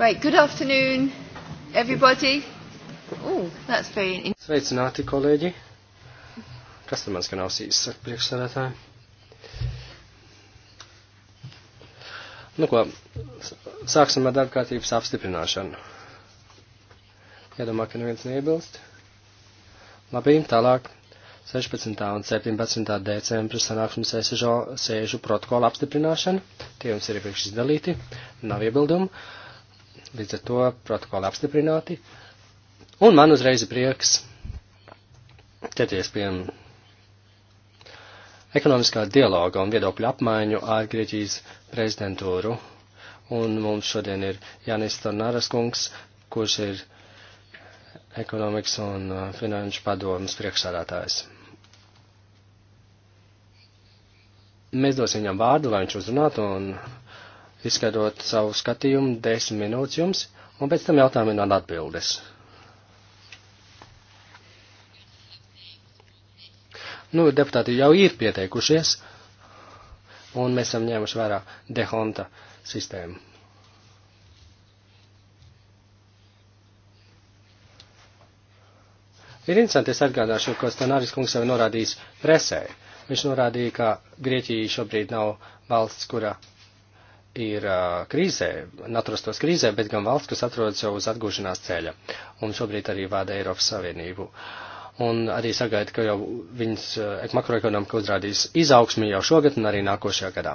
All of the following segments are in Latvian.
Right, good afternoon, everybody. Ooh, that's very... Sveicināti, kolēģi. Kas tur man skan ausīs, saka priekšsēdētāji. Nu ko, sāksim ar darbkārtības apstiprināšanu. Iedomā, ka neviens neiebilst. Labi, tālāk. 16. un 17. decembra sanāksmes sēžu protokola apstiprināšana. Tie jums ir iepriekš izdalīti, nav iebildumu. Līdz ar to protokoli apstiprināti. Un man uzreiz prieks ķerties pie ekonomiskā dialoga un viedokļu apmaiņu ar Grieķijas prezidentūru. Un mums šodien ir Jānis Tornāras kungs, kurš ir ekonomikas un uh, finanšu padomas priekšsādātājs. Mēs dosim viņam vārdu, lai viņš uzrunātu un izskaidrot savu skatījumu, desmit minūtes jums, un pēc tam jautājumi un atbildes. Nu, deputāti jau ir pieteikušies, un mēs esam ņēmuši vērā dehonta sistēmu. Ir interesanti, es atgādāšu, ko Stanāris kungs jau norādījis presē. Viņš norādīja, ka Grieķija šobrīd nav valsts, kura uh, tīra krīzē, atrastos krīzē, bet gan valsts, kas atrodas jau uz atgūšanās ceļa un šobrīd arī vada Eiropas Savienību. Un arī sagaida, ka jau viņas makroekonomika uzrādīs izaugsmi jau šogad un arī nākošajā gadā.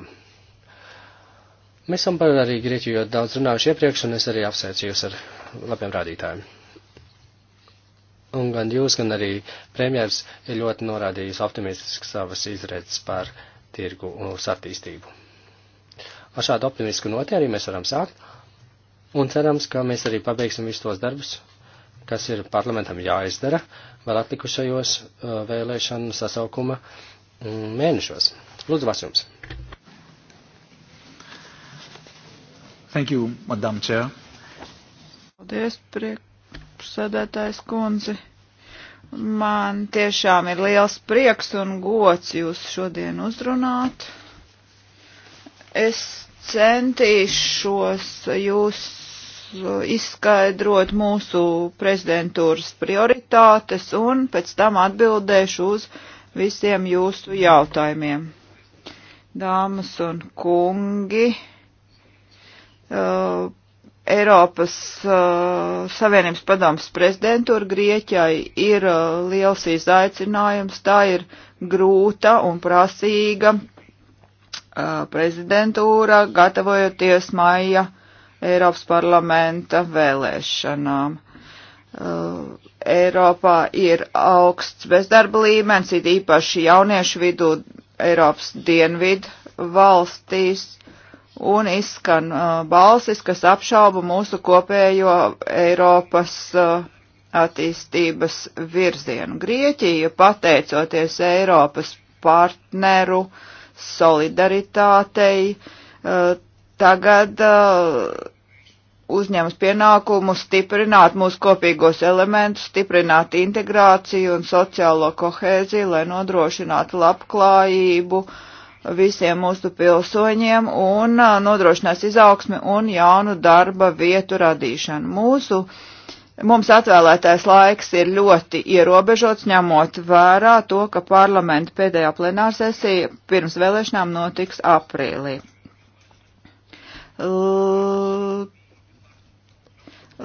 Mēs esam par arī Grieķiju jau daudz runājuši iepriekš, un es arī apsveicu jūs ar labiem rādītājiem un gan jūs, gan arī premjers ir ļoti norādījis optimistisks savas izredzes par tirgu un uz attīstību. Ar šādu optimistisku noti arī mēs varam sākt, un cerams, ka mēs arī pabeigsim visus tos darbus, kas ir parlamentam jāizdara vēl atlikušajos uh, vēlēšanu sasaukuma mm, mēnešos. Lūdzu, vārds jums. Thank you, Madam Chair. Paldies, priekšsēdētājs kundze. Man tiešām ir liels prieks un gods jūs šodien uzrunāt. Es centīšos jūs izskaidrot mūsu prezidentūras prioritātes un pēc tam atbildēšu uz visiem jūsu jautājumiem. Dāmas un kungi, uh, Eiropas uh, Savienības padomas prezidentūra Grieķai ir uh, liels izaicinājums, tā ir grūta un prasīga prezidentūra, gatavojoties maija Eiropas parlamenta vēlēšanām. Eiropā ir augsts bezdarba līmenis, it īpaši jauniešu vidū Eiropas dienvidu valstīs, un izskan uh, balsis, kas apšauba mūsu kopējo Eiropas uh, attīstības virzienu. Grieķija, pateicoties Eiropas partneru uh, solidaritātei, eh, tagad eh, uzņemas pienākumu stiprināt mūsu kopīgos elementus, stiprināt integrāciju un sociālo kohēziju, lai nodrošinātu labklājību visiem mūsu pilsoņiem un eh, nodrošinās izaugsmi un jaunu darba vietu radīšanu. Mūsu uh, Mums atvēlētais laiks ir ļoti ierobežots, ņemot vērā to, ka parlamenta pēdējā plenārsesija pirms vēlēšanām notiks aprīlī. L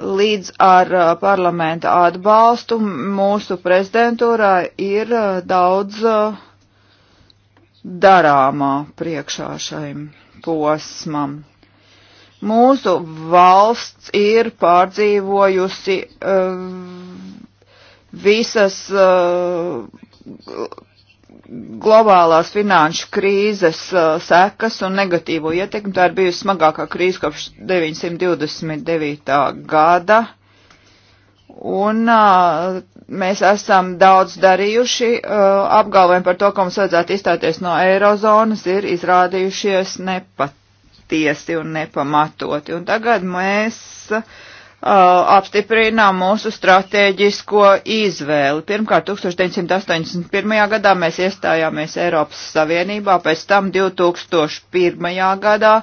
Līdz ar uh, parlamenta atbalstu mūsu prezidentūrā ir uh, daudz uh, darāmā priekšā šajam posmam. Mūsu valsts ir pārdzīvojusi uh, visas uh, globālās finanšu krīzes uh, sekas un negatīvo ietekmi. Tā ir bijusi smagākā krīze kopš 929. gada. Un uh, mēs esam daudz darījuši, uh, apgalvojumi par to, ka mums vajadzētu izstāties no eirozonas, ir izrādījušies nepat nepatiesi un nepamatoti. Un tagad mēs uh, apstiprinām mūsu stratēģisko izvēli. Pirmkārt, 1981. gadā mēs iestājāmies Eiropas Savienībā, pēc tam 2001. gadā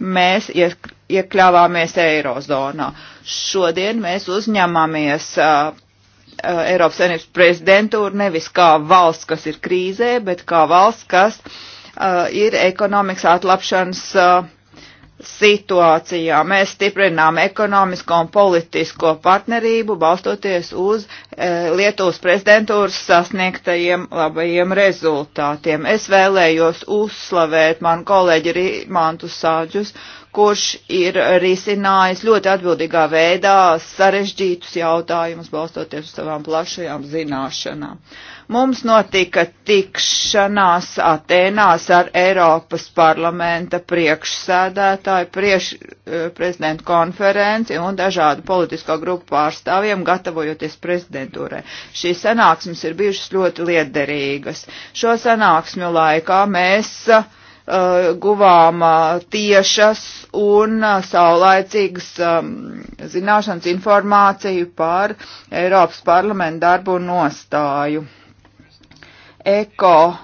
mēs iekļāvāmies Eirozonā. Šodien mēs uzņemamies uh, Eiropas Savienības prezidentūru nevis kā valsts, kas ir krīzē, bet kā valsts, kas uh, ir ekonomikas atlapšanas uh, situācijā. Mēs stiprinām ekonomisko un politisko partnerību, balstoties uz e, Lietuvas prezidentūras sasniegtajiem labajiem rezultātiem. Es vēlējos uzslavēt manu kolēģi Rimantu Sāģus, kurš ir risinājis ļoti atbildīgā veidā sarežģītus jautājumus, balstoties uz savām plašajām zināšanām. Uh, Mums notika tikšanās Atēnās ar Eiropas parlamenta priekšsēdētāju, priekš, eh, prezidentu konferenci un dažādu politisko grupu pārstāvjiem, gatavojoties prezidentūrai. Šīs sanāksmes ir bijušas ļoti liederīgas. Šo sanāksmju laikā mēs uh, guvām eh, tiešas un saulaicīgas ehm, zināšanas informāciju par Eiropas parlamentu darbu un nostāju. Eko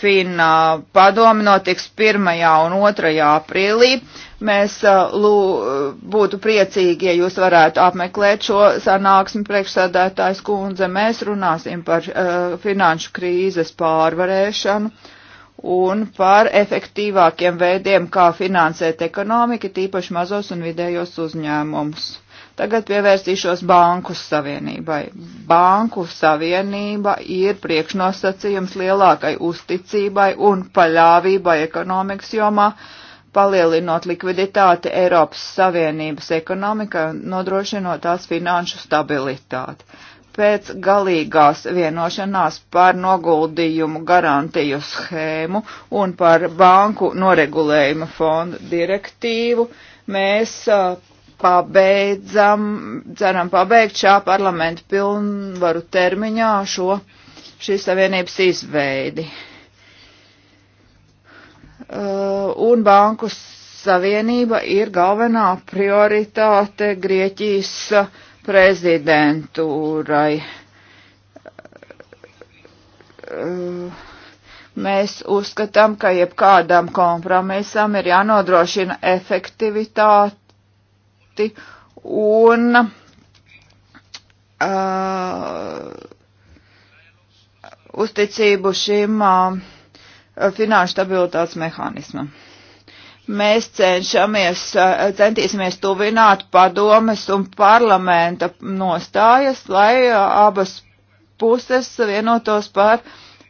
Fina padomi notiks 1. un 2. aprīlī. Mēs uh, lū, uh, būtu priecīgi, ja jūs varētu apmeklēt šo sanāksmi priekšsēdētājs kundze. Mēs runāsim par uh, finanšu krīzes pārvarēšanu un par efektīvākiem veidiem, kā finansēt ekonomiku, tīpaši mazos un vidējos uzņēmumus. Tagad pievērsīšos banku savienībai. Banku savienība ir priekšnosacījums lielākai uzticībai un paļāvībai ekonomikas jomā, palielinot likviditāti Eiropas Savienības ekonomikai un nodrošinot tās finanšu stabilitāti. Pēc galīgās vienošanās par noguldījumu garantiju schēmu un par banku noregulējuma fondu direktīvu mēs pabeidzam, ceram pabeigt šā parlamenta pilnvaru termiņā šo šīs savienības izveidi. Uh, un banku savienība ir galvenā prioritāte Grieķijas prezidentūrai. Uh, mēs uzskatām, ka jebkādam kompromisam ir jānodrošina efektivitāte ļoti un uh, uzticību šim uh, finanšu stabilitātes mehānismam. Mēs cenšamies, uh, centīsimies tuvināt padomes un parlamenta nostājas, lai uh, abas puses vienotos par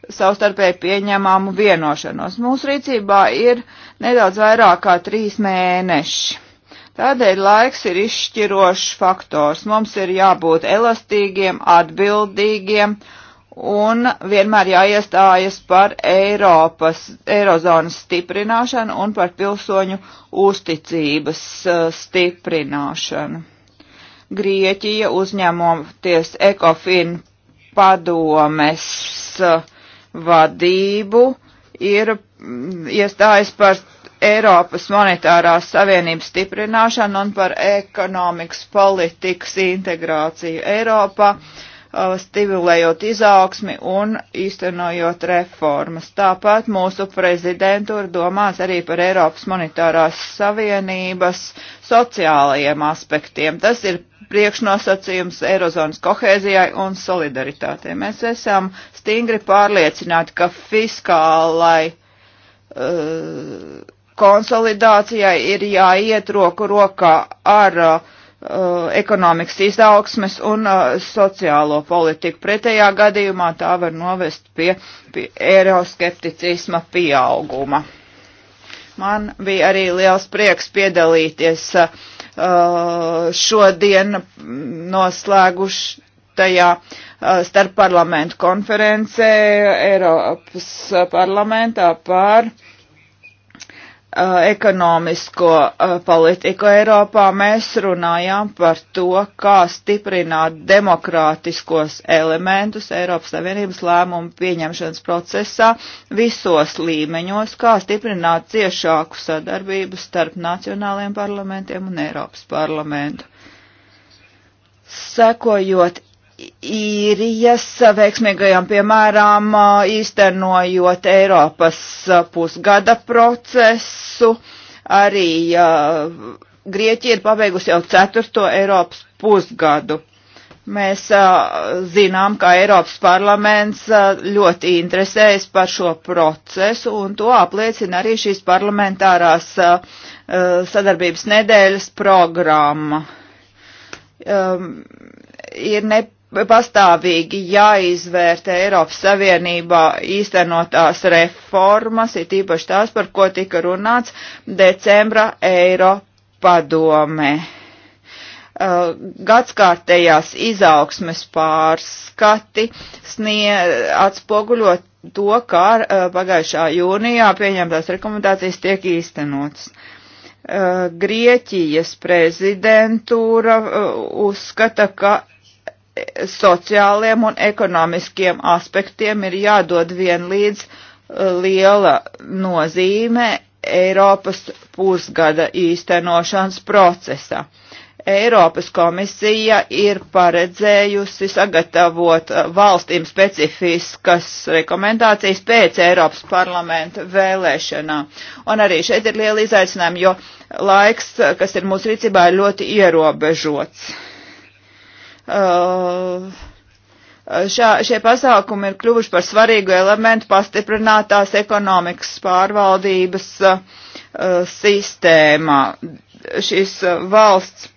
savstarpēji pieņemamu vienošanos. Mūsu rīcībā ir nedaudz vairāk kā trīs mēneši Tādēļ laiks ir izšķirošs faktors. Mums ir jābūt elastīgiem, atbildīgiem un vienmēr jāiestājas par Eiropas, Eirozonas stiprināšanu un par pilsoņu uzticības eh, stiprināšanu. Grieķija uzņemoties Ekofin padomes eh, vadību ir mm, iestājas par Eiropas monetārās savienības stiprināšanu un par ekonomikas politikas integrāciju Eiropā, stimulējot izaugsmi un īstenojot reformas. Tāpat mūsu prezidentūra domās arī par Eiropas monetārās savienības sociālajiem aspektiem. Tas ir priekšnosacījums Eirozonas kohēzijai un solidaritātei. Mēs esam stingri pārliecināti, ka fiskālai uh, konsolidācijai ir jāiet roku rokā ar uh, uh, ekonomikas izaugsmes un uh, sociālo politiku. Pretējā gadījumā tā var novest pie, pie eiroskepticisma pieauguma. Man bija arī liels prieks piedalīties uh, šodien noslēgušajā uh, starp parlamentu konferencē Eiropas parlamentā par uh, Uh, ekonomisko uh, politiku Eiropā, mēs runājām par to, kā stiprināt demokrātiskos elementus Eiropas Savienības lēmumu pieņemšanas procesā visos līmeņos, kā stiprināt ciešāku sadarbību starp nacionāliem parlamentiem un Eiropas parlamentu. Sekojot īrijas veiksmīgajām piemēram īstenojot Eiropas pusgada procesu. Arī uh, Grieķija ir pabeigusi jau ceturto Eiropas pusgadu. Mēs uh, zinām, ka Eiropas parlaments uh, ļoti interesējas par šo procesu, un to apliecina arī šīs parlamentārās sadarbības nedēļas programma. Um, ir ne, pastāvīgi jāizvērtē Eiropas Savienībā īstenotās reformas, ir tīpaši tās, par ko tika runāts decembra Eiro padomē. Uh, gadskārtējās izaugsmes pārskati snie, atspoguļot to, kā uh, pagājušā jūnijā pieņemtās rekomendācijas tiek īstenotas. Uh, Grieķijas prezidentūra uzskata, ka sociāliem un ekonomiskiem aspektiem ir jādod vienlīdz uh, liela nozīme Eiropas pusgada īstenošanas procesā. Eiropas komisija ir paredzējusi sagatavot uh, valstīm specifiskas rekomendācijas pēc Eiropas parlamenta vēlēšanām. Un arī šeit ir liela izaicinājuma, jo laiks, kas ir mūsu rīcībā, ir ļoti ierobežots Uh, šā, šie pasākumi ir kļuvuši par svarīgu elementu pastiprinātās ekonomikas pārvaldības uh, sistēmā. Šis uh, valsts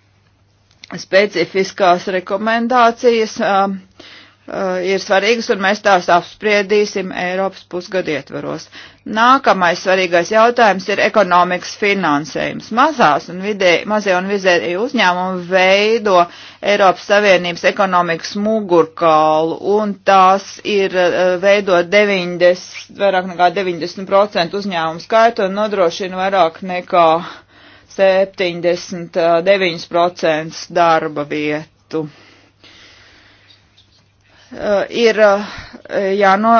specifiskās rekomendācijas uh, Eh, ir svarīgas, un mēs tās apspriedīsim Eiropas pusgadu ietvaros. Nākamais svarīgais jautājums ir ekonomikas finansējums. Mazās un vidē, mazie un vidēji uzņēmumi veido Eiropas Savienības ekonomikas mugurkaulu, un tās ir eh, veido 90, vairāk nekā 90% uzņēmumu skaitu un nodrošina vairāk nekā 79% eh, darba vietu. Eh, ir eh, jāno,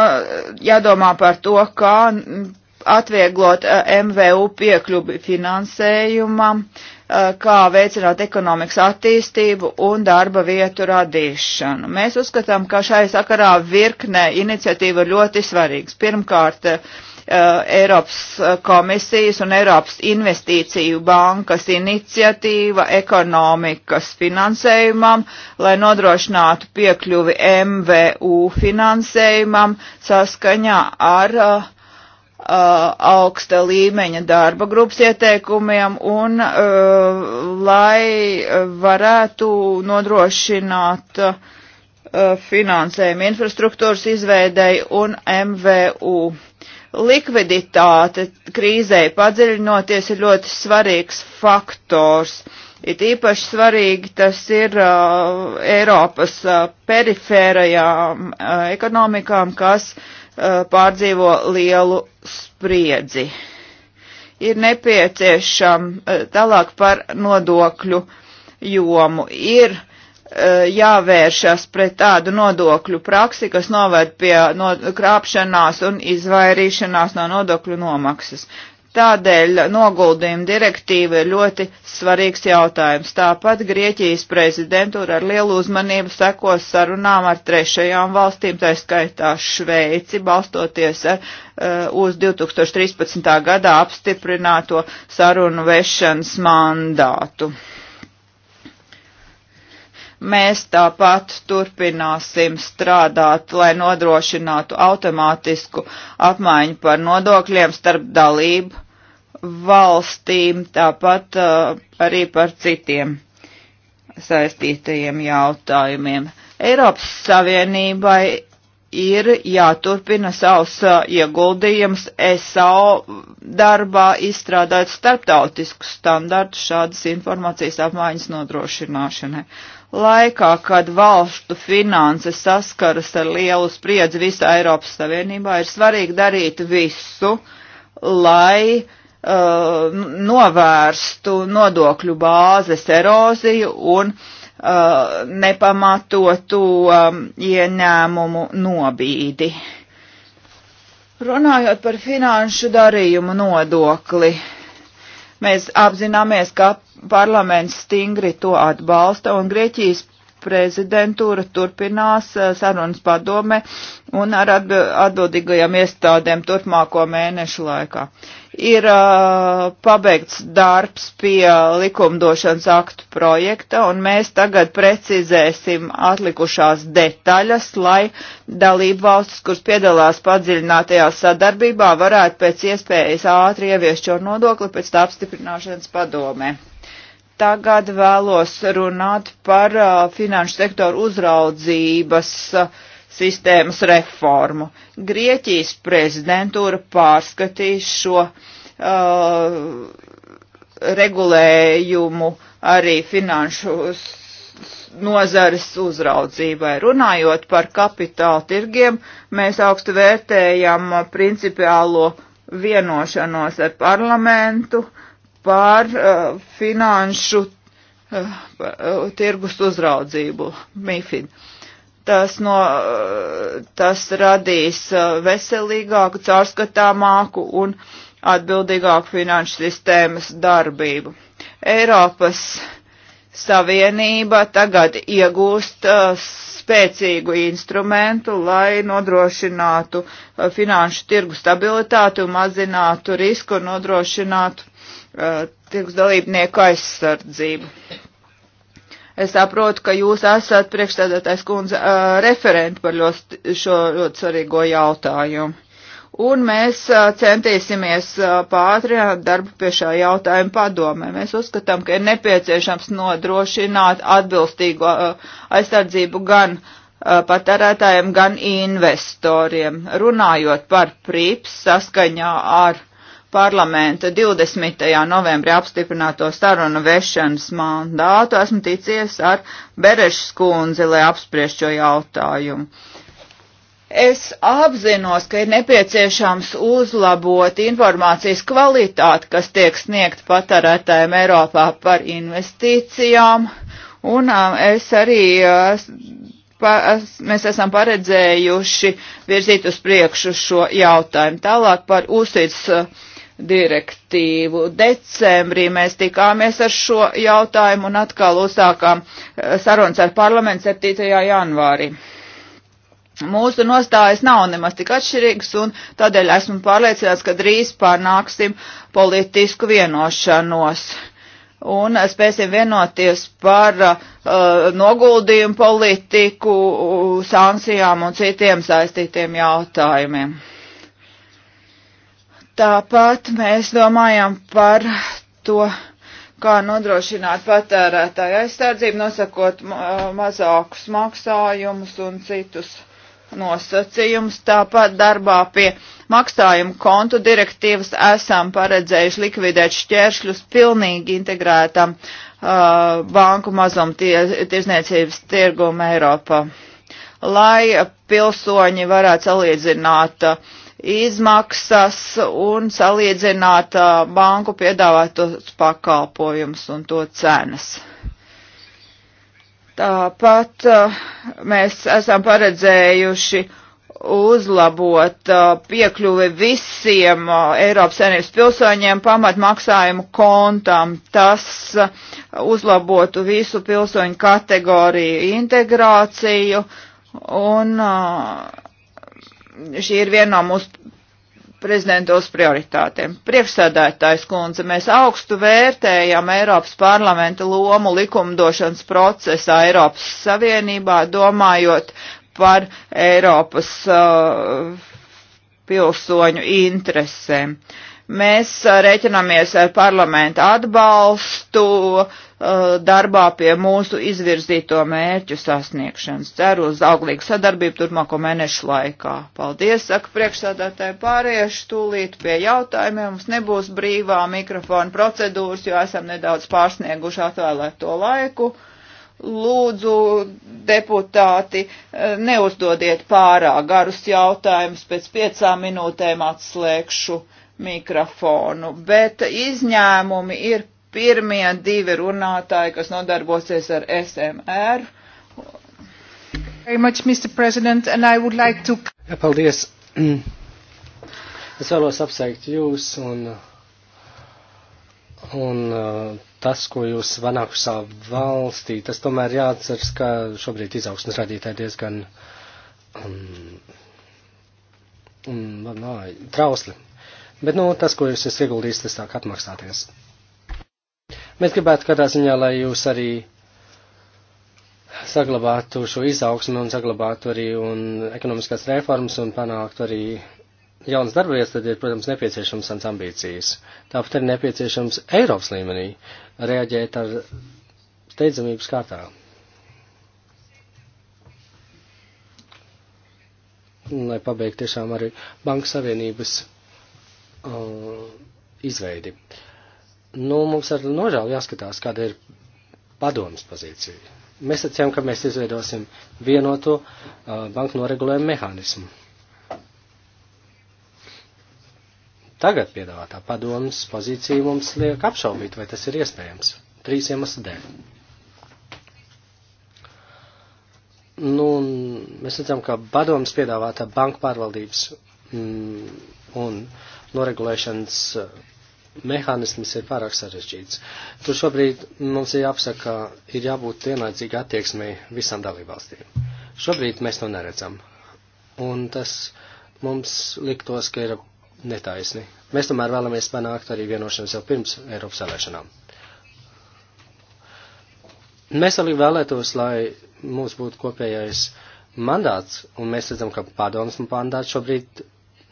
jādomā par to, kā atvieglot eh, MVU piekļubi finansējumam, kā veicināt ekonomikas attīstību un darba vietu radīšanu. Mēs uzskatām, ka šai sakarā virknē iniciatīva ļoti svarīgs. Pirmkārt, uh, Uh, Eiropas uh, komisijas un Eiropas investīciju bankas iniciatīva ekonomikas finansējumam, lai nodrošinātu piekļuvi MVU finansējumam saskaņā ar uh, uh, augsta līmeņa darba grupas ieteikumiem un uh, lai varētu nodrošināt uh, finansējumu infrastruktūras izveidei un MVU likviditāte krīzē padziļinoties ir ļoti svarīgs faktors. It īpaši svarīgi tas ir uh, Eiropas uh, perifērajām uh, ekonomikām, kas uh, pārdzīvo lielu spriedzi. Ir nepieciešama uh, tālāk par nodokļu jomu. Ir uh, E, jāvēršas pret tādu nodokļu praksi, kas novērt pie no, krāpšanās un izvairīšanās no nodokļu nomaksas. Tādēļ noguldījuma direktīva ir ļoti svarīgs jautājums. Tāpat Grieķijas prezidentūra ar lielu uzmanību sekos sarunām ar trešajām valstīm, tā skaitā Šveici, balstoties ar, e, uz 2013. gadā apstiprināto sarunu vešanas mandātu. Mēs tāpat turpināsim strādāt, lai nodrošinātu automātisku apmaiņu par nodokļiem starp dalību valstīm, tāpat uh, arī par citiem saistītajiem jautājumiem. Eiropas Savienībai ir jāturpina savs uh, ieguldījums ESAO darbā izstrādāt starptautiskus standartus šādas informācijas apmaiņas nodrošināšanai. Laikā, kad valstu finanses saskaras ar lielu spriedzi visā Eiropas Savienībā, ir svarīgi darīt visu, lai uh, novērstu nodokļu bāzes eroziju un uh, nepamatotu um, ieņēmumu nobīdi. Runājot par finanšu darījumu nodokli, mēs apzināmies, ka parlaments stingri to atbalsta un Grieķijas prezidentūra turpinās eh, sarunas padome un ar atbildīgajām iestādēm turpmāko mēnešu laikā. Ir uh, pabeigts darbs pie likumdošanas aktu projekta, un mēs tagad precizēsim atlikušās detaļas, lai dalību valstis, kuras piedalās padziļinātajā sadarbībā, varētu pēc iespējas ātri ieviest šo nodokli pēc tā apstiprināšanas padomē. Tagad vēlos runāt par uh, finanšu sektoru uzraudzības uh, sistēmas reformu. Grieķijas prezidentūra pārskatīs šo uh, regulējumu arī finanšu nozares uzraudzībai. Runājot par kapitāla tirgiem, mēs augstu vērtējam uh, principiālo vienošanos ar parlamentu, uh, par uh, finanšu uh, tirgus uzraudzību, MIFID. Tas, no, uh, tas radīs veselīgāku, caurskatāmāku un atbildīgāku finanšu sistēmas darbību. Eiropas Savienība tagad iegūst spēcīgu instrumentu, lai nodrošinātu finanšu tirgu stabilitāti un mazinātu risku un nodrošinātu Uh, tirgus dalībnieku aizsardzību. Es saprotu, ka jūs esat priekšstādātais kundze uh, referenti par ļoti, šo ļoti svarīgo jautājumu. Un mēs uh, centīsimies pātrināt darbu pie šā jautājuma padomē. Mēs uzskatām, ka ir nepieciešams nodrošināt atbilstīgu aizsardzību gan patērētājiem, gan investoriem. Runājot par prips saskaņā ar parlamenta 20. novembrī apstiprināto sarunu vešanas mandātu. Esmu ticies ar Berešas kundzi, lai apspriež šo jautājumu. Es apzinos, ka ir nepieciešams uzlabot informācijas kvalitāti, kas tiek sniegt patarētājiem Eiropā par investīcijām, un um, es arī pa, es, mēs esam paredzējuši virzīt uz priekšu šo jautājumu. Tālāk par uzsits uh, direktīvu. Decembrī mēs tikāmies ar šo jautājumu un atkal uzsākām eh, sarunas ar parlamentu 7. janvārī. Mūsu nostājas nav nemaz tik atšķirīgas, un tādēļ esmu pārliecināts, ka drīz pārnāksim politisku vienošanos un spēsim vienoties par uh, noguldījumu politiku, sankcijām un citiem saistītiem jautājumiem. Tāpat mēs domājam par to, kā nodrošināt patērētāju aizsardzību, nosakot mazākus maksājumus un citus nosacījumus. Tāpat darbā pie maksājumu kontu direktīvas esam paredzējuši likvidēt šķēršļus pilnīgi integrētam uh, banku mazumtirdzniecības tirgumu Eiropā, lai pilsoņi varētu salīdzināt uh, izmaksas un salīdzināt banku piedāvātos pakalpojumus un to cenas. Tāpat mēs esam paredzējuši uzlabot piekļuvi visiem Eiropas Savienības pilsoņiem pamatmaksājumu kontam. Tas uzlabotu visu pilsoņu kategoriju integrāciju un uh, šī ir viena no mūsu prezidentos prioritātēm. Priekšsēdētājs kundze, mēs augstu vērtējam Eiropas parlamenta lomu likumdošanas procesā Eiropas Savienībā, domājot par Eiropas uh, pilsoņu interesēm. Mēs uh, rēķinamies ar parlamenta atbalstu, uh, Uh, darbā pie mūsu izvirzīto mērķu sasniegšanas. Ceru uz auglīgu sadarbību turpmāko mēnešu laikā. Paldies, saka priekšsādātāji pāriešu, tūlīt pie jautājumiem. Mums nebūs brīvā mikrofona procedūras, jo esam nedaudz pārsnieguši atvēlēto laiku. Lūdzu, deputāti, uh, neuzdodiet pārāk garus jautājumus, pēc piecām minūtēm atslēgšu mikrofonu, bet izņēmumi ir pirmie divi runātāji, kas nodarbosies ar SMR. Very much, Mr. President, and I would like to... Paldies. Es vēlos apsveikt jūs un, un uh, tas, ko jūs vanāku savā valstī, tas tomēr jāatceras, ka šobrīd izaugsmes radītāji diezgan um, um, nā, trausli. Bet, nu, tas, ko jūs esat ieguldījis, tas tā kā atmaksāties. Mēs gribētu katrā ziņā, lai jūs arī saglabātu šo izaugsmu un saglabātu arī un ekonomiskās reformas un panāktu arī jaunas darbvietas, tad ir, protams, nepieciešams tāds ambīcijas. Tāpat ir nepieciešams Eiropas līmenī reaģēt ar steidzamības kārtā. Lai pabeigtu tiešām arī Banka Savienības uh, izveidi. Uh, nu, mums ar nožēlu jāskatās, kāda ir padomas pozīcija. Mēs sacījām, ka mēs izveidosim vienotu uh, banku noregulējumu mehānismu. Tagad piedāvātā padomas pozīcija mums liek apšaubīt, vai tas ir iespējams. Trīs iemeslu dēļ. Nu, mēs redzam, ka padomas piedāvātā banku pārvaldības mm, un noregulēšanas mehānisms ir pārāk sarežģīts. Tur šobrīd mums ir jāapsaka, ir jābūt vienlaicīga attieksmei visām dalībvalstīm. Šobrīd mēs to neredzam. Un tas mums liktos, ka ir netaisni. Mēs tomēr vēlamies panākt arī vienošanos jau pirms Eiropas vēlēšanām. Mēs arī vēlētos, lai mums būtu kopējais mandāts, un mēs redzam, ka padomas mandāts šobrīd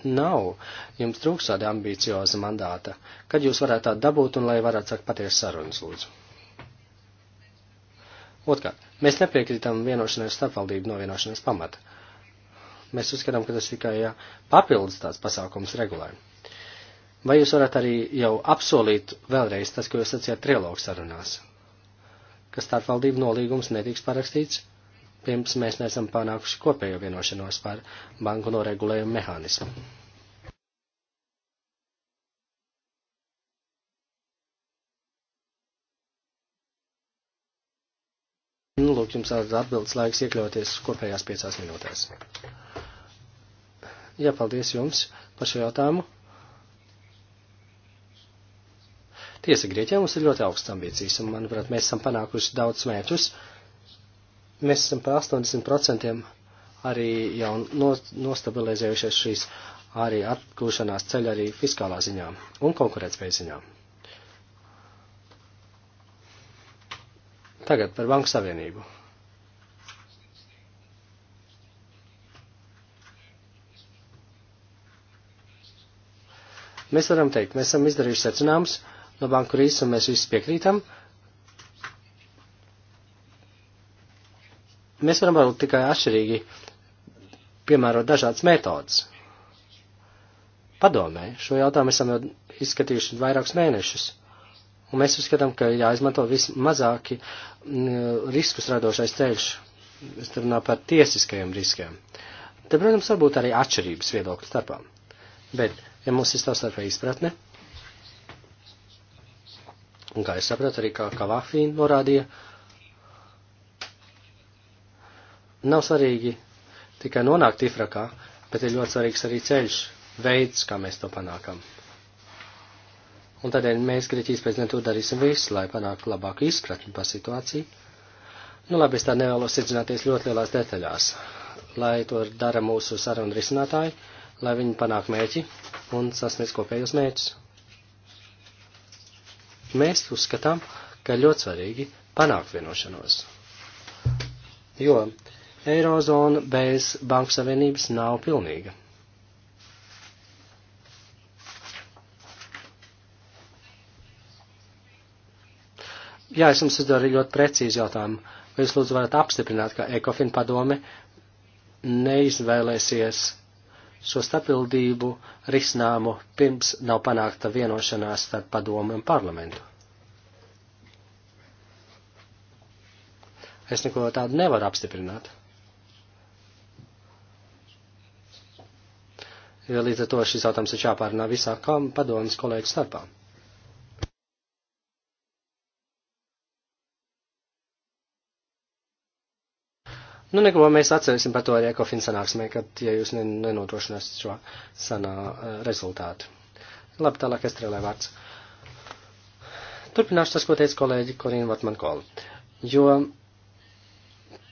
nav. Jums trūks tāda ambicioza mandāta. Kad jūs varētu tādu dabūt un lai varētu sākt patiesu sarunas, lūdzu? Otkārt, mēs nepiekrītam vienošanai starpvaldību novienošanas pamata. Mēs uzskatām, ka tas tikai jā, papildus tāds pasākums regulē. Vai jūs varat arī jau apsolīt vēlreiz tas, ko jūs sacījāt trilogu sarunās? Ka starpvaldību nolīgums netiks parakstīts pirms mēs neesam panākuši kopējo vienošanos par banku noregulējumu mehānismu. Nu, lūk, jums atbildes laiks iekļauties kopējās piecās minūtēs. Jā, paldies jums par šo jautājumu. Tiesa, Grieķijā mums ir ļoti augsts ambīcijas, un, manuprāt, mēs esam panākuši daudz mērķus. Uh, Mēs esam par 80% arī jau nostabilizējušies šīs arī atgūšanās ceļa arī fiskālā ziņā un konkurētspējas ziņā. Tagad par Banku Savienību. Mēs varam teikt, mēs esam izdarījuši secinājumus no banku krīzes, un mēs visi piekrītam, uh, Mēs varam vēl tikai atšķirīgi piemērot dažādas metodas. Padomē, šo jautājumu esam jau izskatījuši vairākus mēnešus, un mēs uzskatām, ka jāizmanto vismazāki mm, riskus radošais ceļš. Es te runāju par tiesiskajiem riskiem. Te, protams, varbūt arī atšķirības viedokļu starpā. Bet, ja mums ir savstarpēja izpratne, un kā es sapratu, arī kā Kavafī norādīja, uh, Nav svarīgi tikai nonākt ifrakā, bet ir ļoti svarīgs arī ceļš, veids, kā mēs to panākam. Un tādēļ mēs Grieķijas prezidentūru darīsim visu, lai panāktu labāku izpratni par situāciju. Nu, labi, es tā nevēlos iedzināties ļoti lielās detaļās, lai to dara mūsu sarunu risinātāji, lai viņi panāk mērķi un sasniedz kopējos mērķus. Mēs uzskatām, ka ļoti svarīgi panākt vienošanos. Jo Eirozona bez Banku Savienības nav pilnīga. Jā, es jums uzdevu arī ļoti precīzi jautājumu. Vai jūs lūdzu varat apstiprināt, ka Ekofin padome neizvēlēsies šo stabilitātību risināmu pirms nav panākta vienošanās starp padomu un parlamentu? Es neko tādu nevaru apstiprināt. Līdz ar to šis jautājums ir jāpārunā visā kam padomas kolēģu starpā. Nu, neko mēs atcerēsim par to arī ekofin sanāksmē, kad, ja jūs nenodrošinās šo sanā eh, rezultātu. Labi, tālāk es trēlē vārds. Turpināšu tas, ko teica kolēģi Korīna Vatmankola. Jo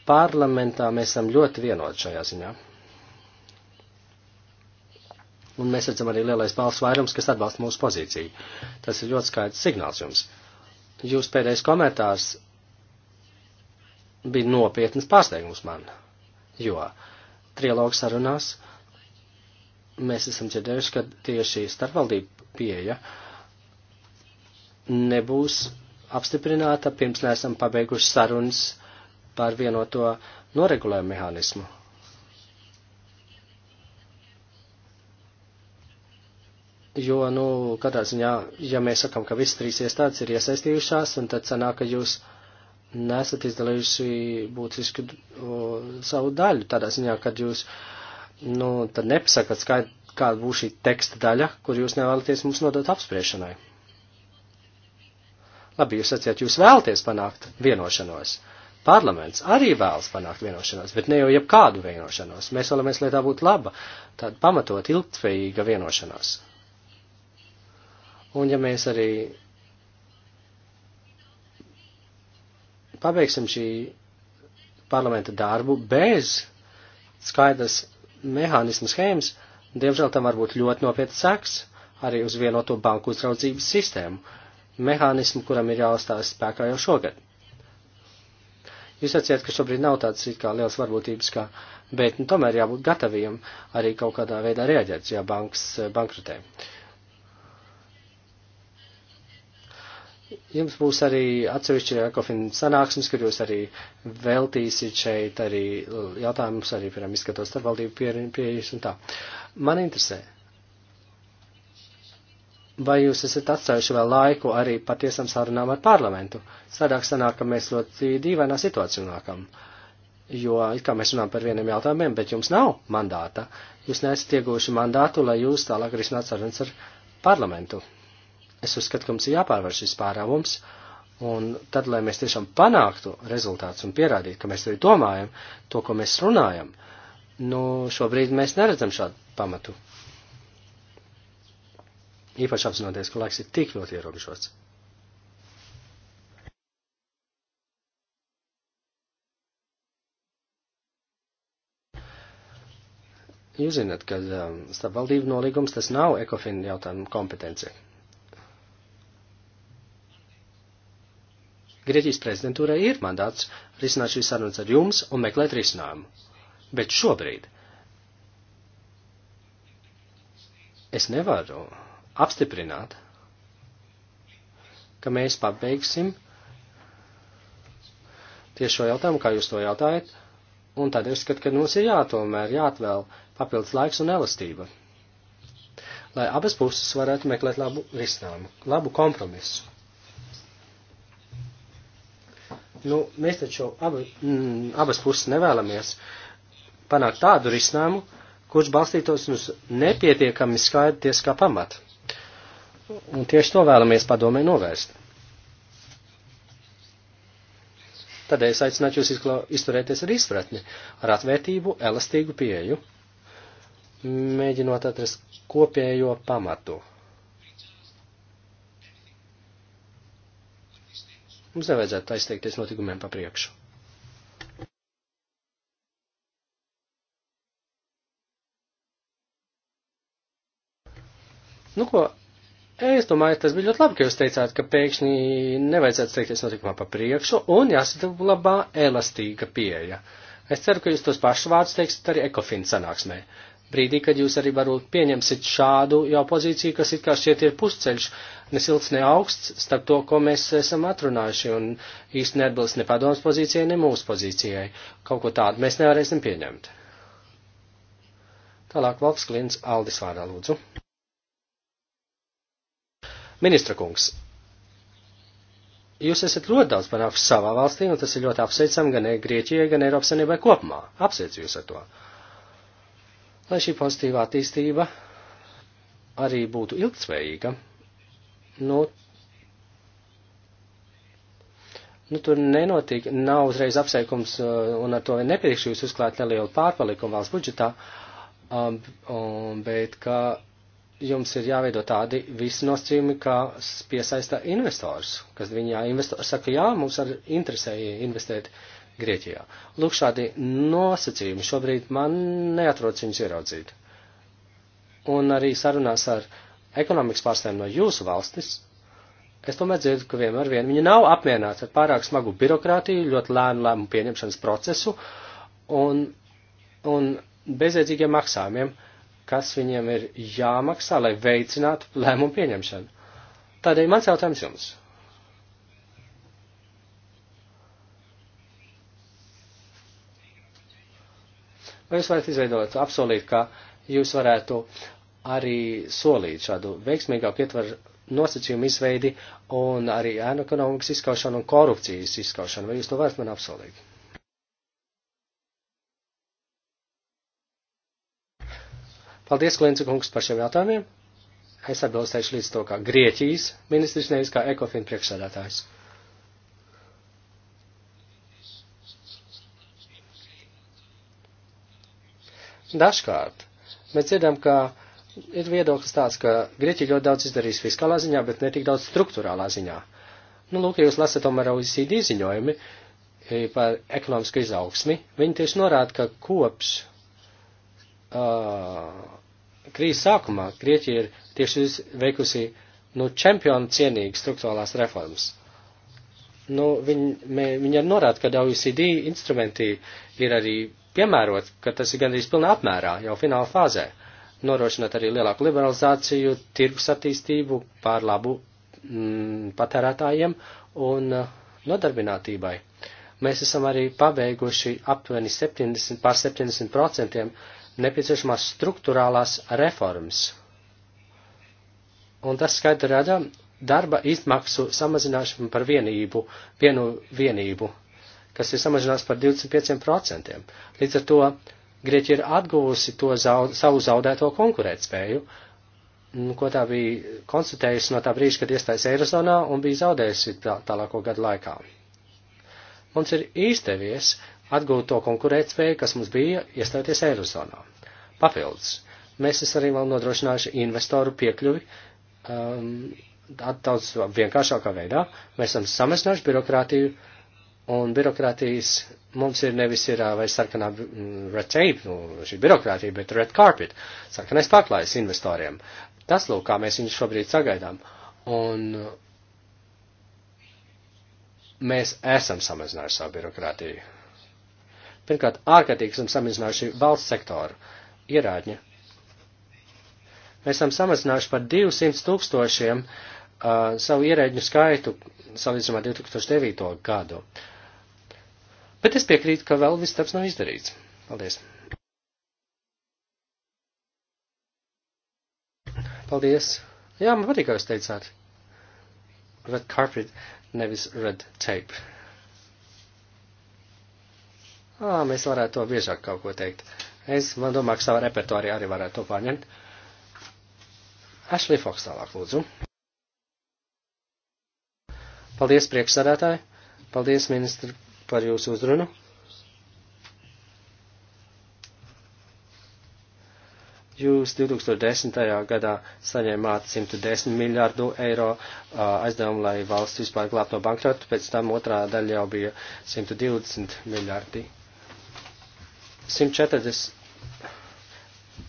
parlamentā mēs esam ļoti vienoti šajā ziņā un mēs redzam arī lielais balss vairums, kas atbalsta mūsu pozīciju. Tas ir ļoti skaidrs signāls jums. Jūs pēdējais komentārs bija nopietnas pārsteigums man, jo trialogu sarunās mēs esam dzirdējuši, ka tieši starpvaldība pieeja nebūs apstiprināta, pirms neesam pabeiguši sarunas par vienoto noregulējumu mehānismu. Jo, nu, katrā ziņā, ja mēs sakam, ka visas trīs iestādes ir iesaistījušās, un tad sanāk, ka jūs nesat izdalījusi būtisku savu daļu, tādā ziņā, kad jūs, nu, tad nepasakat skaidri, kāda būs šī teksta daļa, kur jūs nevēlaties mums nodot apspriešanai. Labi, jūs sacījāt, jūs vēlaties panākt vienošanos. Parlaments arī vēlas panākt vienošanos, bet ne jau jebkādu vienošanos. Mēs vēlamies, lai tā būtu laba, tāda pamatot ilgtspējīga vienošanās. Un ja mēs arī pabeigsim šī parlamenta darbu bez skaidras mehānismu schēmas, diemžēl tam var būt ļoti nopietns seks arī uz vienoto banku uzraudzības sistēmu, mehānismu, kuram ir jāuzstājas spēkā jau šogad. Jūs atciet, ka šobrīd nav tāds it kā liels varbūtības, kā, bet nu, tomēr jābūt gataviem arī kaut kādā veidā rēģēt, ja banks eh, bankrutē. Uh, Jums būs arī atsevišķi ekofina sanāksmes, kur jūs arī veltīsiet šeit arī jautājumus, arī, piemēram, izskatot starpvaldību pieejas un tā. Man interesē, vai jūs esat atstājuši vēl laiku arī patiesam sarunām ar parlamentu? Sādāk sanāk, ka mēs ļoti dīvainā situācijā nākam, jo, kā mēs runājam par vieniem jautājumiem, bet jums nav mandāta. Jūs neesat ieguvuši mandātu, lai jūs tālāk risinātu sarunas ar parlamentu. Es uzskatu, ka mums ir jāpārvar šis pārāvums, un tad, lai mēs tiešām panāktu rezultātus un pierādītu, ka mēs arī domājam to, ko mēs runājam, nu, šobrīd mēs neredzam šādu pamatu. Īpaši apzinoties, ka laiks ir tik ļoti ierobežots. Jūs zināt, ka um, starpvaldību nolīgums tas nav ekofina jautājuma kompetencija. Grieķijas prezidentūrai ir mandāts risināt šīs sarunas ar jums un meklēt risinājumu. Bet šobrīd es nevaru apstiprināt, ka mēs pabeigsim tieši šo jautājumu, kā jūs to jautājat, un tad es skatu, ka mums ir jātomēr jāatvēl papildus laiks un elastība, lai abas puses varētu meklēt labu risinājumu, labu kompromisu. Nu, mēs taču abi, m, mm, abas puses nevēlamies panākt tādu risinājumu, kurš balstītos uz nepietiekami skaidru tieskā pamatu. Un tieši to vēlamies padomē novērst. Tādēļ es aicinātu jūs izkla... izturēties ar izpratni, ar atvērtību, elastīgu pieeju, mēģinot atrast kopējo pamatu. Mums nevajadzētu aizteikties notikumiem pa priekšu. Nu, ko, es domāju, tas bija ļoti labi, ka jūs teicāt, ka pēkšņi nevajadzētu steigties notikumā pa priekšu un jāsaglabā elastīga pieeja. Es ceru, ka jūs tos pašus vārdus teiksiet arī ekofin sanāksmē. Uh, brīdī, kad jūs arī varbūt pieņemsiet šādu jau pozīciju, kas it kā šķiet ir pusceļš, ne silts, ne augsts starp to, ko mēs esam atrunājuši, un īsti neatbilst ne padomas pozīcijai, ne mūsu pozīcijai. Kaut ko tādu mēs nevarēsim pieņemt. Tālāk Valks Klins Aldis vārdā lūdzu. Ministra kungs, jūs esat ļoti daudz panākuši savā valstī, un tas ir ļoti apsveicami gan Grieķijai, gan Eiropas Savienībai kopumā. Apsveicu jūs ar to. Uh, Lai šī pozitīvā attīstība arī būtu ilgtspējīga, nu, nu tur nenotiek, nav uzreiz apsveikums uh, un ar to nepriekš jūs uzklāt nelielu pārpalikumu valsts budžetā, um, bet ka jums ir jāveido tādi visi nosacījumi, kas piesaista investors, kas viņā investors saka, jā, mums ar interesē investēt. Uh, Grieķijā. Lūk, šādi nosacījumi šobrīd man neatrodas viņus ieraudzīt. Un arī sarunās ar ekonomikas pārstāvjiem no jūsu valstis, es tomēr dzirdu, ka vienmēr vien viņi nav apmierināti ar pārāk smagu birokrātiju, ļoti lēnu lēmumu pieņemšanas procesu un, un bezjēdzīgiem maksājumiem, kas viņiem ir jāmaksā, lai veicinātu lēmumu pieņemšanu. Tādēļ mans jautājums jums. Vai jūs varat izveidot, apsolīt, ka jūs varētu arī solīt šādu veiksmīgāku ietvaru nosacījumu izveidi un arī ēnu ekonomikas izskaušanu un korupcijas izskaušanu? Vai jūs to varat man apsolīt? Paldies, Klinca kungs, par šiem jautājumiem. Es atbildēšu līdz to kā Grieķijas ministrs, nevis kā Ekofin priekšsēdētājs. Dažkārt mēs dzirdam, ka ir viedoklis tāds, ka Grieķija ļoti daudz izdarīs fiskālā ziņā, bet ne tik daudz struktūrālā ziņā. Nu, lūk, ja jūs lasat tomēr OECD ziņojumi eh, par ekonomisku izaugsmi, viņi tieši norāda, ka kopš uh, krīzes sākumā Grieķija ir tieši veikusi nu, čempionu cienīgas struktūrālās reformas. Nu, viņi, mē, viņi arī norāda, ka OECD instrumenti ir arī piemērots, ka tas ir gandrīz pilnā apmērā, jau fināla fāzē, norošinot arī lielāku liberalizāciju, tirgus attīstību pār labu mm, patērētājiem un uh, nodarbinātībai. Mēs esam arī pabeiguši aptuveni 70, pār 70% nepieciešamās struktūrālās reformas. Un tas skaidri rada darba izmaksu samazināšanu par vienību, vienu vienību kas ir samazinās par 25%. Līdz ar to Grieķija ir atguvusi to zaud, savu zaudēto konkurētspēju, nu, ko tā bija konstatējusi no tā brīža, kad iestājas Eirozonā un bija zaudējusi tā, tālāko gadu laikā. Mums ir izdevies atgūt to konkurētspēju, kas mums bija iestājoties Eirozonā. Papildus, mēs esam arī vēl nodrošinājuši investoru piekļuvi um, daudz vienkāršākā veidā. Mēs esam samazinājuši birokrātiju, uh, Un birokrātijas mums ir nevis ir vai sarkanā red tape, nu, šī birokrātija, bet red carpet, sarkanais paklājs investoriem. Tas, lūk, kā mēs viņus šobrīd sagaidām. Un mēs esam samazinājuši savu birokrātiju. Pirmkārt, ārkārtīgi esam samazinājuši valsts sektoru ierādņa. Mēs esam samazinājuši par 200 tūkstošiem uh, savu ierēģu skaitu salīdzinājumā 2009. gadu. Uh, Bet es piekrītu, ka vēl viss taps nav izdarīts. Paldies! Paldies! Jā, man patīk, kā jūs teicāt. Red carpet, nevis red tape. Ā, mēs varētu to biežāk kaut ko teikt. Es, man domāju, ka savā repertuārī arī varētu to pārņemt. Ashley Fox tālāk, lūdzu. Paldies, priekšsādātāji. Paldies, ministra par jūsu uzrunu. Jūs 2010. gadā saņēmāt 110 miljārdu eiro aizdevumu, lai valsts vispār glābtu no bankrota, pēc tam otrā daļa jau bija 120 miljārdi. 140,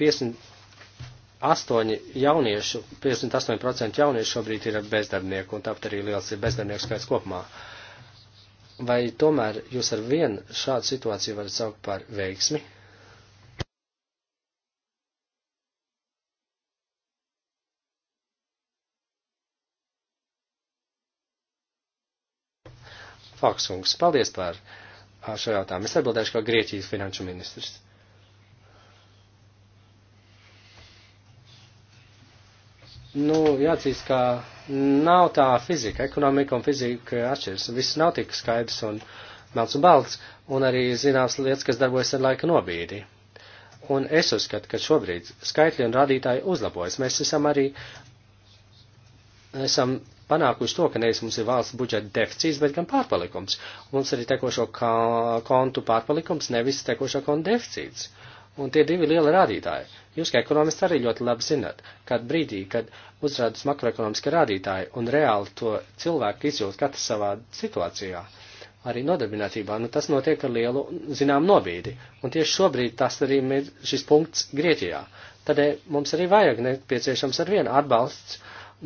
58 jauniešu, 58% jauniešu šobrīd ir bezdarbnieku, un tāpat arī liels ir bezdarbnieku skaits kopumā. Uh, Vai tomēr jūs ar vienu šādu situāciju varat saukt par veiksmi? Falkskungs, paldies par šo jautājumu. Es atbildēšu kā Grieķijas finanšu ministrs. Nu, jāatzīst, ka nav tā fizika, ekonomika un fizika atšķiras. Viss nav tik skaidrs un melns un balts, un arī zināms lietas, kas darbojas ar laika nobīdi. Un es uzskatu, ka šobrīd skaitļi un rādītāji uzlabojas. Mēs esam arī esam panākuši to, ka nevis mums ir valsts budžeta deficīts, bet gan pārpalikums. Mums arī tekošo kontu pārpalikums, nevis tekošo kontu deficīts. Un tie divi lieli rādītāji. Jūs, kā ekonomists, arī ļoti labi zināt, kad brīdī, kad uzrādās makroekonomiski rādītāji un reāli to cilvēku izjūt katrs savā situācijā, arī nodarbinātībā, nu tas notiek ar lielu, zinām, nobīdi. Un tieši šobrīd tas arī ir šis punkts Grieķijā. Tādēļ mums arī vajag nepieciešams ar vienu atbalsts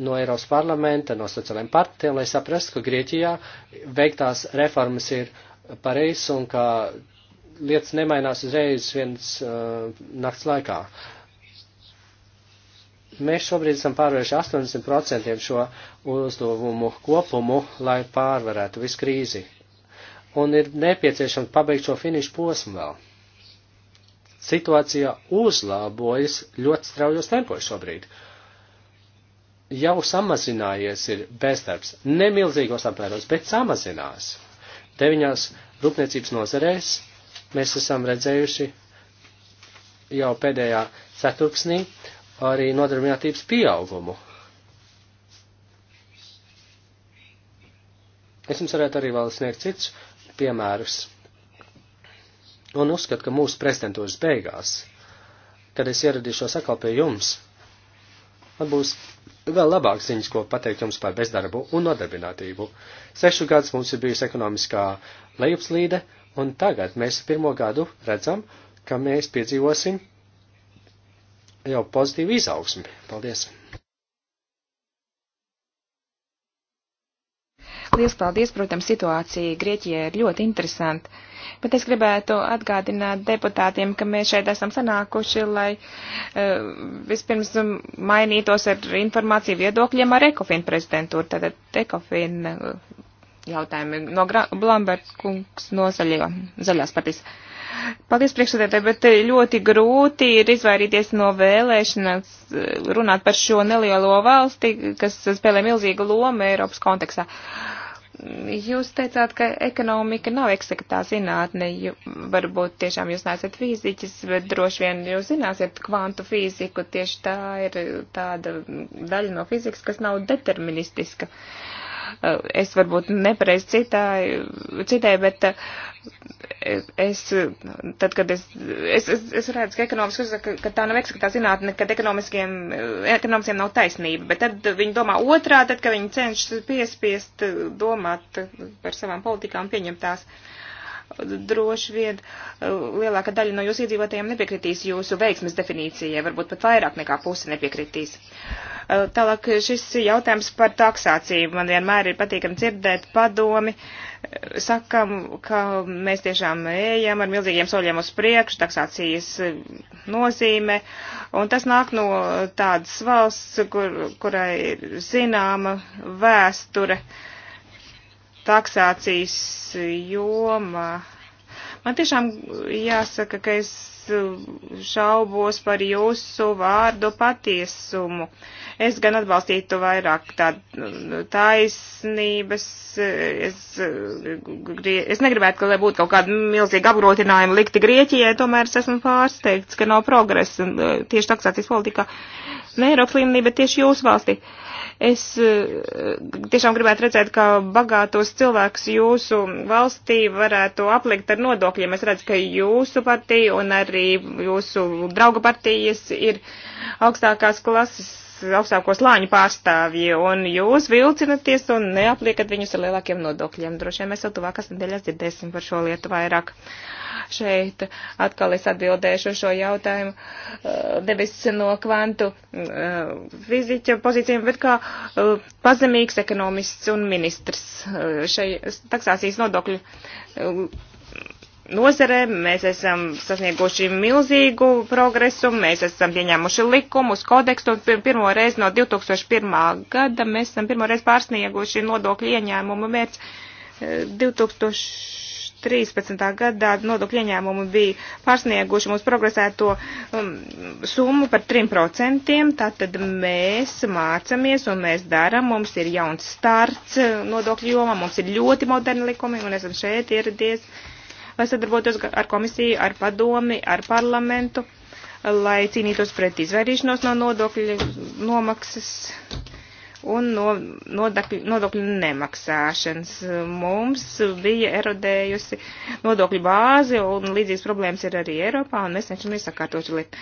no Eiropas parlamenta, no sociālajiem partijiem, lai saprastu, ka Grieķijā veiktās reformas ir pareizas un ka lietas nemainās uzreiz viens uh, nakts laikā. Uh, Mēs šobrīd esam pārvarējuši 80% šo uzdevumu kopumu, lai pārvarētu visu krīzi. Un ir nepieciešams pabeigt šo finišu posmu vēl. Situācija uzlabojas ļoti straujos tempos šobrīd. Jau samazinājies ir bezdarbs, nemilzīgos apmēros, bet samazinās. Deviņās rūpniecības nozarēs mēs esam redzējuši jau pēdējā ceturksnī arī nodarbinātības pieaugumu. Es jums varētu arī vēl sniegt cits piemērus. Un uzskatu, ka mūsu prezidentūras beigās, kad es ieradīšos atkal pie jums, man būs vēl labāk ziņas, ko pateikt jums par bezdarbu un nodarbinātību. Sešu gadus mums ir bijusi ekonomiskā lejupslīde, un tagad mēs pirmo gadu redzam, ka mēs piedzīvosim jau pozitīvu izaugsmi. Paldies! Liels paldies, protams, situācija Grieķijā ir ļoti interesanta, bet es gribētu atgādināt deputātiem, ka mēs šeit esam sanākuši, lai uh, vispirms mainītos ar informāciju viedokļiem ar Ekofin prezidentūru, tātad Ekofin eh, jautājumi no Blamberts kungs no zaļo, zaļās partijas. Uh, Paldies priekšsēdētāji, bet eh, ļoti grūti ir izvairīties no vēlēšanas eh, runāt par šo nelielo valsti, kas spēlē milzīgu lomu Eiropas kontekstā. Jūs teicāt, ka ekonomika nav eksaktā zinātne, varbūt tiešām jūs neesat fiziķis, bet droši vien jūs zināsiet kvantu fiziku, tieši tā ir tāda daļa no fizikas, kas nav deterministiska. Uh, Es varbūt nepareizi citāju, citāju, bet eh, es, tad, kad es, es, es, es redzu, ka ekonomiski uzsaka, ka tā nav eksaktā zinātne, kad ekonomiskiem, ekonomiskiem nav taisnība, bet tad viņi domā otrā, tad, kad viņi cenšas piespiest domāt par savām politikām, pieņemt tās. Uh, droši vien eh, lielākā daļa no jūsu iedzīvotājiem nepiekritīs jūsu veiksmes definīcijai, varbūt pat vairāk nekā puse nepiekritīs. Eh, tālāk šis jautājums par taksāciju. Man vienmēr ir patīkami dzirdēt padomi. Eh, sakam, ka mēs tiešām ejam ar milzīgiem soļiem uz priekšu, taksācijas nozīme, un tas nāk no tādas valsts, kur, kurai ir zināma vēsture. Uh, taksācijas joma. Man tiešām jāsaka, ka es šaubos par jūsu vārdu patiesumu. Es gan atbalstītu vairāk tādu taisnības, es, es negribētu, ka lai būtu kaut kāda milzīga apgrotinājuma likti Grieķijai, tomēr es esmu pārsteigts, ka nav progresa e, tieši taksācijas politikā. Ne Eiropas līmenī, bet tieši jūsu valstī. Uh, Es eh, tiešām gribētu redzēt, ka bagātos cilvēkus jūsu valstī varētu aplikt ar nodokļiem. Es redzu, ka jūsu partija un arī jūsu drauga partijas ir augstākās klases augstāko slāņu pārstāvji, un jūs vilcinaties un neapliekat viņus ar lielākiem nodokļiem. Droši vien mēs jau tuvākās nedēļās dzirdēsim par šo lietu vairāk. Šeit atkal es atbildēšu šo jautājumu eh, debesis no kvantu eh, fiziķa pozīcijiem, bet kā eh, pazemīgs ekonomists un ministrs šai taksāsīs nodokļu nozarē, mēs esam sasnieguši milzīgu progresu, mēs esam pieņēmuši likumus, kodeksu, un pirmo reizi no 2001. gada mēs esam pirmo reizi pārsnieguši nodokļu ieņēmumu mērķi 2000. E, 13. gadā nodokļu ieņēmumi bija pārsnieguši mūsu progresēto um, summu par 3%. Tātad mēs mācamies un mēs darām, mums ir jauns starts e, nodokļu jomā, mums ir ļoti moderni likumi un esam šeit ieradies. Uh, lai sadarbotos ar komisiju, ar padomi, ar parlamentu, lai cīnītos pret izvairīšanos no nodokļu nomaksas un no nodokļu, nodokļu nemaksāšanas. Mums bija erodējusi nodokļu bāzi, un līdzīgas problēmas ir arī Eiropā, un mēs cenšamies sakārtot lietu.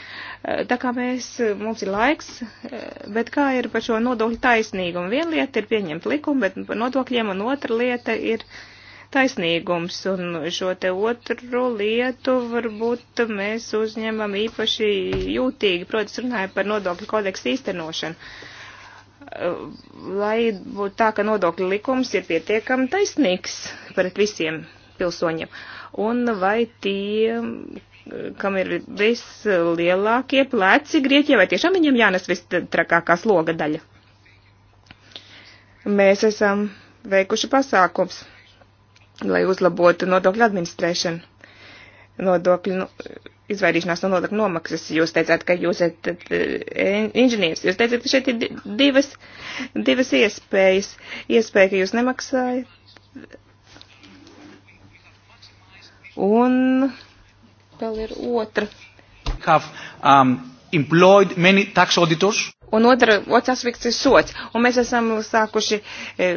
Tā kā mēs, mums ir laiks, bet kā ir par šo nodokļu taisnīgumu? Viena lieta ir pieņemt likumu, bet par nodokļiem, un otra lieta ir taisnīgums. Un šo te otru lietu varbūt mēs uzņemam īpaši jūtīgi, protams, runājot par nodokļu kodeksu īstenošanu. Lai būtu tā, ka nodokļu likums ir pietiekami taisnīgs pret visiem pilsoņiem, un vai tie, kam ir vislielākie pleci Grieķijā, vai tiešām viņiem jānes vistrakākā sloga daļa? Mēs esam veikuši pasākums lai uzlabotu nodokļu administrēšanu, nodokļu nu, izvairīšanās no nodokļu nomaksas. Jūs teicāt, ka jūs esat e, inženieris. Jūs teicāt, ka šeit ir divas, divas iespējas. Iespēja, ka jūs nemaksājat. Un vēl ir otra. Have, um, employed many tax auditors. Un otra, otrs aspekts ir sots. Un mēs esam sākuši e,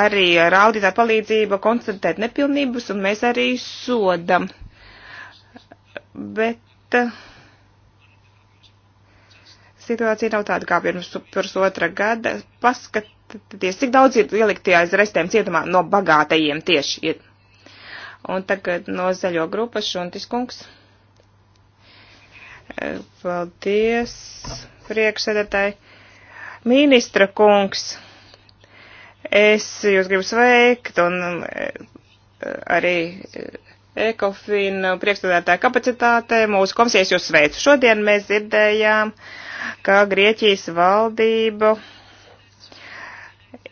arī ar auditā palīdzību konstatēt nepilnības, un mēs arī sodam. Bet e, situācija nav tāda kā pirms, pirms otra gada. Paskatieties, cik daudz ir ieliktie aiz restēm cietumā no bagātajiem tieši. Un tagad no zaļo grupas šuntis kungs. Paldies, priekšsēdētāji. Ministra kungs, es jūs gribu sveikt un eh, arī eh, ekofina priekšstādātāja kapacitāte mūsu komisijas jūs sveicu. Šodien mēs dzirdējām, ka Grieķijas valdība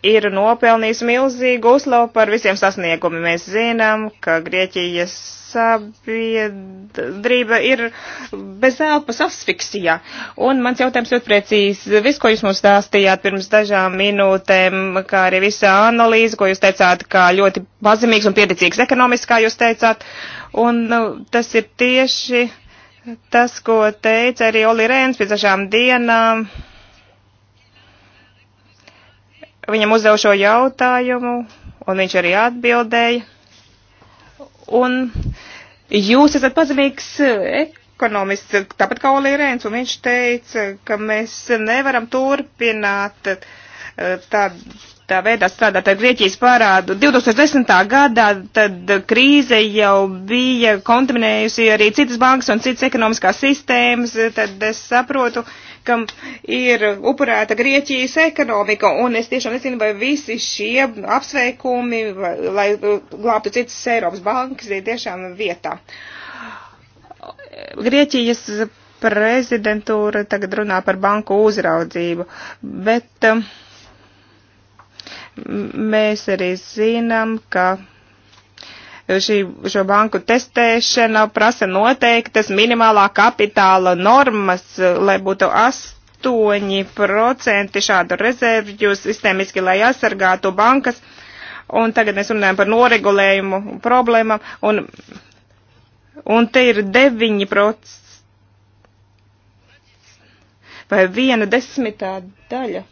ir nopelnījis milzīgu uzslavu par visiem sasniegumiem. Mēs zinām, ka Grieķijas sabiedrība ir bez elpas asfiksijā. Un mans jautājums ļoti precīzi. Viss, ko jūs mums stāstījāt pirms dažām minūtēm, kā arī visa analīze, ko jūs teicāt, kā ļoti pazemīgs un pieticīgs ekonomiski, kā jūs teicāt. Un nu, tas ir tieši tas, ko teica arī Oli Rēns pēc dažām dienām. Uh, viņam uzdevu šo jautājumu, un viņš arī atbildēja. Un jūs esat pazemīgs eh, ekonomists, tāpat kā Olī Rēns, un viņš teica, ka mēs nevaram turpināt eh, tādu tā veidā strādāt ar Grieķijas parādu. 2010. gadā tad krīze jau bija kontaminējusi arī citas bankas un citas ekonomiskās sistēmas, tad es saprotu, uh, kam ir upurēta Grieķijas ekonomika, un es tiešām nezinu, vai visi šie apsveikumi, vai, lai glābtu citas Eiropas bankas, ir tiešām vietā. Grieķijas prezidentūra tagad runā par banku uzraudzību, bet mēs arī zinām, ka šī, šo banku testēšana prasa noteiktas minimālā kapitāla normas, lai būtu 8% šādu rezervju sistēmiski, lai aizsargātu bankas. Un tagad mēs runājam par noregulējumu problēmām, un, un te ir 9% vai viena desmitā daļa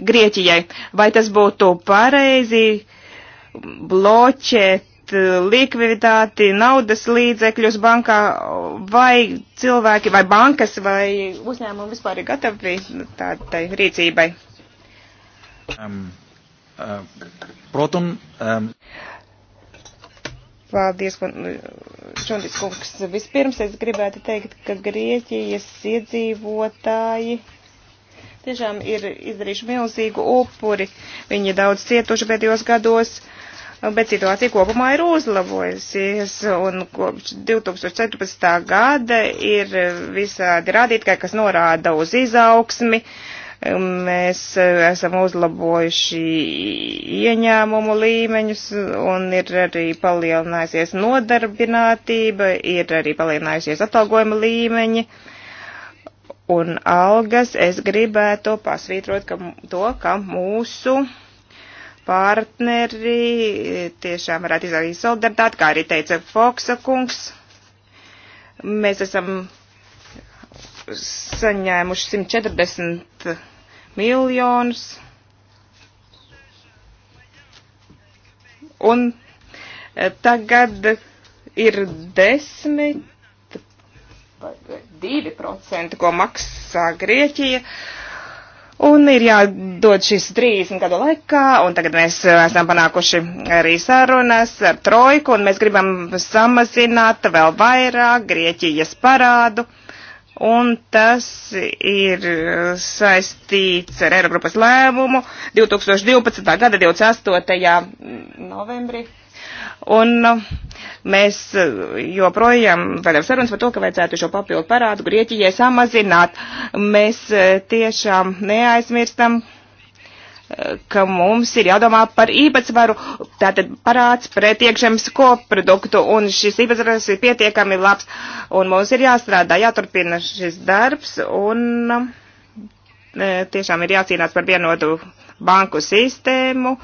Grieķijai. Vai tas būtu pareizi? bloķēt eh, likviditāti, naudas līdzekļus bankā, vai cilvēki, vai bankas, vai uzņēmumi vispār ir gatavi tādai rīcībai? Um, uh, protum, um. Paldies, Čundis uh, kungs. Vispirms es gribētu teikt, ka Grieķijas iedzīvotāji tiešām ir izdarījuši milzīgu upuri. Viņi daudz cietuši pēdējos gados. Uh, bet situācija kopumā ir uzlabojusies, un kopš 2014. gada ir visādi rādītāji, kas norāda uz izaugsmi. Mēs esam uzlabojuši ieņēmumu līmeņus un ir arī palielinājusies nodarbinātība, ir arī palielinājusies atalgojuma līmeņi un algas. Es gribētu pasvītrot ka, to, ka mūsu partneri tiešām varētu izrādīt solidaritāti, kā arī teica Foksa kungs. Mēs esam saņēmuši 140 miljonus. Un tagad ir desmit, divi procenti, ko maksā Grieķija. Uh, Un ir jādod šis 30 gadu laikā, un tagad mēs eh, esam panākuši arī sarunas ar trojku, un mēs gribam samazināt vēl vairāk Grieķijas parādu. Un tas ir eh, saistīts ar Eirogrupas lēmumu 2012. gada 28. novembrī. Un uh, mēs uh, joprojām vedam sarunas par to, ka vajadzētu šo papildu parādu Grieķijai samazināt. Mēs uh, tiešām neaizmirstam ka mums ir jādomā par īpatsvaru, tātad parāds pret iekšzemes koproduktu, un šis īpatsvars ir pietiekami labs, un mums ir jāstrādā, jāturpina šis darbs, un tiešām ir jācīnās par vienotu banku sistēmu,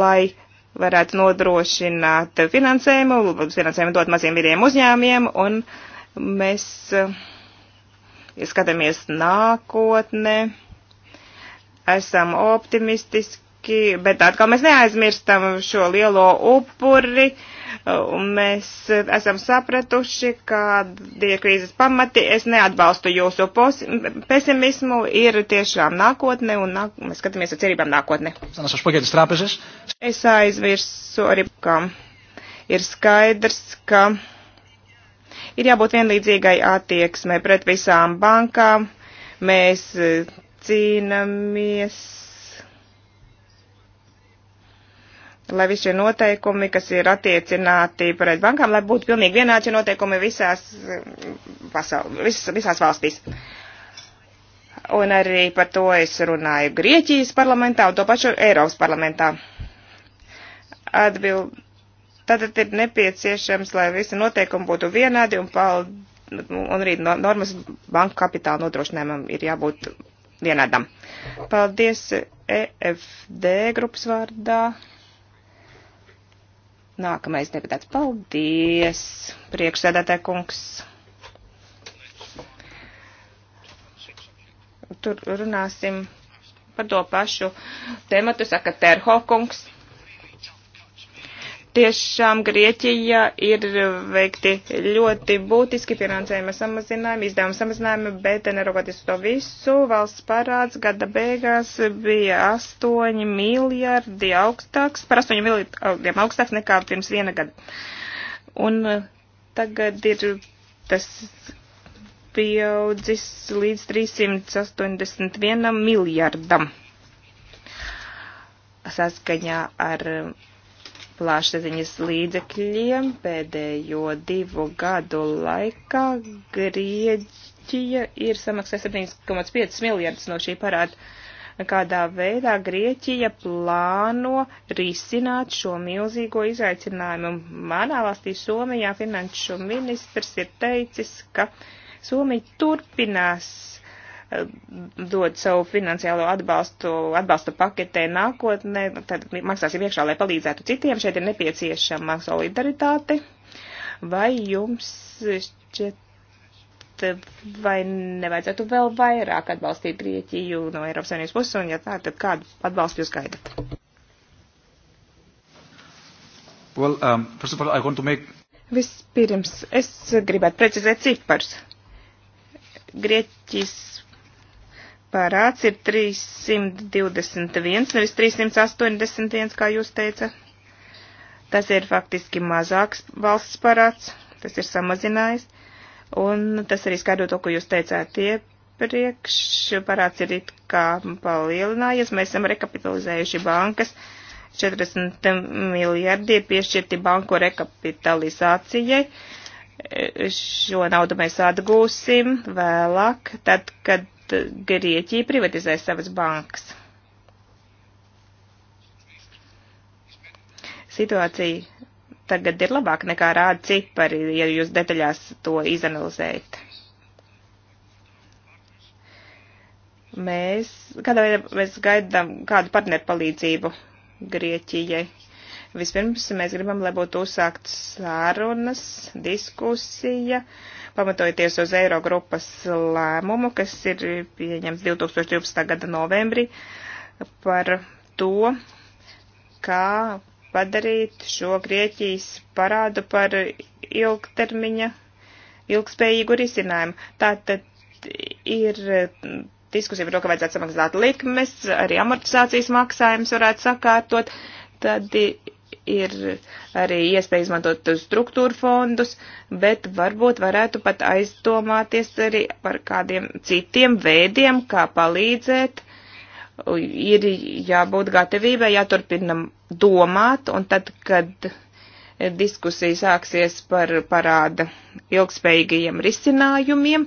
lai varētu nodrošināt finansējumu, finansējumu dot maziem vidiem uzņēmiem, un mēs skatāmies nākotne, esam optimistiski, bet atkal mēs neaizmirstam šo lielo upuri, uh, Un mēs esam sapratuši, kādi ir krīzes pamati. Es neatbalstu jūsu pesimismu, ir tiešām nākotne un nāk, mēs skatāmies ar cerībām nākotne. Es aizvirsu arī, ka ir skaidrs, ka ir jābūt vienlīdzīgai attieksmē pret visām bankām. Mēs eh, cīnāmies lai visi šie noteikumi, kas ir attiecināti pret bankām, lai būtu pilnīgi vienādi šie noteikumi visās, mm, pasaul, visas, visās valstīs. Un arī par to es runāju Grieķijas parlamentā un to pašu Eiropas parlamentā. Atbild, tātad ir nepieciešams, lai visi noteikumi būtu vienādi un, pal, un arī normas banku kapitāla nodrošinājumam ir jābūt vienādam. Paldies EFD grupas vārdā. Nākamais deputāts. Paldies, priekšsēdētāja kungs. Tur runāsim par to pašu tematu, saka Terho kungs. Tiešām Grieķija ir veikti ļoti būtiski finansējuma samazinājumi, izdevuma samazinājumi, bet neraugoties to visu, valsts parāds gada beigās bija 8 miljardi augstāks, par 8 miljardiem augstāks nekā pirms viena gada. Un eh, tagad ir tas pieaudzis līdz 381 miljardam saskaņā ar plašsaziņas līdzekļiem pēdējo divu gadu laikā Grieķija ir samaksājusi 7,5 miljardus no šī parāda. Kādā veidā Grieķija plāno risināt šo milzīgo izaicinājumu? Manā valstī Somijā finanšu ministrs ir teicis, ka Somija turpinās Eh, dod savu finansiālo atbalstu, atbalsta paketē nākotnē, tad maksāsim iekšā, lai palīdzētu citiem. Šeit ir nepieciešama solidaritāte. Vai jums šķiet, eh, vai nevajadzētu vēl vairāk atbalstīt Grieķiju no Eiropas Savienības puses, un ja tā, tad kādu atbalstu jūs gaidat? Well, um, first of all, I want to make... Vispirms, es gribētu precizēt ciparus. Grieķijas Parāds ir 321, nevis 381, kā jūs teicat. Tas ir faktiski mazāks valsts parāds, tas ir samazinājis. Un tas arī skaidro to, ko jūs teicāt iepriekš. Parāds ir it kā palielinājies. Mēs esam rekapitalizējuši bankas. 40 miljardi ir piešķirti banku rekapitalizācijai. Šo naudu mēs atgūsim vēlāk, tad, kad Grieķija privatizē savas bankas. Situācija tagad ir labāka nekā rāda cipari, ja jūs detaļās to izanalizējat. Mēs, kādā veidā mēs gaidām kādu partneru palīdzību Grieķijai. Vispirms mēs gribam, lai būtu uzsākts sārunas, diskusija. Uh, pamatojoties uz Eirogrupas lēmumu, kas ir pieņemts 2012. gada novembrī par to, kā padarīt šo Grieķijas parādu par ilgtermiņa, ilgspējīgu risinājumu. Tātad ir diskusija par to, ka vajadzētu samaksāt likmes, arī amortizācijas maksājums varētu sakārtot. Tad ir arī iespēja izmantot struktūru fondus, bet varbūt varētu pat aizdomāties arī par kādiem citiem veidiem, kā palīdzēt. Ir jābūt gatavībai, jāturpinam domāt, un tad, kad diskusija sāksies par parāda ilgspējīgajiem risinājumiem,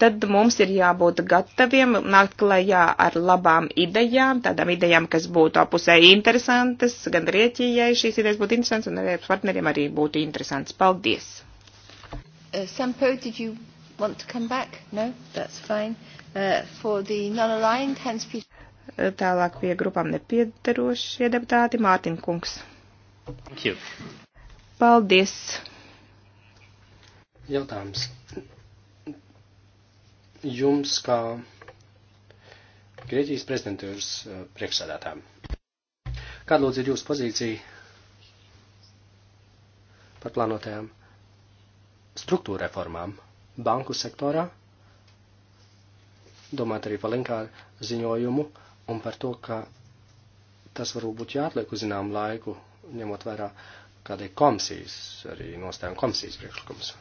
tad mums ir jābūt gataviem nākt klajā ar labām idejām, tādām idejām, kas būtu apusēji interesantas, gan Grieķijai šīs idejas būtu interesantas un arī partneriem arī būtu interesantas. Paldies! Uh, Sampo, did you want to come back? No, that's fine. Uh, for the non-aligned, Hans Peter. Uh, tālāk pie grupām nepiedarošie deputāti Mārtiņ Kungs. Thank you. Paldies! Jautājums. Jums kā Grieķijas prezidentūras eh, priekšsādātājiem. Kāda lūdzu ir jūsu pozīcija par plānotajām struktūra reformām banku sektorā? Domāt arī par Linkāru ziņojumu un par to, ka tas varbūt būtu jāatliek uz zinām laiku, ņemot vairāk kāda ir komisijas, arī nostājuma komisijas priekšlikums.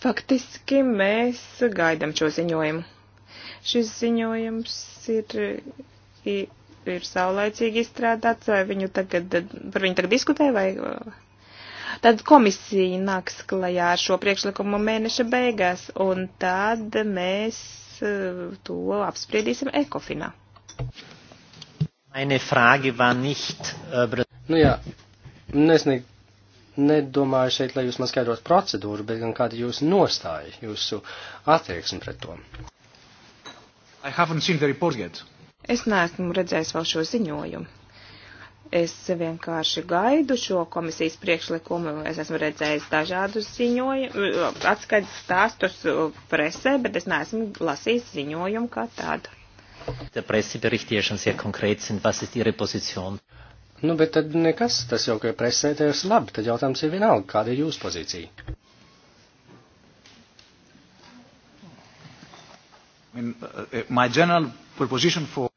Faktiski mēs gaidām šo ziņojumu. Šis ziņojums ir, ir, ir saulēcīgi izstrādāts, vai viņu tagad, par viņu tagad diskutē, vai tad komisija nāks klajā ar šo priekšlikumu mēneša beigās, un tad mēs e, to apspriedīsim ekofinā. Meine Frage war nicht. Uh, nu jā, es ne, nedomāju šeit, lai jūs man skaidrotu procedūru, bet gan kāda jūsu nostāja, jūsu attieksme pret to. I haven't seen the report yet. Es neesmu redzējis vēl šo ziņojumu. Es vienkārši gaidu šo komisijas priekšlikumu. Es esmu redzējis dažādus ziņojumus, atskaidrs stāstus presē, bet es neesmu lasījis ziņojumu kā tādu. Der Pressebericht, ja schon sehr konkrēt sind, was ist Ihre Position? Nu, bet tad nekas, tas jau, ka presē tevis labi, tad jautājums ir vienalga, kāda ir jūsu pozīcija? I mean, uh, uh my general proposition for...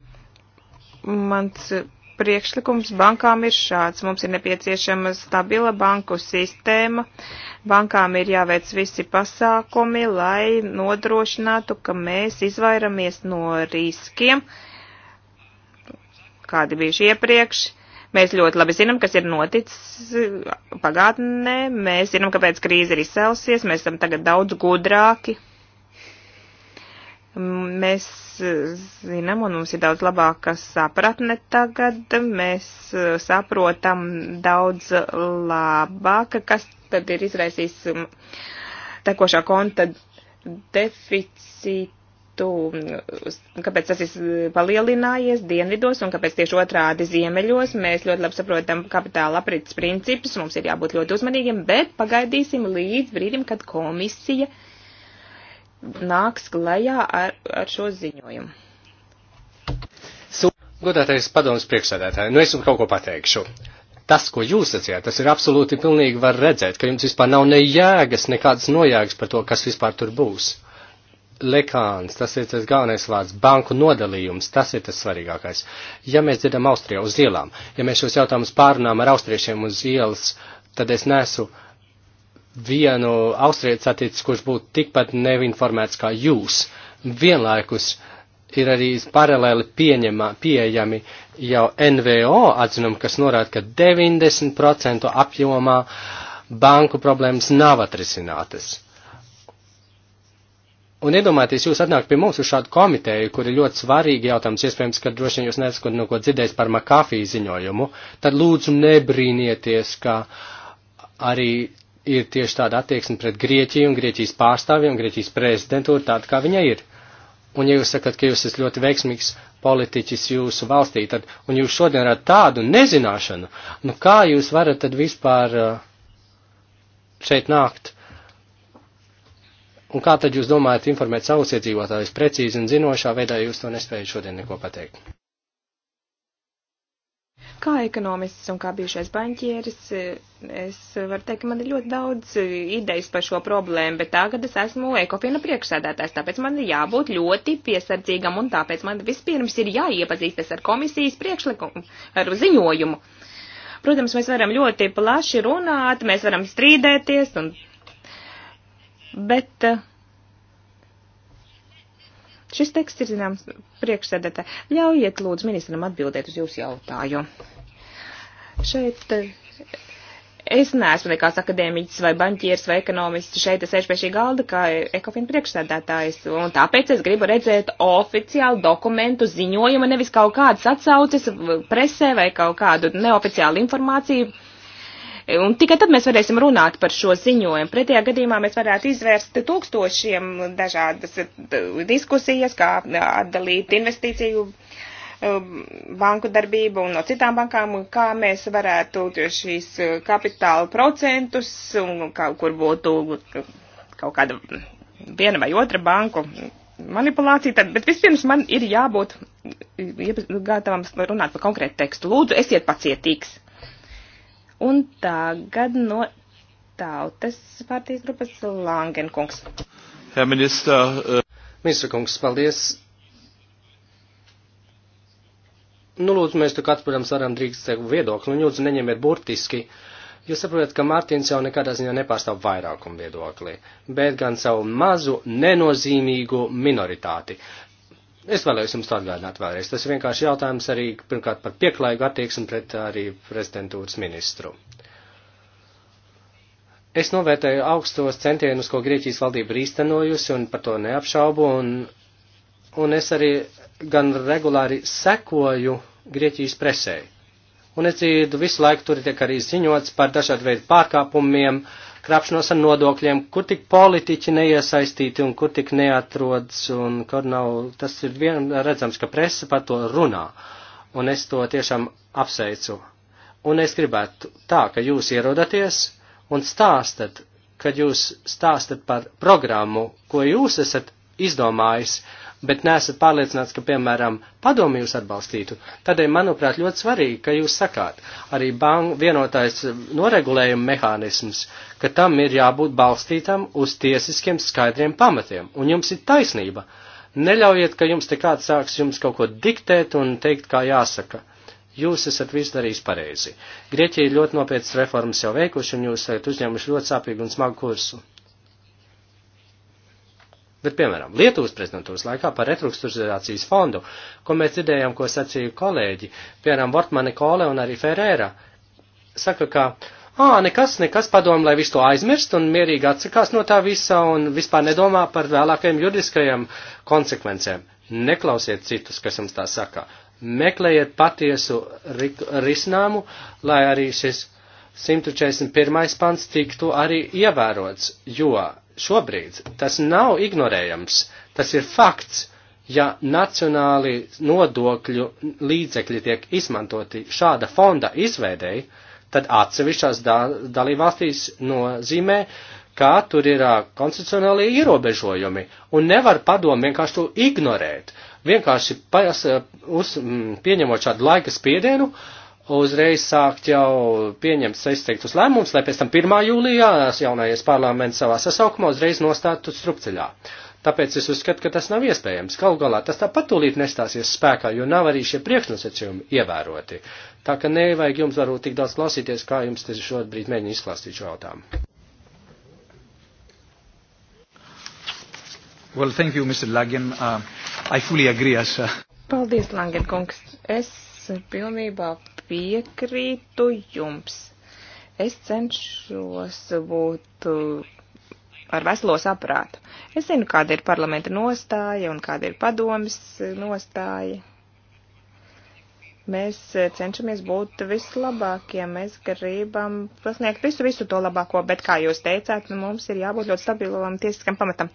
Mans priekšlikums bankām ir šāds. Mums ir nepieciešama stabila banku sistēma. Bankām ir jāveic visi pasākumi, lai nodrošinātu, ka mēs izvairamies no riskiem, kādi bijuši iepriekš. Mēs ļoti labi zinām, kas ir noticis pagātnē, mēs zinām, kāpēc krīze ir izcēlusies, mēs esam tagad daudz gudrāki, Mēs eh, zinām, un mums ir daudz labāka sapratne tagad, mēs eh, saprotam daudz labāk, kas tad ir izraisījis um, tekošā konta deficītu, um, kāpēc tas ir palielinājies dienvidos un kāpēc tieši otrādi ziemeļos. Mēs ļoti labi saprotam kapitāla aprits principus, mums ir jābūt ļoti uzmanīgiem, bet pagaidīsim līdz brīdim, kad komisija nāks klajā ar, ar šo ziņojumu. Godātais padomas priekšsēdētāji, nu es jums kaut ko pateikšu. Tas, ko jūs sacījāt, tas ir absolūti pilnīgi var redzēt, ka jums vispār nav ne jēgas, nekādas nojēgas par to, kas vispār tur būs. Lekāns, tas ir tas galvenais vārds, banku nodalījums, tas ir tas svarīgākais. Ja mēs dzirdam Austrijā uz ielām, ja mēs šos jautājumus pārunām ar austriešiem uz ielas, tad es nesu uh, vienu austrietis attiecas, kurš būtu tikpat nevinformēts kā jūs. Vienlaikus ir arī paralēli pieņemā, pieejami jau NVO atzinumi, kas norāda, ka 90% apjomā banku problēmas nav atrisinātas. Un iedomājieties, jūs atnākat pie mums uz šādu komiteju, kur ir ļoti svarīgi jautājums, iespējams, ka droši vien jūs nesat no ko dzirdējis par Makafī ziņojumu, tad lūdzu nebrīnieties, ka arī ir tieši tāda attieksme pret Grieķiju un Grieķijas pārstāvjiem, Grieķijas prezidentūru tāda, kā viņa ir. Un ja jūs sakat, ka jūs esat ļoti veiksmīgs politiķis jūsu valstī, tad, un jūs šodien ar tādu nezināšanu, nu kā jūs varat tad vispār uh, šeit nākt? Un kā tad jūs domājat informēt savus iedzīvotājus precīzi un zinošā veidā, jūs to nespējat šodien neko pateikt? Kā ekonomists un kā bijušais baņķieris, es varu teikt, ka man ir ļoti daudz idejas par šo problēmu, bet tagad es esmu ekofina priekšsēdētājs, tāpēc man ir jābūt ļoti piesardzīgam un tāpēc man vispirms ir jāiepazīstas ar komisijas priekšlikumu, ar ziņojumu. Protams, mēs varam ļoti plaši runāt, mēs varam strīdēties, un... bet. Uh, Šis teksts ir zināms priekšsēdētā. Ļaujiet lūdzu ministram atbildēt uz jūsu jautājumu. Šeit e, es neesmu nekāds akadēmiķis vai banķieris vai ekonomists. Šeit es sēžu pie šī galda kā ekofina priekšsēdētājs. Un tāpēc es gribu redzēt oficiālu dokumentu ziņojumu, nevis kaut kādas atsauces presē vai kaut kādu neoficiālu informāciju. Un tikai tad mēs varēsim runāt par šo ziņojumu. Pretējā gadījumā mēs varētu izvērst tūkstošiem dažādas e, diskusijas, kā atdalīt investīciju Um, banku darbību un no citām bankām, kā mēs varētu šīs uh, kapitāla procentus, un kā, kur būtu kaut kāda viena vai otra banku manipulācija, tad, bet vispirms man ir jābūt gatavam runāt par konkrētu tekstu. Lūdzu, esiet pacietīgs. Un tagad no tautas partijas grupas Langenkungs. Herr Minister, uh... Äh, Ministra kungs, paldies Nu, lūdzu, mēs tur katrs, protams, varam drīkst savu viedokli, un nu, lūdzu, neņemiet burtiski. Jūs saprotat, ka Mārtiņš jau nekādā ziņā nepārstāv vairākumu viedoklī, bet gan savu mazu, nenozīmīgu minoritāti. Es vēlējos jums to atgādināt vēlreiz. Tas ir vienkārši jautājums arī, pirmkārt, par pieklājīgu attieksmi pret arī prezidentūras ministru. Es novērtēju augstos centienus, ko Grieķijas valdība ir īstenojusi, un par to neapšaubu, un, un es arī gan regulāri sekoju Grieķijas presē. Un es dzirdu, visu laiku tur tiek arī ziņots par dažādu veidu pārkāpumiem, krāpšanos ar nodokļiem, kur tik politiķi neiesaistīti un kur tik neatrodas un kur nav. Tas ir vien redzams, ka presa par to runā. Un es to tiešām apsveicu. Un es gribētu tā, ka jūs ierodaties un stāstat, kad jūs stāstat par programmu, ko jūs esat izdomājis, bet neesat pārliecināts, ka, piemēram, padomi jūs atbalstītu, tādēļ, manuprāt, ļoti svarīgi, ka jūs sakāt arī bank vienotais noregulējuma mehānisms, ka tam ir jābūt balstītam uz tiesiskiem skaidriem pamatiem, un jums ir taisnība. Neļaujiet, ka jums te kāds sāks jums kaut ko diktēt un teikt, kā jāsaka. Jūs esat visu darījis pareizi. Grieķija ļoti nopietnas reformas jau veikuši, un jūs esat uzņēmuši ļoti sāpīgu un smagu kursu. Bet, piemēram, Lietuvas prezidentūras laikā par retruksturizācijas fondu, ko mēs dzirdējām, ko sacīja kolēģi, piemēram, Vortmane Kole un arī Ferēra, saka, ka, ā, nekas, nekas padomu, lai visu to aizmirst un mierīgi atsakās no tā visa un vispār nedomā par vēlākajiem juridiskajiem konsekvencēm. Neklausiet citus, kas jums tā saka. Meklējiet patiesu risinājumu, lai arī šis 141. pants tiktu arī ievērots, jo šobrīd tas nav ignorējams, tas ir fakts, ja nacionāli nodokļu līdzekļi tiek izmantoti šāda fonda izveidēji, tad atsevišķās da dalībvalstīs nozīmē, kā tur ir konstitucionālie ierobežojumi, un nevar padomu vienkārši to ignorēt. Vienkārši paies, uz, pieņemot šādu laika spiedienu, uh, uzreiz sākt jau pieņemt saistītus lēmumus, lai pēc tam 1. jūlijā jaunais parlaments savā sasaukumā uzreiz nostātu strupceļā. Tāpēc es uzskatu, ka tas nav iespējams. Galu galā tas tāpat tūlīt nestāsies spēkā, jo nav arī šie priekšnosacījumi ievēroti. Tā ka nevajag jums varbūt tik daudz klausīties, kā jums te šobrīd mēģina izklāstīt šo jautājumu. Well, thank you, Mr. Lagen. Uh, I fully agree as. Uh... Paldies, Langen kungs. Es pilnībā piekrītu jums. Es cenšos būt uh, ar veselo saprātu. Es zinu, kāda ir parlamenta nostāja un kāda ir padomas uh, nostāja. Mēs uh, cenšamies būt vislabākiem, mēs gribam pasniegt visu, visu to labāko, bet, kā jūs teicāt, nu, mums ir jābūt ļoti stabilam tiesiskam pamatam.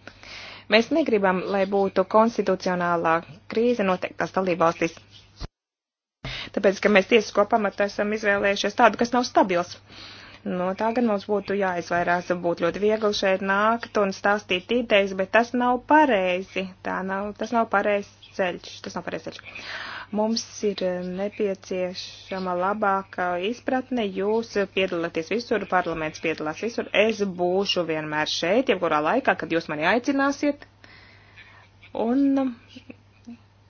Mēs negribam, lai būtu konstitucionālā krīze noteiktās dalībvalstīs tāpēc, ka mēs tiesisko pamatu esam izvēlējušies tādu, kas nav stabils. No tā gan mums būtu jāizvairās, būtu ļoti viegli šeit nākt un stāstīt idejas, bet tas nav pareizi. Tā nav, tas nav pareizs ceļš. Tas nav pareizs ceļš. Mums ir eh, nepieciešama labāka izpratne. Jūs piedalāties visur, parlaments piedalās visur. Es būšu vienmēr šeit, jebkurā laikā, kad jūs mani aicināsiet. Un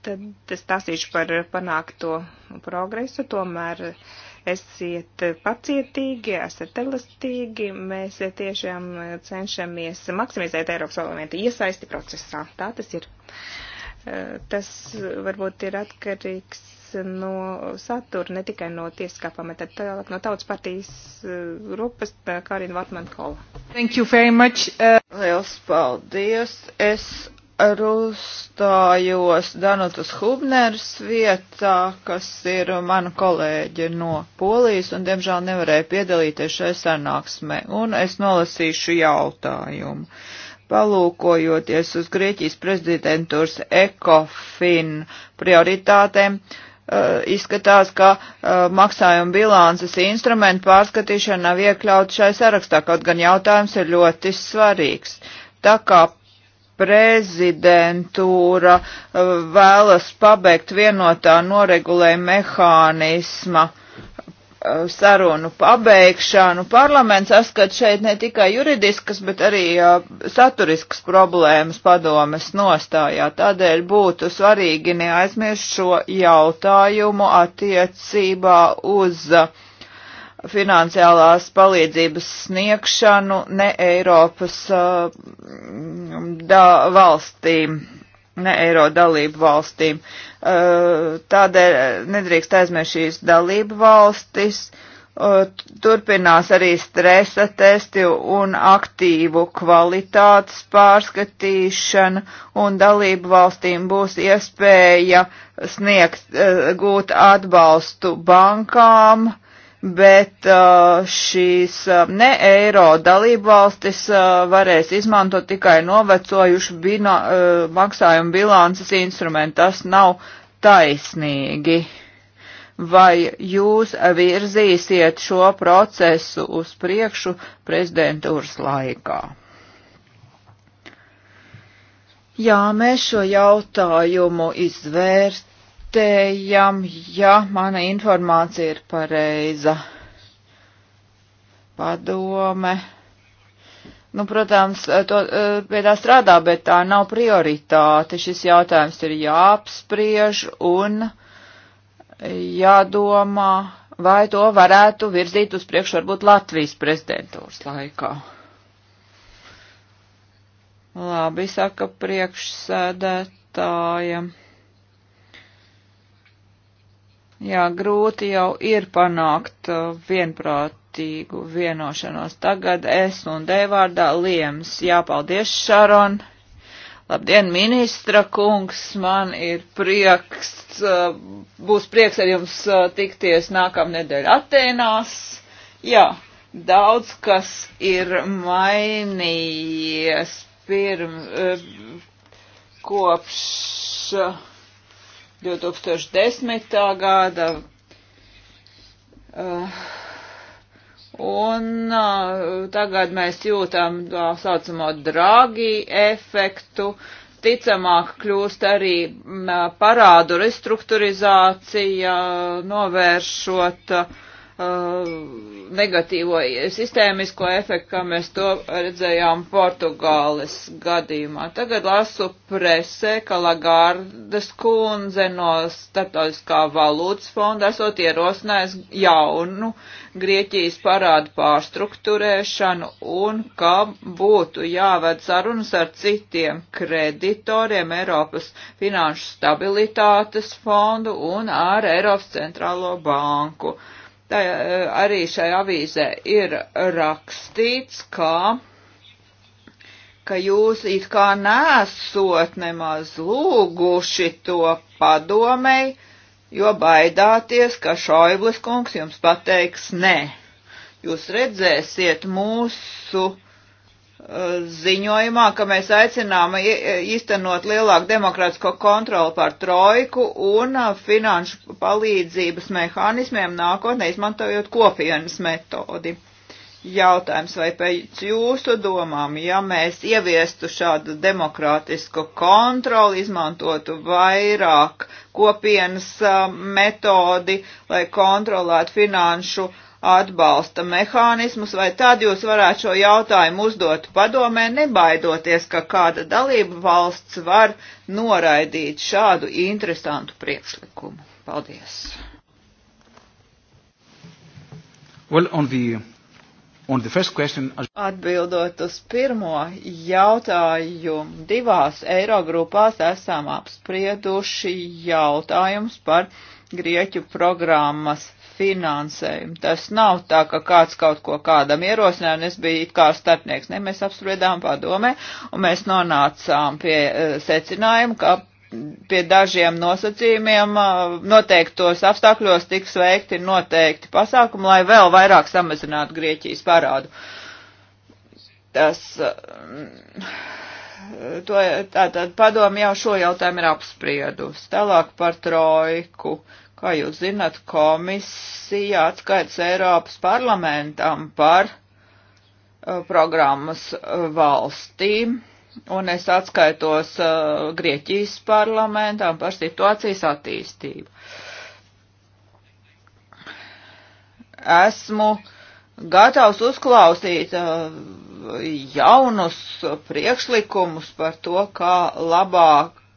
tad es stāstīšu par panākto progresu, tomēr esiet pacietīgi, esat elastīgi, mēs tiešām cenšamies maksimizēt Eiropas parlamenta iesaisti procesā. Tā tas ir. Tas varbūt ir atkarīgs no satura, ne tikai no tiesiskā pamata, tālāk no tautas partijas grupas Karina Vatmankola. Thank you very much. Uh... Liels paldies. Es uzstājos Danutas Hubners vietā, kas ir mana kolēģe no Polijas, un diemžēl nevarēja piedalīties šai sanāksmē, un es nolasīšu jautājumu. Palūkojoties uz Grieķijas prezidentūras ECOFIN prioritātēm, Uh, izskatās, ka uh, maksājuma bilances instrumentu pārskatīšana nav iekļauts šai sarakstā, kaut gan jautājums ir ļoti svarīgs. Tā kā prezidentūra eh, vēlas pabeigt vienotā noregulējuma mehānisma eh, sarunu pabeigšanu. Parlaments saskat šeit ne tikai juridiskas, bet arī eh, saturiskas problēmas padomes nostājā. Tādēļ būtu svarīgi neaizmirst šo jautājumu attiecībā uz uh, finansiālās palīdzības sniegšanu ne Eiropas uh, da, valstīm, ne Eiro dalību valstīm. Uh, tādēļ nedrīkst aizmirst šīs dalību valstis. Uh, turpinās arī stresa testi un aktīvu kvalitātes pārskatīšana, un dalību valstīm būs iespēja sniegt, gūt atbalstu bankām, uh, bet uh, šīs uh, ne eiro dalībvalstis uh, varēs izmantot tikai novecojušu bina, maksājumu bilances instrumentu. Tas nav taisnīgi. Vai jūs virzīsiet šo procesu uz priekšu prezidentūras laikā? Jā, mēs šo jautājumu izvērt vērtējam, ja mana informācija ir pareiza. Padome. Nu, protams, to, e, pie tā strādā, bet tā nav prioritāte. Šis jautājums ir jāapspriež un jādomā, vai to varētu virzīt uz priekšu varbūt Latvijas prezidentūras laikā. Labi, saka priekšsēdētājiem. Jā, grūti jau ir panākt uh, vienprātīgu vienošanos. Tagad es un Dēvārdā liems. Jāpaldies, Šaron. Labdien, ministra kungs, man ir prieks, uh, būs prieks ar jums uh, tikties nākamnedēļ Atēnās. Jā, daudz kas ir mainījies pirms, kopš 2010. gada. Uh, Un uh, tagad mēs jūtam tā saucamo dragi efektu. Ticamāk kļūst arī eh, parādu restruktūrizācija, novēršot uh, Uh, negatīvo sistēmisko efektu, kā mēs to redzējām Portugāles gadījumā. Tagad lasu presē, ka Lagardas kundze no Startautiskā valūtas fonda esot ierosinājis jaunu Grieķijas parādu pārstruktūrēšanu un ka būtu jāved sarunas ar citiem kreditoriem Eiropas finanšu stabilitātes fondu un ar Eiropas centrālo banku. Uh, Tā, eh, arī šai avīzē ir rakstīts, ka ka jūs it kā nesot nemaz lūguši to padomei, jo baidāties, ka Šoiblis kungs jums pateiks nē. Jūs redzēsiet mūsu uh, ziņojumā, ka mēs aicinām īstenot lielāku demokrātisko kontroli pār trojku un finanšu palīdzības mehānismiem nākotnē izmantojot kopienas metodi. Jautājums, vai pēc jūsu domām, ja mēs ieviestu šādu demokrātisku kontroli, izmantotu vairāk kopienas metodi, lai kontrolētu finanšu uh, atbalsta mehānismus, vai tad jūs varētu šo jautājumu uzdot padomē, nebaidoties, ka kāda dalība valsts var noraidīt šādu interesantu priekšlikumu. Paldies! Well, on the, on the first question... Atbildot uz pirmo jautājumu, divās Eirogrupās esam apsprieduši jautājums par Grieķu programmas finansējumu. Tas nav tā, ka kāds kaut ko kādam ierosināja, un es biju it kā starpnieks. Ne, mēs apspriedām padomē, un mēs nonācām pie uh, secinājuma, ka pie dažiem nosacījumiem eh, noteiktos apstākļos tiks veikti noteikti pasākumi, lai vēl vairāk samazinātu Grieķijas parādu. Tas, eh, to, tātad padomi jau šo jautājumu ir apspriedus. Tālāk par trojku, Kā jūs zināt, komisija atskaits Eiropas parlamentam par programmas valstīm, un es atskaitos uh, Grieķijas parlamentam par situācijas attīstību. Esmu gatavs uzklausīt uh, jaunus priekšlikumus par to, kā labāk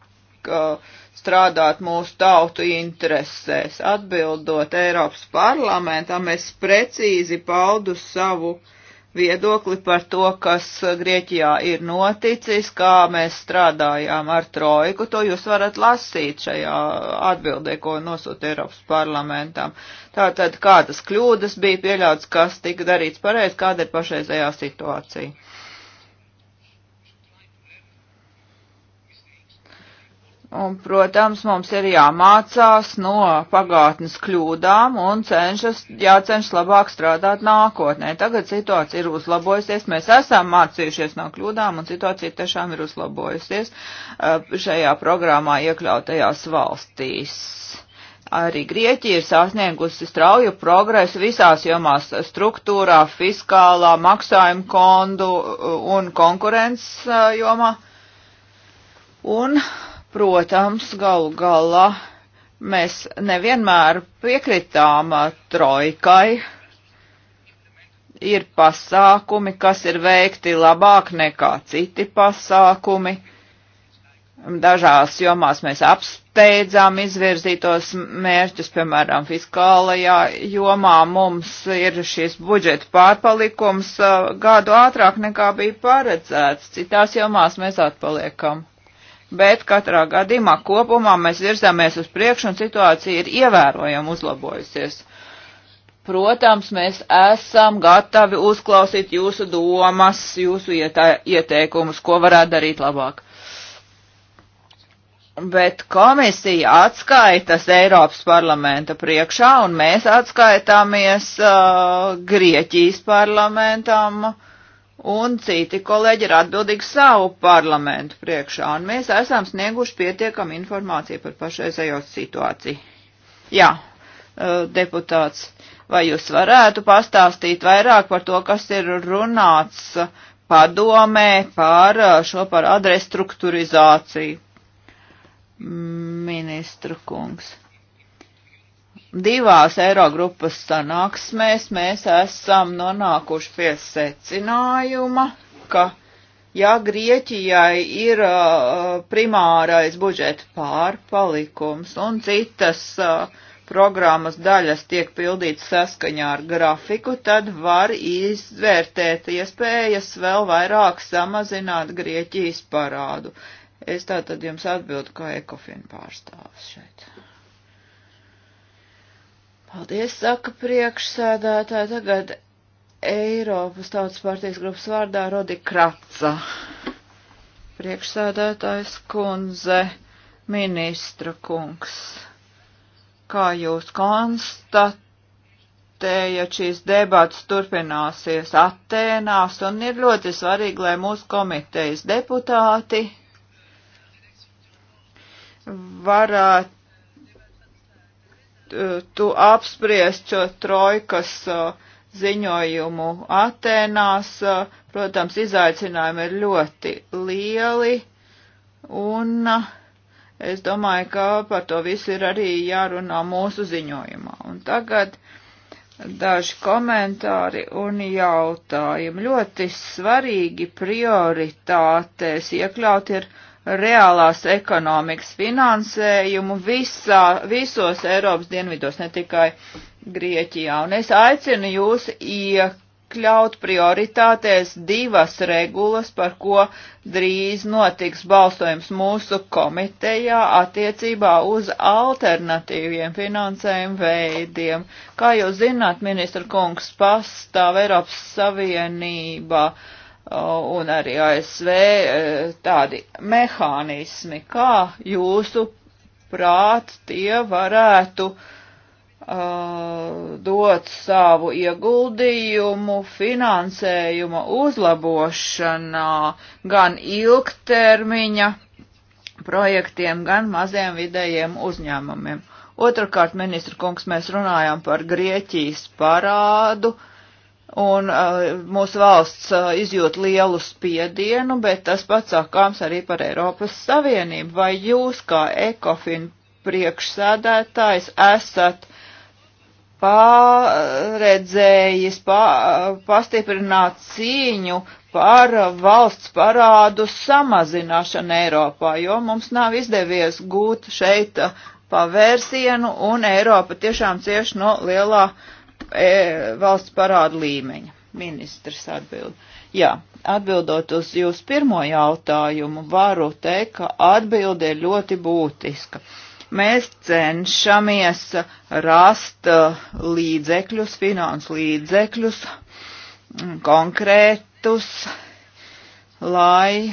strādāt mūsu tautu interesēs. Atbildot Eiropas parlamentam, es precīzi paudu savu viedokli par to, kas Grieķijā ir noticis, kā mēs strādājām ar trojku. To jūs varat lasīt šajā atbildē, ko nosūta Eiropas parlamentam. Tātad, kādas kļūdas bija pieļautas, kas tika darīts pareizi, kāda ir pašreizējā situācija. Un, protams, mums ir jāmācās no pagātnes kļūdām un cenšas, jācenšas labāk strādāt nākotnē. Tagad situācija ir uzlabojusies, mēs esam mācījušies no kļūdām un situācija tiešām ir uzlabojusies uh, šajā programmā iekļautajās valstīs. Arī Grieķija ir sasniegusi strauju progresu visās jomās - struktūrā, fiskālā, maksājumu kondu uh, un konkurences uh, jomā. Un Protams, galu galā mēs nevienmēr piekritām trojkai. Ir pasākumi, kas ir veikti labāk nekā citi pasākumi. Dažās jomās mēs apsteidzām izvirzītos mērķus, piemēram, fiskālajā jomā mums ir šis budžeta pārpalikums gadu ātrāk nekā bija paredzēts. Citās jomās mēs atpaliekam bet katrā gadījumā kopumā mēs virzāmies uz priekšu un situācija ir ievērojami uzlabojusies. Protams, mēs esam gatavi uzklausīt jūsu domas, jūsu ieteikumus, ko varētu darīt labāk. Bet komisija atskaitas Eiropas parlamenta priekšā, un mēs atskaitāmies uh, Grieķijas parlamentam uh, un citi kolēģi ir atbildīgi savu parlamentu priekšā, un mēs esam snieguši pietiekam informāciju par pašreizējo situāciju. Jā, e, deputāts, vai jūs varētu pastāstīt vairāk par to, kas ir runāts padomē par e, šo par adrestruktūrizāciju? Ministru kungs divās Eirogrupas sanāksmēs mēs esam nonākuši pie secinājuma, ka ja Grieķijai ir uh, primārais budžeta pārpalikums un citas uh, programmas daļas tiek pildītas saskaņā ar grafiku, tad var izvērtēt iespējas vēl vairāk samazināt Grieķijas parādu. Es tātad jums atbildu kā ekofin pārstāvis šeit. Paldies, saka priekšsēdētāja. Tagad Eiropas Tautas partijas grupas vārdā Rodi Kratsa. Priekšsēdētājs kundze, ministra kungs. Kā jūs konstatējat, šīs debats turpināsies Atēnās un ir ļoti svarīgi, lai mūsu komitejas deputāti varētu Eh, tu apspriest šo trojkas eh, ziņojumu Atēnās. Eh, protams, izaicinājumi ir ļoti lieli un es domāju, ka par to visu ir arī jārunā mūsu ziņojumā. Un tagad daži komentāri un jautājumi. Ļoti svarīgi prioritātēs iekļaut ir reālās ekonomikas finansējumu visā, visos Eiropas dienvidos, ne tikai Grieķijā. Un es aicinu jūs iekļaut prioritātēs divas regulas, par ko drīz notiks balsojums mūsu komitejā attiecībā uz alternatīviem finansējuma veidiem. Kā jūs zināt, ministra kungs pastāv Eiropas Savienībā. Uh, un arī ASV eh, tādi mehānismi, kā jūsu prāt tie varētu uh, dot savu ieguldījumu finansējuma uzlabošanā gan ilgtermiņa projektiem, gan maziem vidējiem uzņēmumiem. Otrakārt, ministra kungs, mēs runājam par Grieķijas parādu, uh, un uh, mūsu valsts uh, izjūt lielu spiedienu, bet tas pats sākāms arī par Eiropas Savienību. Vai jūs kā ekofin priekšsēdētājs esat pārredzējis pā, pastiprināt cīņu par valsts parādu samazināšanu Eiropā, jo mums nav izdevies gūt šeit uh, pavērsienu un Eiropa tiešām cieši no lielā uh, e, valsts parāda līmeņa. Ministrs atbild. Jā, atbildot uz jūsu pirmo jautājumu, varu teikt, ka atbilde ir ļoti būtiska. Mēs cenšamies rast e, līdzekļus, finansu līdzekļus, konkrētus, lai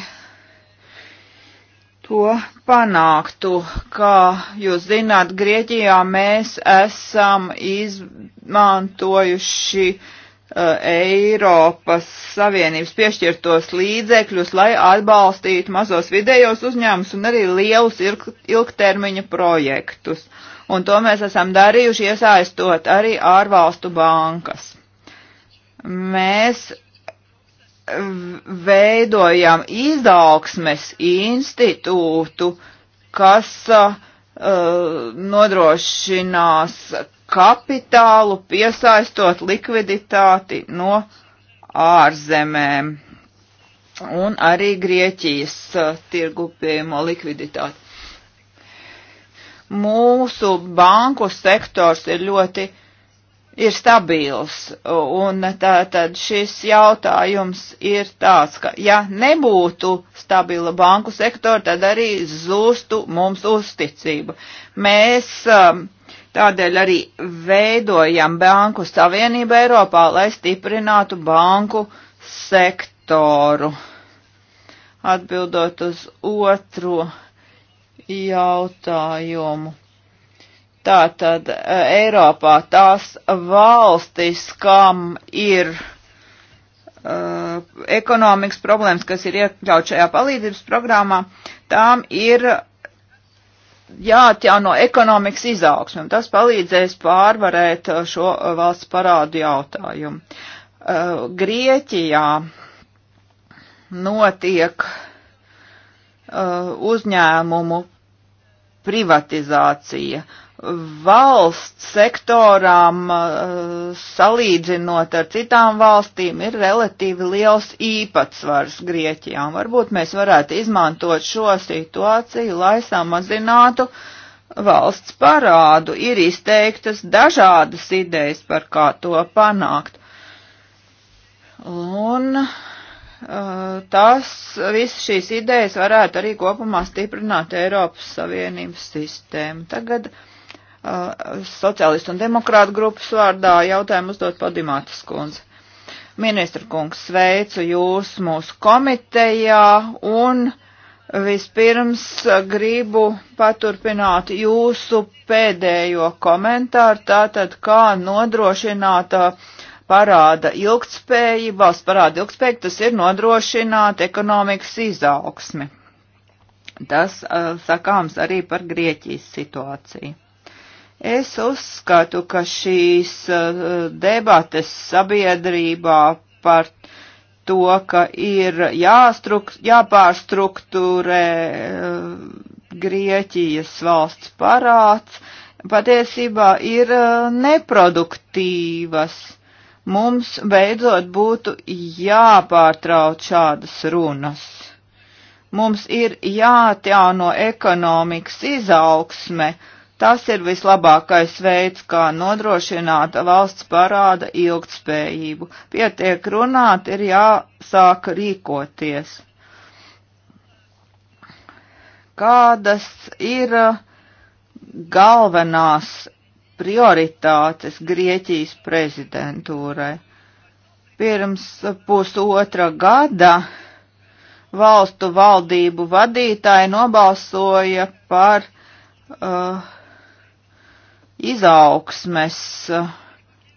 to panāktu. Kā jūs zināt, Grieķijā mēs esam izmantojuši uh, Eiropas Savienības piešķirtos līdzekļus, lai atbalstītu mazos vidējos uzņēmumus un arī lielus ilg ilgtermiņa projektus. Un to mēs esam darījuši iesaistot arī ārvalstu bankas. Mēs veidojam izaugsmes institūtu, kas uh, nodrošinās kapitālu, piesaistot likviditāti no ārzemēm un arī Grieķijas uh, tirgu pieejamo likviditāti. Mūsu banku sektors ir ļoti uh, ir stabils. Un tā, tad šis jautājums ir tāds, ka ja nebūtu stabila banku sektora, tad arī zūstu mums uzticība. Mēs um, tādēļ arī veidojam banku savienību Eiropā, lai stiprinātu banku sektoru. Atbildot uz otro jautājumu Tātad eh, Eiropā tās valstis, kam ir uh, ekonomikas problēmas, kas ir iekļaut šajā palīdzības programmā, tām ir jāatjauno ekonomikas izaugsme. Tas palīdzēs pārvarēt eh, šo valsts parādu jautājumu. Uh, Grieķijā notiek uh, uzņēmumu privatizācija. Uh, valsts sektorām uh, salīdzinot ar citām valstīm ir relatīvi liels īpatsvars Grieķijām. Varbūt mēs varētu izmantot šo situāciju, lai samazinātu valsts parādu. Ir izteiktas dažādas idejas par kā to panākt. Un uh, tas, visas šīs idejas varētu arī kopumā stiprināt Eiropas Savienības sistēmu. Tagad uh, Uh, sociālistu un demokrātu grupas vārdā jautājumu uzdot Padimātas kundze. Ministra kungs, sveicu jūs mūsu komitejā un vispirms gribu paturpināt jūsu pēdējo komentāru, tātad kā nodrošināt uh, parāda ilgtspēju, valsts parāda ilgtspēju, tas ir nodrošināt ekonomikas izaugsmi. Tas uh, sakāms arī par Grieķijas situāciju. Es uzskatu, ka šīs uh, debates sabiedrībā par to, ka ir jāpārstruktūrē uh, Grieķijas valsts parāds, patiesībā ir uh, neproduktīvas. Mums beidzot būtu jāpārtrauc šādas runas. Mums ir jātjāno ekonomikas izaugsme, Tas ir vislabākais veids, kā nodrošināt valsts parāda ilgtspējību. Pietiek runāt, ir jāsāk rīkoties. Kādas ir uh, galvenās prioritātes Grieķijas prezidentūrai? Pirms pusotra gada valstu valdību vadītāji nobalsoja par uh, izaugsmes eh,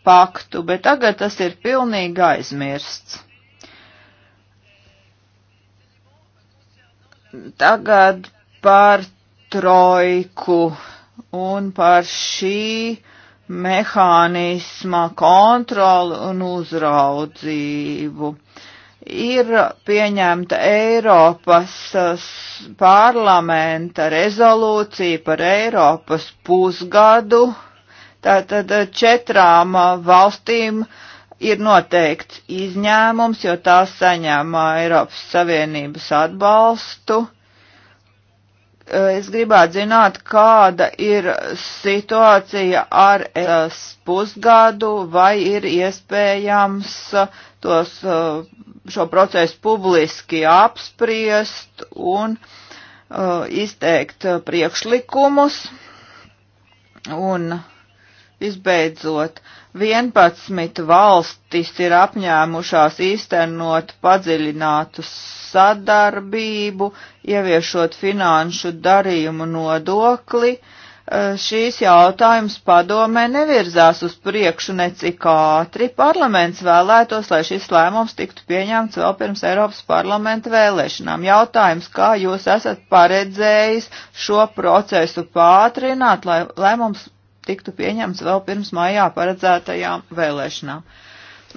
paktu, bet tagad tas ir pilnīgi aizmirsts. Tagad par trojku un par šī mehānisma kontroli un uzraudzību. Uh, ir pieņemta Eiropas parlamenta rezolūcija par Eiropas pusgadu. Tātad eh, četrām eh, valstīm ir noteikts izņēmums, jo tās saņem eh, Eiropas Savienības atbalstu. Uh, Eh, es gribētu zināt, kāda ir situācija ar eh, pusgadu, vai ir iespējams eh, tos, šo procesu publiski apspriest un izteikt priekšlikumus. Un visbeidzot, uh, 11 valstis ir apņēmušās īstenot padziļinātu sadarbību, ieviešot finanšu darījumu nodokli. Eh, šīs jautājums padomē nevirzās uz priekšu necik ātri. Parlaments vēlētos, lai šis lēmums tiktu pieņemts vēl pirms Eiropas parlamenta vēlēšanām. Jautājums, kā jūs esat paredzējis šo procesu pātrināt, lai lēmums tiktu pieņemts vēl pirms maijā paredzētajām vēlēšanām.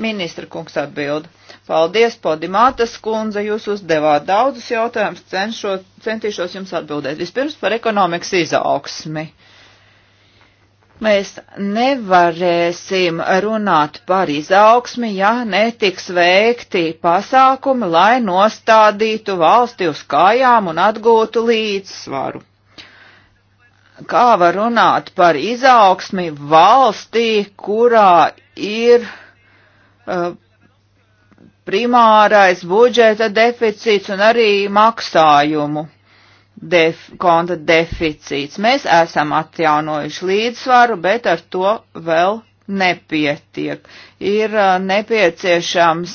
Ministra kungs atbild. Paldies, Podimātas kundze, jūs uzdevāt daudzus jautājumus, cenšot, centīšos jums atbildēt. Vispirms par ekonomikas izaugsmi. Mēs nevarēsim runāt par izaugsmi, ja netiks veikti pasākumi, lai nostādītu valsti uz kājām un atgūtu līdzsvaru kā var runāt par izaugsmi valstī, kurā ir uh, primārais budžeta deficīts un arī maksājumu def, konta deficīts. Mēs esam atjaunojuši līdzsvaru, bet ar to vēl nepietiek ir nepieciešams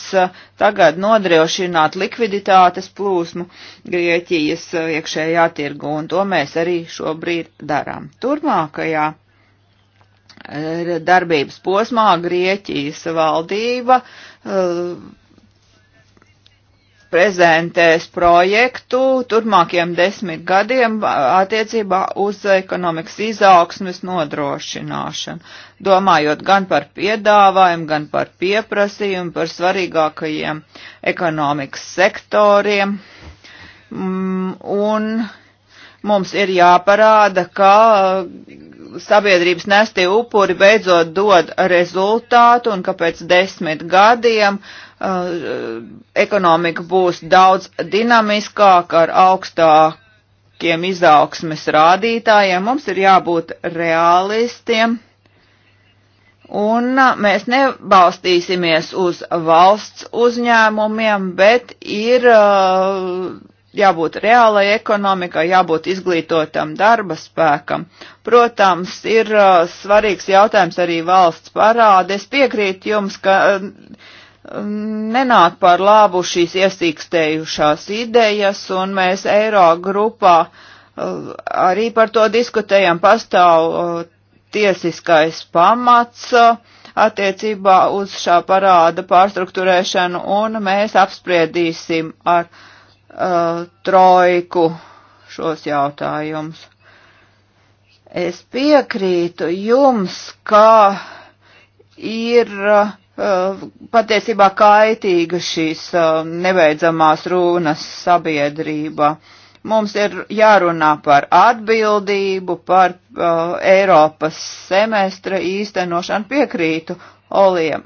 tagad nodrošināt likviditātes plūsmu Grieķijas iekšējā tirgu, un to mēs arī šobrīd darām. Turmākajā darbības posmā Grieķijas valdība prezentēs projektu turpmākiem desmit gadiem attiecībā uz ekonomikas izaugsmes nodrošināšanu domājot gan par piedāvājumu, gan par pieprasījumu, par svarīgākajiem ekonomikas sektoriem. Mm, un mums ir jāparāda, ka uh, sabiedrības nestie upuri beidzot dod rezultātu un ka pēc desmit gadiem uh, ekonomika būs daudz dinamiskāka ar augstākiem izaugsmes rādītājiem. Mums ir jābūt realistiem Un mēs nebalstīsimies uz valsts uzņēmumiem, bet ir jābūt reālai ekonomikai, jābūt izglītotam darba spēkam. Protams, ir svarīgs jautājums arī valsts parāde. Es piekrītu jums, ka nenāk par labu šīs iesīkstējušās idejas, un mēs Eiro grupā arī par to diskutējam. Pastāv tiesiskais pamats uh, attiecībā uz šā parāda pārstruktūrēšanu, un mēs apspriedīsim ar uh, trojku šos jautājumus. Es piekrītu jums, ka ir uh, patiesībā kaitīga šīs uh, nebeidzamās runas sabiedrība. Uh, Mums ir jārunā par atbildību, par uh, Eiropas semestra īstenošanu piekrītu Olijam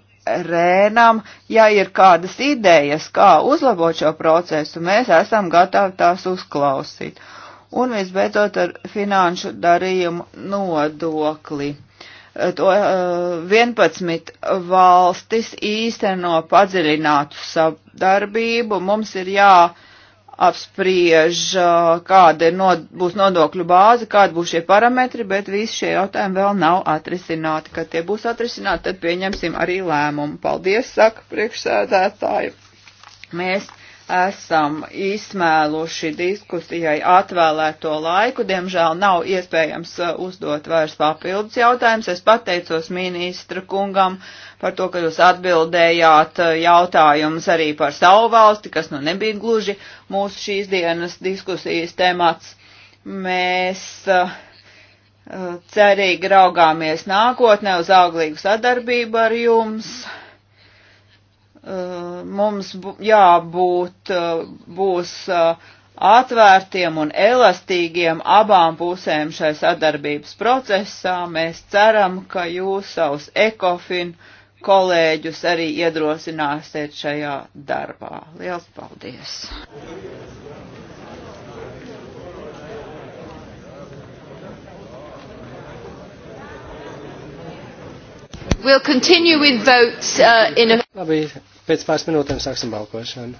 Rēnam. Ja ir kādas idejas, kā uzlabot šo procesu, mēs esam gatavi tās uzklausīt. Un visbeidzot ar finanšu darījumu nodokli uh, to 11 uh, valstis īsteno padziļinātu sadarbību. Mums ir jā apspriež, kāda ir nod, būs nodokļu bāze, kāda būs šie parametri, bet visi šie jautājumi vēl nav atrisināti. Kad tie būs atrisināti, tad pieņemsim arī lēmumu. Paldies, saka priekšsēdētāji. Mēs esam izsmēluši diskusijai atvēlēto laiku. Diemžēl nav iespējams uzdot vairs papildus jautājumus. Es pateicos ministra kungam par to, ka jūs atbildējāt eh, jautājumus arī par savu valsti, kas nu nebija gluži mūsu šīs dienas diskusijas temats. Mēs eh, eh, cerīgi raugāmies nākotnē uz auglīgu sadarbību ar jums. Mums jābūt, būs atvērtiem un elastīgiem abām pusēm šai sadarbības procesā. Mēs ceram, ka jūs savus ekofinu kolēģus arī iedrosināsiet šajā darbā. Liels paldies! We'll continue with votes uh, in a... Labi, pēc pāris minūtēm sāksim balkošanu.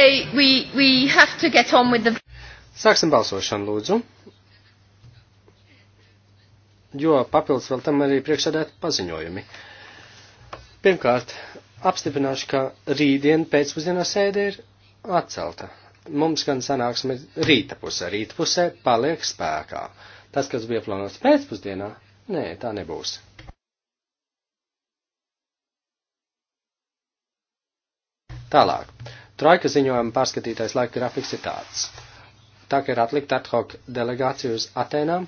Okay, we, we have to get on with the... Sāksim balsošanu, lūdzu. Jo papildus vēl tam arī priekšsēdēt paziņojumi. Pirmkārt, apstiprināšu, ka rītdien pēcpusdienā sēde ir atcelta. Mums gan sanāksme rīta pusē, rīta pusē paliek spēkā. Tas, kas bija plānots pēcpusdienā, nē, tā nebūs. Tālāk. Trojka ziņojuma pārskatītais laika grafiks ir tāds. Tā kā ir atlikta ad hoc delegācija uz Atenām,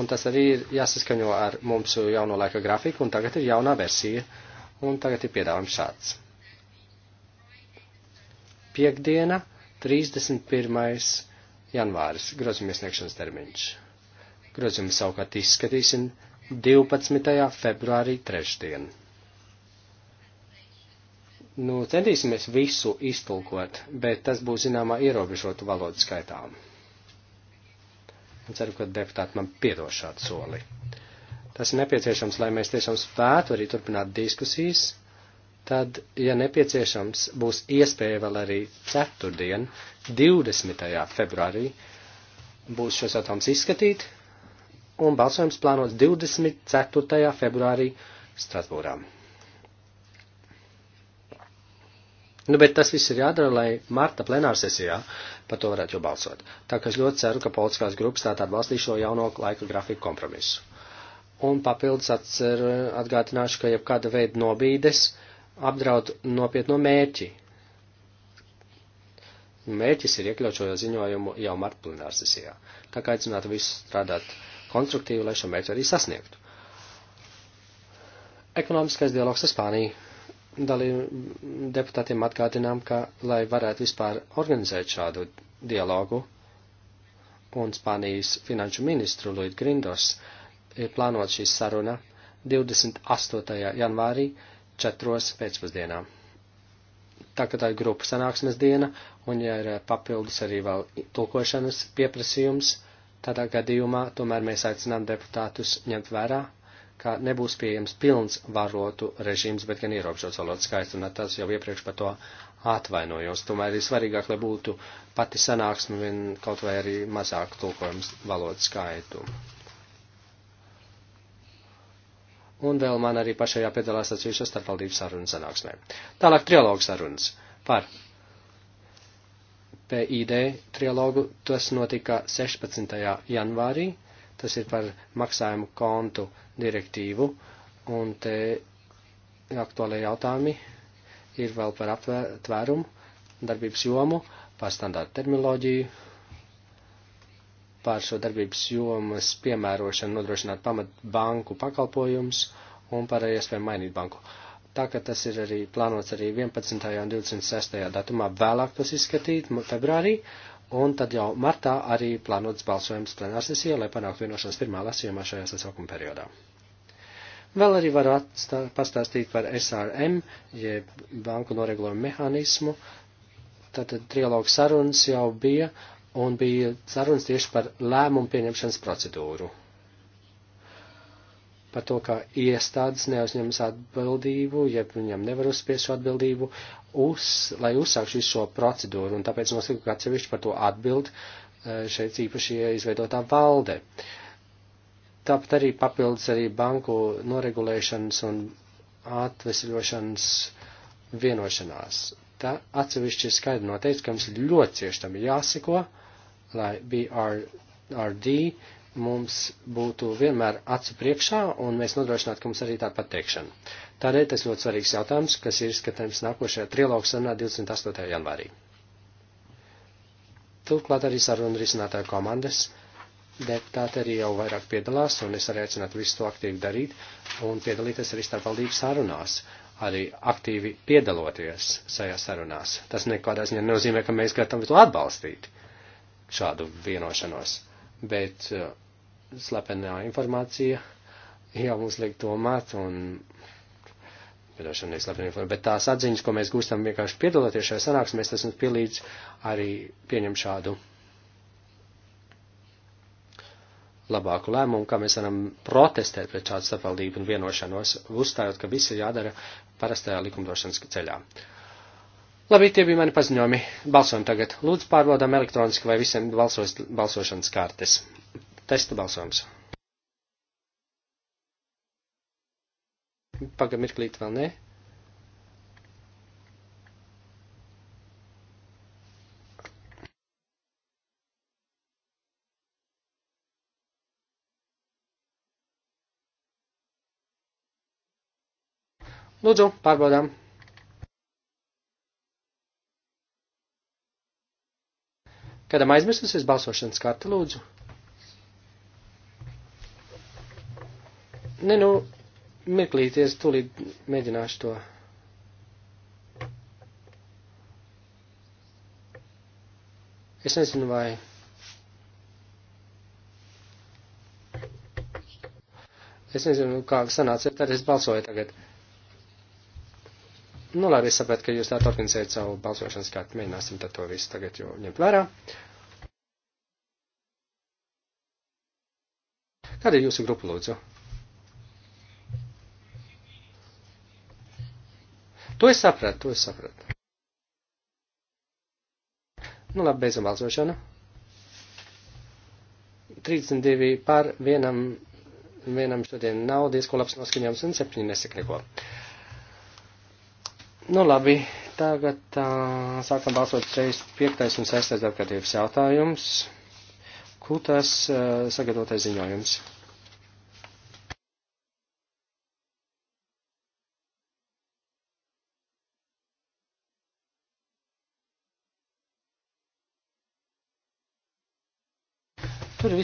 un tas arī ir jāsaskaņo ar mums jauno laika grafiku, un tagad ir jaunā versija, un tagad ir piedāvājums šāds. Piektdiena, 31. janvāris, grozījuma iesniegšanas termiņš. Grozījumu savukārt izskatīsim 12. februārī trešdien. Nu, centīsimies visu iztulkot, bet tas būs zināmā ierobežotu valodu skaitā. Un ceru, ka deputāti man piedos šādu soli. Tas ir nepieciešams, lai mēs tiešām spētu arī turpināt diskusijas. Tad, ja nepieciešams, būs iespēja vēl arī ceturtdien, 20. februārī, būs šos jautājumus izskatīt, un balsojums plānots 24. februārī Strasbūrā. Nu, bet tas viss ir jādara, lai marta plenārsesijā par to varētu jau balsot. Tā kā es ļoti ceru, ka politiskās grupas tā atbalstīs šo jauno laika grafiku kompromisu. Un papildus atcer, atgādināšu, ka jebkāda veida nobīdes apdraud nopietno mērķi. Mērķis ir iekļaut šo ziņojumu jau marta plenārsesijā. Tā kā aicinātu visus strādāt konstruktīvi, lai šo mērķi arī sasniegtu. Ekonomiskais dialogs ar Spāniju dalību deputātiem atgādinām, ka, lai varētu vispār organizēt šādu dialogu, un Spānijas finanšu ministru Luid Grindos ir plānot šī saruna 28. janvārī 4. pēcpusdienā. Tā kā tā ir grupu sanāksmes diena, un ja ir papildus arī vēl tulkošanas pieprasījums, tādā gadījumā tomēr mēs aicinām deputātus ņemt vērā ka nebūs pieejams pilns varotu režīms, bet gan ierobežots valodas skaits, un tas jau iepriekš par to atvainojos. Tomēr ir svarīgāk, lai būtu pati sanāksme, vien kaut vai arī mazāk tulkojums valodas skaitu. Un vēl man arī pašai jāpiedalās atsevišķa starpvaldības sarunu sanāksmē. Tālāk trialogu sarunas par PID trialogu. Tas notika 16. janvārī. Tas ir par maksājumu kontu direktīvu, un te aktuālajie jautājumi ir vēl par aptvērumu, darbības jomu, par standārtu terminoloģiju, par šo darbības jomas piemērošanu nodrošināt pamat banku pakalpojums un par iespēju mainīt banku. Tā ka tas ir arī plānots arī 11. un 26. datumā vēlāk tos izskatīt februārī, un tad jau martā arī plānots balsojums plenārsesijā, lai panāktu vienošanos pirmā lasījumā šajā sasaukuma periodā. Vēl arī varu atstā, pastāstīt par SRM, jeb banku noregulējumu mehānismu. Tātad trialogu sarunas jau bija, un bija sarunas tieši par lēmumu pieņemšanas procedūru par to, ka iestādes neuzņemas atbildību, ja viņam nevar uzspiest šo atbildību, uz, lai uzsāktu visu šo procedūru, un tāpēc nosaka, ka atsevišķi par to atbild e, šeit īpaši izveidotā valde. Tāpat arī papildus arī banku noregulēšanas un atvesļošanas vienošanās. Tā atsevišķi ir skaidri noteikts, ka mums ļoti cieši tam ir jāseko, lai BRD mums būtu vienmēr acu priekšā un mēs nodrošinātu, ka mums arī tā pateikšana. Tādēļ tas ļoti svarīgs jautājums, kas ir skatāms nākošajā trilogu sarunā 28. janvārī. Turklāt arī sarunu risinātāju komandas deputāti arī jau vairāk piedalās, un es arī aicinātu visus to aktīvi darīt un piedalīties arī starpvaldības sarunās, arī aktīvi piedaloties šajā sarunās. Tas nekādā ziņā nenozīmē, ka mēs gatavi to atbalstīt, šādu vienošanos, bet uh, slepenā informācija jau mums liek domāt un bet tās atziņas, ko mēs gūstam vienkārši piedaloties šajā sanāksmēs, tas mums pielīdz arī pieņem šādu labāku lēmumu, kā mēs varam protestēt pret šādu starpvaldību un vienošanos, uzstājot, ka viss ir jādara parastajā likumdošanas ceļā. Labi, tie bija mani paziņojumi. Balsojam tagad. Lūdzu, pārbaudām elektroniski, vai visiem balsos, balsošanas kartes. Testa balsojums. Pagam mirklīt vēl ne. Lūdzu, pārbaudām. Kādam aizmirsis es balsošanas karti, lūdzu? Ne, nu, mirklīties, tūlīt mēģināšu to. Es nezinu, vai. Es nezinu, nu, kā sanāca, tad es balsoju tagad. Nu, labi, es sapratu, ka jūs tā organizējat savu balsošanas kārtu. Mēģināsim tad to visu tagad jau ņemt vērā. Kāda ir jūsu grupa, lūdzu? To es sapratu, to es sapratu. Nu labi, beidzam balsošanu. 32 pār vienam, vienam šodien nav diezko labs noskaņojums un septiņi nesaka neko. Nu labi, tagad uh, sākam balsot 35. un 6. darbkārtības jautājums. Kultās uh, sagatavotais ziņojums.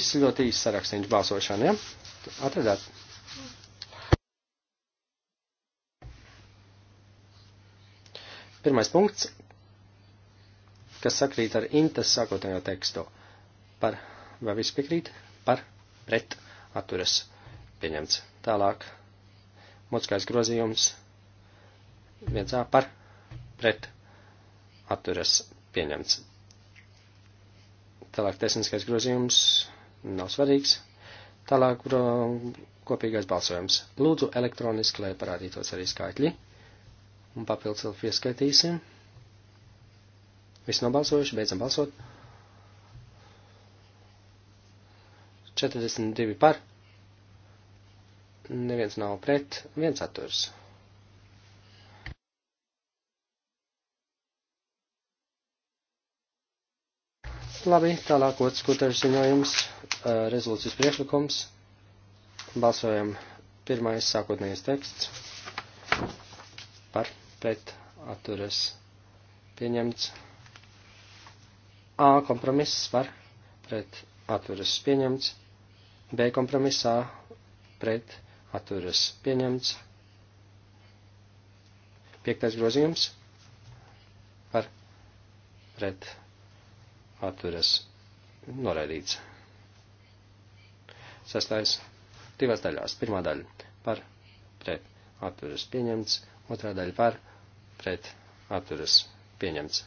Viss ļoti īsts sarakstīns balsošana, ja? Atradāt? Pirmais punkts, kas sakrīt ar intas sākotnējo tekstu. Par, vai viss piekrīt? Par, pret, atturas. Pieņemts. Tālāk. Mutskais grozījums. Viens A par, pret, atturas. Pieņemts. Tālāk tehniskais grozījums. Nav svarīgs. Tālāk kopīgais balsojums. Lūdzu elektroniski, lai parādītos arī skaitļi. Un papildus vēl pieskaitīsim. Viss nobalsojuši, beidzam balsot. 42 par. Neviens nav pret, viens atturs. Labi, tālāk otrs kutars ziņojums Eh, rezolūcijas priekšlikums. Balsojam pirmais sākotnējais teksts par pret atturas pieņemts. A kompromiss par pret atturas pieņemts. B kompromisā pret atturas pieņemts. Piektais grozījums par pret atturas noraidīts. Sastais divās daļās. Pirmā daļa par pret atturas pieņemts, otrā daļa par pret atturas pieņemts.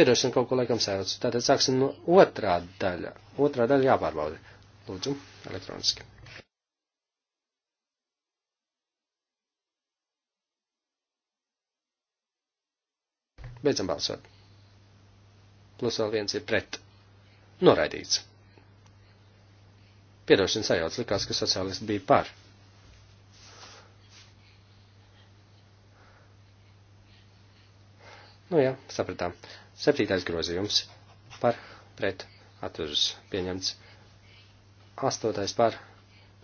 Piedošana kaut ko laikam sēdus. Tātad sāksim no otrā daļa. Otrā daļa jāpārbauda. Lūdzu, elektroniski. Beidzam balsot plus vēl viens ir pret. Noraidīts. Piedošana sajauc, likās, ka sociālisti bija par. Nu jā, sapratām. Septītais grozījums par pret atturas pieņemts. Astotais par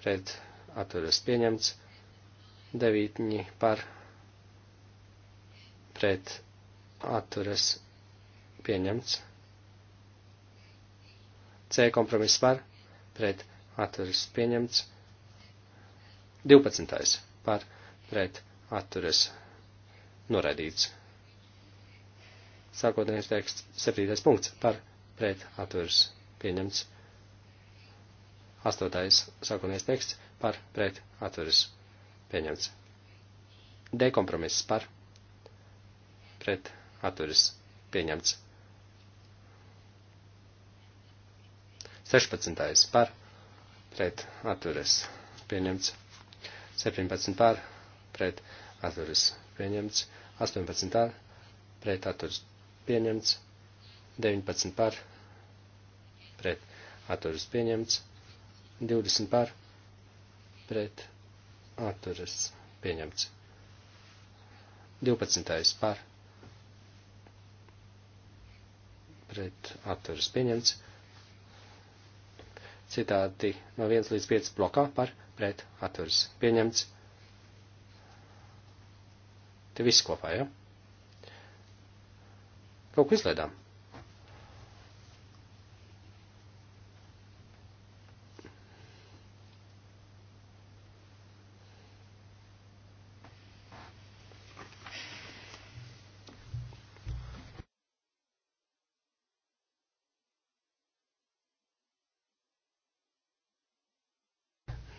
pret atturas pieņemts. Devītņi par pret atturas pieņemts. C kompromiss par, pret, atturas pieņemts. 12. par, pret, atturas noraidīts. Sākotnējais teksts 7. punkts par, pret, atturas pieņemts. 8. sākotnējais teksts par, pret, atturas pieņemts. D kompromiss par, pret, atturas pieņemts. 16. par pret atturas pieņemts. 17. par pret atturas pieņemts. 18. par pret atturas pieņemts. 19. par pret atturas pieņemts. 20. par pret atturas pieņemts. 12. par pret atturas pieņemts citādi no 1 līdz 5 blokā par pret atturs. Pieņemts. Te viss kopā, ja? Kaut ko izlaidām.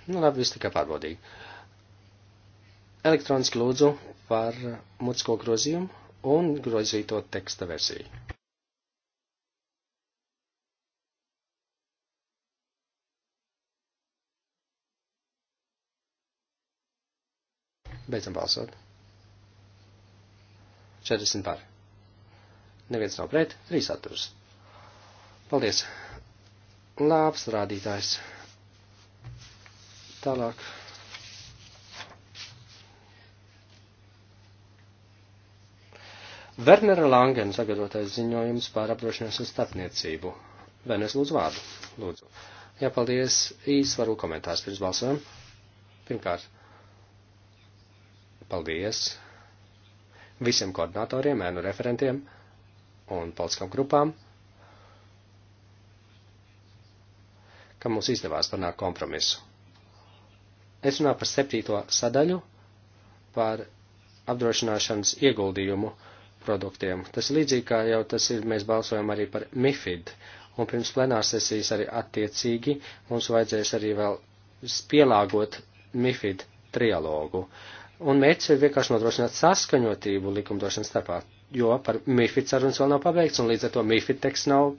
Nu, labi, viss tikai pārbaudīgi. Elektroniski lūdzu par mutisko grozījumu un grozīto teksta versiju. Beidzam balsot. 40 par. Neviens nav pret, 3 atturs. Paldies. Labs rādītājs. Tālāk. Vernera Langena sagatavotais ziņojums par apdrošināšanas starpniecību. Venes lūdzu vārdu. Lūdzu. Jā, paldies. Īs varu komentārs pirms balsojam. Pirmkārt. Paldies visiem koordinatoriem, ēnu referentiem un politiskām grupām, ka mums izdevās panākt kompromisu. Es runāju par septīto sadaļu par apdrošināšanas ieguldījumu produktiem. Tas ir līdzīgi, kā jau tas ir, mēs balsojam arī par MIFID, un pirms plenārsesijas arī attiecīgi mums vajadzēs arī vēl pielāgot MIFID trialogu. Un mērķis ir vienkārši nodrošināt saskaņotību likumdošanas starpā, jo par MIFID sarunas vēl nav pabeigts, un līdz ar to MIFID teksts nav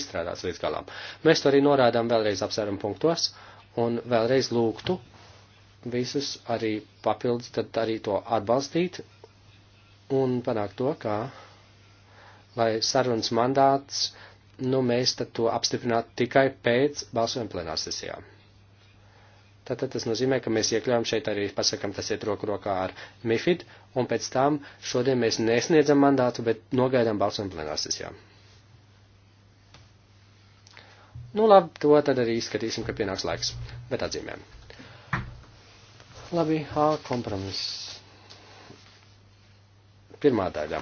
izstrādāts līdz galam. Mēs to arī norādām vēlreiz apsvērumu punktos, un vēlreiz lūgtu visus arī papildus, tad arī to atbalstīt un panākt to, ka, lai sarunas mandāts, nu mēs tad to apstiprinātu tikai pēc balsojuma plenārsesijā. Tātad tas nozīmē, ka mēs iekļaujam šeit arī, pasakam, tas iet roku rokā ar MIFID, un pēc tam šodien mēs nesniedzam mandātu, bet nogaidām balsojumu plenārsesijā. Nu labi, to tad arī izskatīsim, kad pienāks laiks, bet atzīmēm. Labi, A kompromiss. Pirmā daļa.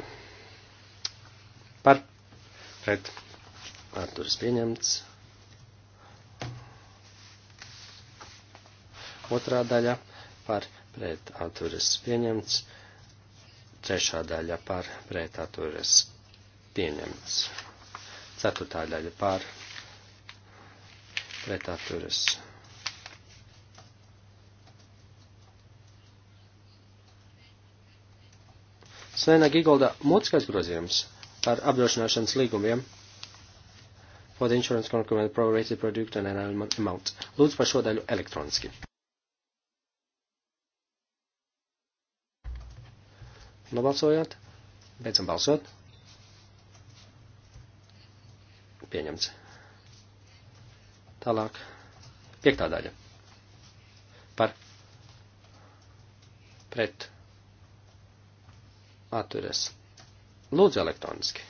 Par pret atturas pieņemts. Otrā daļa par pret atturas pieņemts. Trešā daļa par pret atturas pieņemts. Ceturtā daļa par pret atturas pieņemts Svenā Gigolda mutiskais grozījums par apdrošināšanas līgumiem for the insurance complement prorated product and enrollment amount. Lūdzu par šo daļu elektroniski. Nobalsojāt? Beidzam balsot. Pieņemts. Tālāk. Piektā daļa. Par. Pret atturas. Lūdzu elektroniski.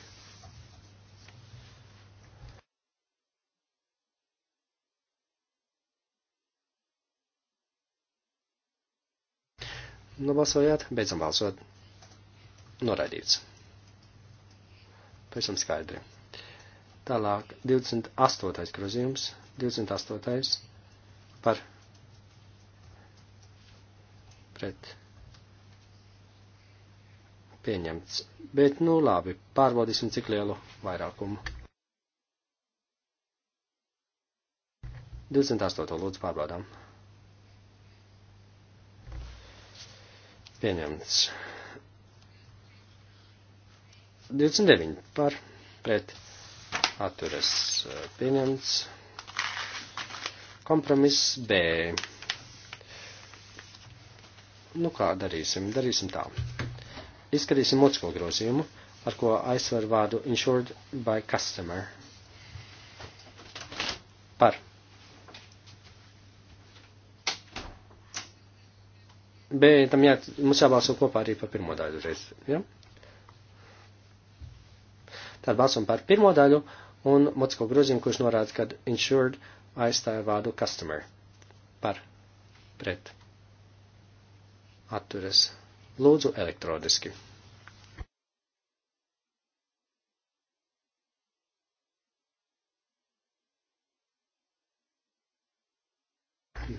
Nobalsojāt, beidzam balsot. Noraidīts. Pēc tam skaidri. Tālāk, 28. grozījums, 28. par pret pieņemts. Bet, nu labi, pārbaudīsim, cik lielu vairākumu. 28. lūdzu pārbaudām. Pieņemts. 29 par pret atturas pieņemts. Kompromiss B. Nu kā darīsim? Darīsim tā. Izskatīsim mutisko grozījumu, ar ko aizsver vārdu insured by customer. Par. Bet tam jā, mums jābalso kopā arī par pirmo daļu reiz. Ja? Tad balsam par pirmo daļu un mutisko grozījumu, kurš norāda, ka insured aizstāja vārdu customer. Par. Pret. Atturas. Lūdzu elektroniski.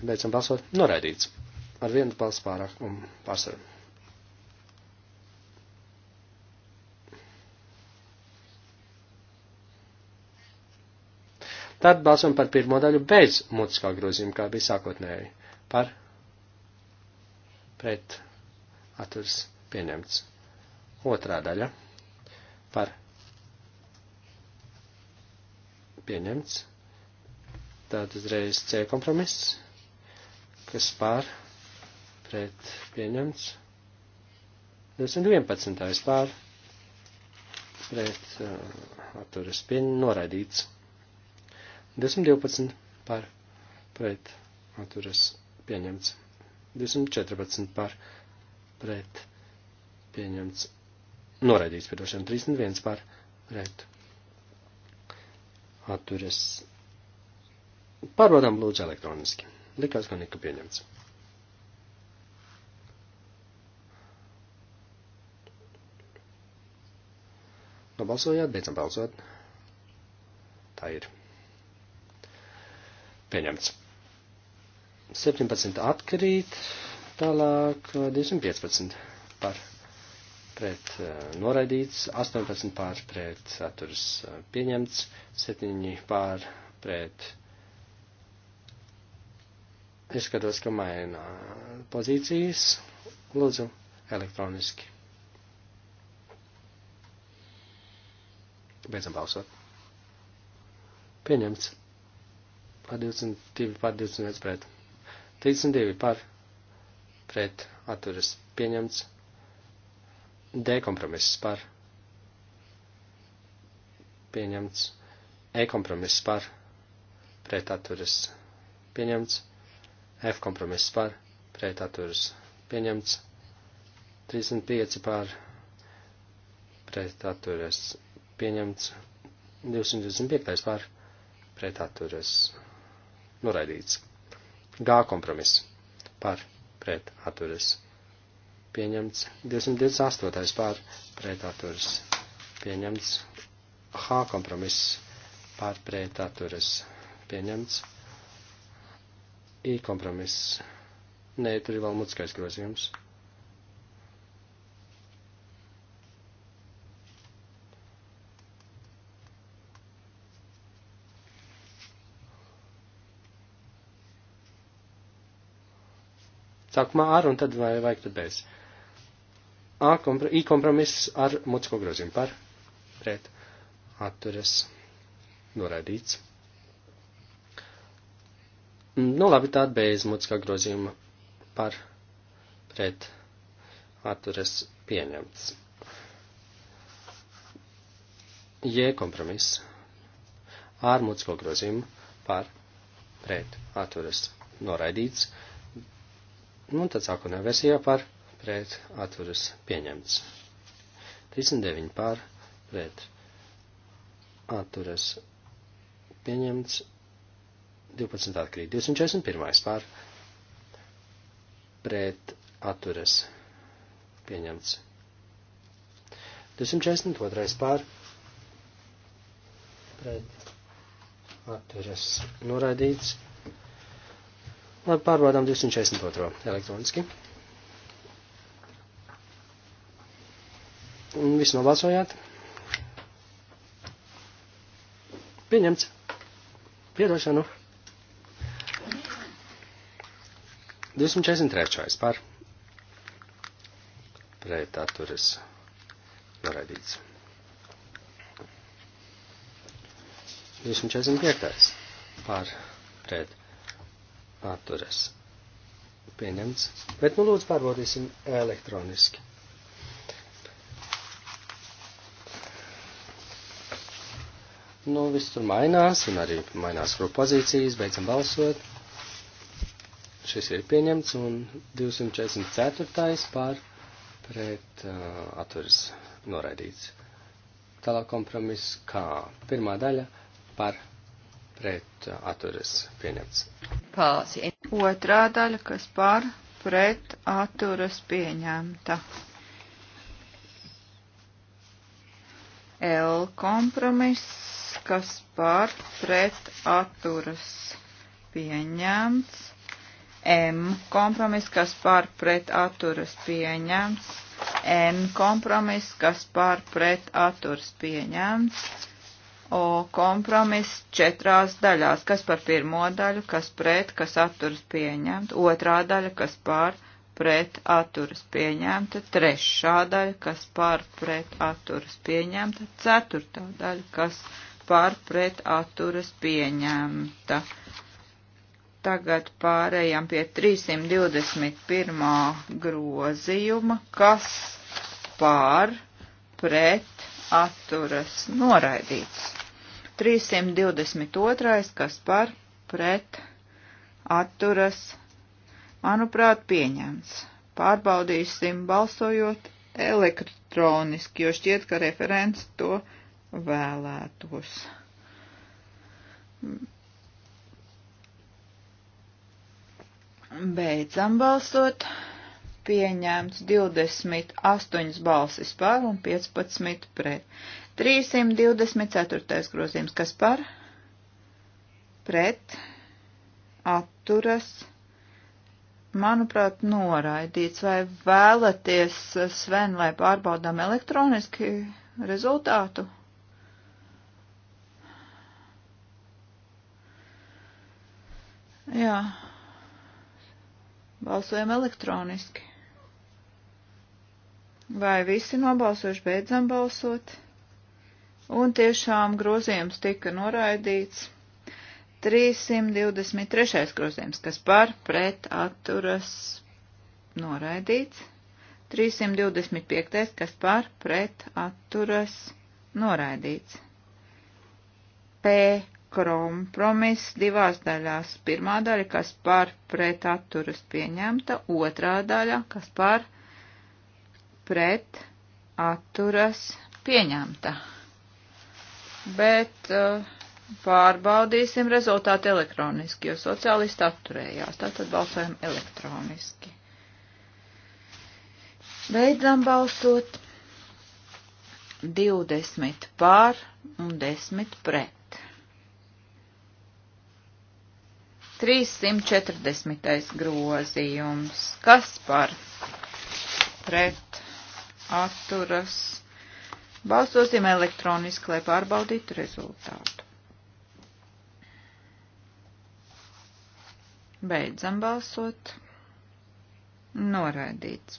Beidzam balsot. Noraidīts. Ar vienu balsu pārāk un pārsvaru. Tad balsojam par pirmo daļu bez mutiskā grozījuma, kā bija sākotnēji. Par pret atturas pieņemts. Otrā daļa par pieņemts. Tad uzreiz C kompromiss, kas pār pret pieņemts. 211. pār pret uh, atturas pieņ, noraidīts. 212 par pret atturas pieņemts. 214 par pret pret pieņemts, noraidīts, piedošana 31 par pret atturas. Pārbaudām lūdzu elektroniski. Likās, ka nika pieņemts. Nobalsojāt, beidzam balsot. Tā ir. Pieņemts. 17 atkrīt. Tālāk 215 eh, par pret eh, noraidīts, 18 pār pret saturs eh, pieņemts, 7 pār pret. Es skatos, ka maina pozīcijas. Lūdzu, elektroniski. Beidzam balsot. Pieņemts. Pār 22 pār 21 pret. 32 pār pret atturas pieņemts. D kompromiss par pieņemts. E kompromiss par pret atturas pieņemts. F kompromiss par pret atturas pieņemts. 35 par pret atturas pieņemts. 225 par pret atturas noraidīts. G kompromiss par pret pret atturas pieņemts. 228. pār pret atturas pieņemts. H kompromiss pār pret atturas pieņemts. I kompromiss. Nē, tur ir vēl mutiskais grozījums. Sākumā ar un tad vai vajag tad bez. A, kompr I kompromiss ar mutisko grozījumu par pret atturas noraidīts. Nu labi, tāda bez mutiskā grozījuma par pret atturas pieņemts. J kompromiss ar mutisko grozījumu par pret atturas noraidīts. Un tad sākotnējā versijā par pret atturas pieņemts. 39 par pret atturas pieņemts. 12 atkrīt. 241 par pret atturas pieņemts. 242 par pret atturas noraidīts. Labi, pārbaudām 242. elektroniski. Un visi nobalsojāt. Pieņemts. Piedošanu. 243. par. Pret atturas noraidīts. 245. par. Pret atturas. Pieņemts. Bet nu lūdzu pārbaudīsim elektroniski. Nu, viss tur mainās, un arī mainās grupu pozīcijas, beidzam balsot. Šis ir pieņemts, un 244. pār pret uh, atturas noraidīts. Tālāk kompromiss kā pirmā daļa par pret uh, atturas pieņemts. Otrā daļa, kas par pret atturas pieņemta. L kompromiss, kas par pret atturas pieņemts. M kompromiss, kas par pret atturas pieņemts. N kompromiss, kas par pret atturas pieņemts. O kompromiss četrās daļās, kas par pirmo daļu, kas pret, kas atturas pieņemta, otrā daļa, kas par pret atturas pieņemta, trešā daļa, kas par pret atturas pieņemta, ceturtā daļa, kas par pret atturas pieņemta. Tagad pārējām pie 321. grozījuma, kas par pret atturas noraidīts. 322. kas par pret atturas, manuprāt, pieņemts. Pārbaudīsim balsojot elektroniski, jo šķiet, ka referents to vēlētos. Beidzam balsot pieņemts 28 balsis par un 15 pret. 324. grozījums, kas par pret atturas, manuprāt, noraidīts. Vai vēlaties, Sven, lai pārbaudām elektroniski rezultātu? Jā, balsojam elektroniski. Vai visi nobalsojuši beidzam balsot? Un tiešām grozījums tika noraidīts. 323. grozījums, kas par pret atturas noraidīts. 325. kas par pret atturas noraidīts. P. Kompromiss divās daļās. Pirmā daļa, kas par pret atturas pieņemta, otrā daļa, kas par pret atturas pieņemta. Bet uh, pārbaudīsim rezultātu elektroniski, jo sociālisti atturējās. Tātad balsojam elektroniski. Beidzam balsot 20 pār un 10 pret. 340. grozījums. Kas par pret atturas. Balsosim elektroniski, lai pārbaudītu rezultātu. Beidzam balsot. Noraidīts.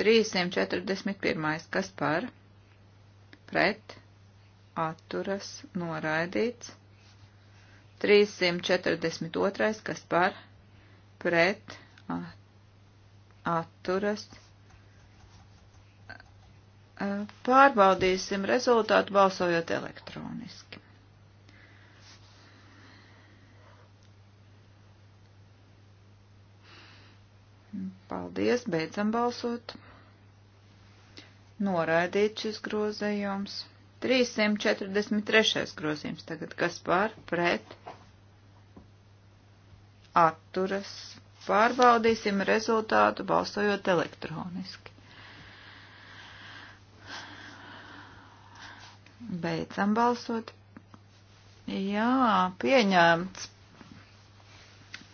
341. Kas par? Pret. Atturas. Noraidīts. 342. Kas par? Pret. Atturas. Noraidīts Pārbaudīsim rezultātu balsojot elektroniski. Paldies, beidzam balsot. Noraidīt šis grozējums. 343. grozījums tagad, kas par pret atturas. Pārbaudīsim rezultātu balsojot elektroniski. Beidzam balsot. Jā, pieņemts.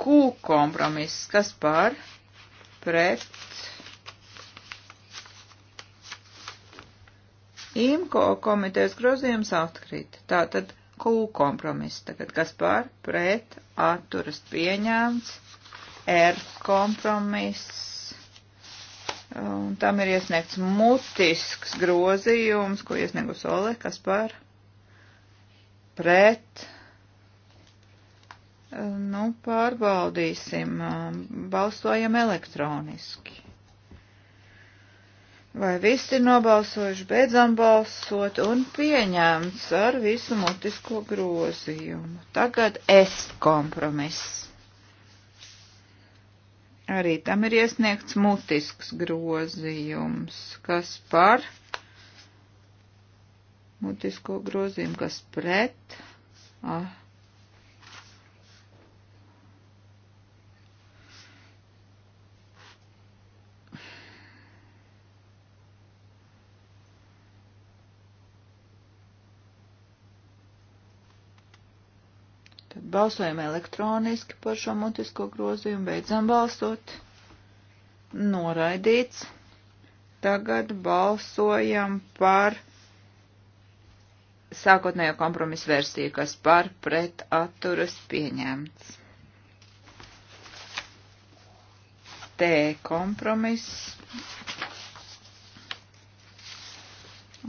Q kompromiss, kas par pret IMKO komitejas grozījums atkrīt. Tātad Q kompromiss tagad, kas par pret atturas pieņemts. R kompromiss Un tam ir iesniegts mutisks grozījums, ko iesniegus Ole, kas par pret. Nu, pārbaudīsim, balsojam elektroniski. Vai visi ir nobalsojuši, beidzam balsot un pieņemts ar visu mutisko grozījumu. Tagad es kompromiss. Arī tam ir iesniegts mutisks grozījums, kas par mutisko grozījumu, kas pret. Ah, Balsojam elektroniski par šo mutisko grozījumu, beidzam balsot. Noraidīts. Tagad balsojam par sākotnējo kompromisu versiju, kas par pret atturas pieņemts. T kompromiss.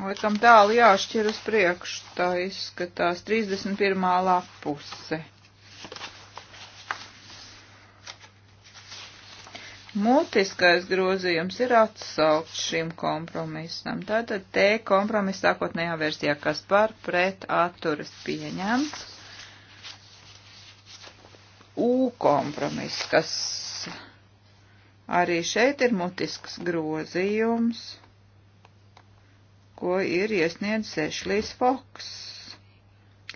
Laikam tālu jāšķir uz priekšu, tā izskatās 31. lapuse. Mutiskais grozījums ir atsaukt šim kompromisam. Tātad te kompromiss sākotnējā versijā, kas par pret atturas pieņemts. U kompromiss, kas arī šeit ir mutisks grozījums, ko ir iesniedz Sešlīs Foks,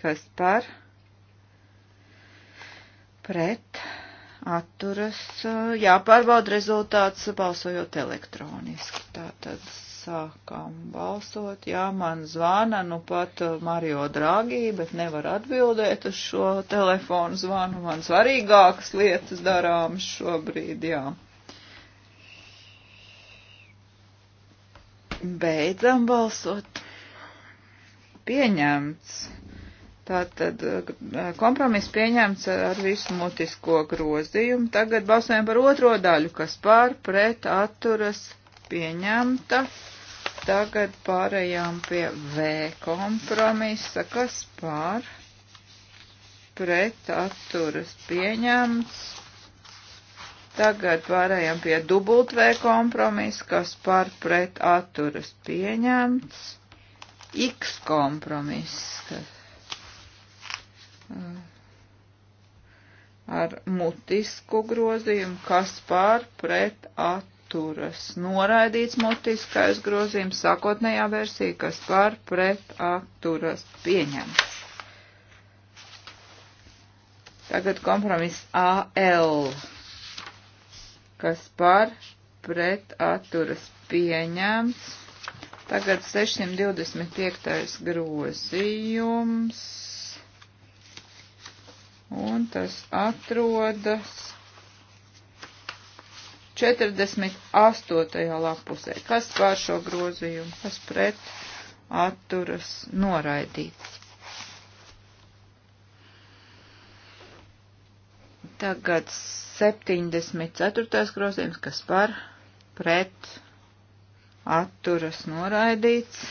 kas par pret atturas, uh, jāpārbauda rezultāts balsojot elektroniski. Tātad sākam balsot, jā, man zvana, nu pat uh, Mario Dragī, bet nevar atbildēt uz šo telefonu zvanu, man svarīgākas lietas darāmas šobrīd, jā. Beidzam balsot. Pieņemts. Tātad eh, kompromiss pieņemts ar visu mutisko grozījumu. Tagad balsojam par otro daļu, kas pār pret atturas pieņemta. Tagad pārējām pie V kompromisa, kas pār pret atturas pieņemts. Tagad pārējām pie dubult V kompromisa, kas pār pret atturas pieņemts. X kompromiss, kas Mm. ar mutisku grozījumu, kas pār pret atturas. Noraidīts mutiskais grozījums sākotnējā versija, kas pār pret atturas pieņemts. Tagad kompromiss AL, kas par pret atturas pieņemts. Tagad 625. grozījums un tas atrodas 48. lapusē. Kas pār šo grozījumu, kas pret atturas noraidīts. Tagad 74. grozījums, kas par pret atturas noraidīts.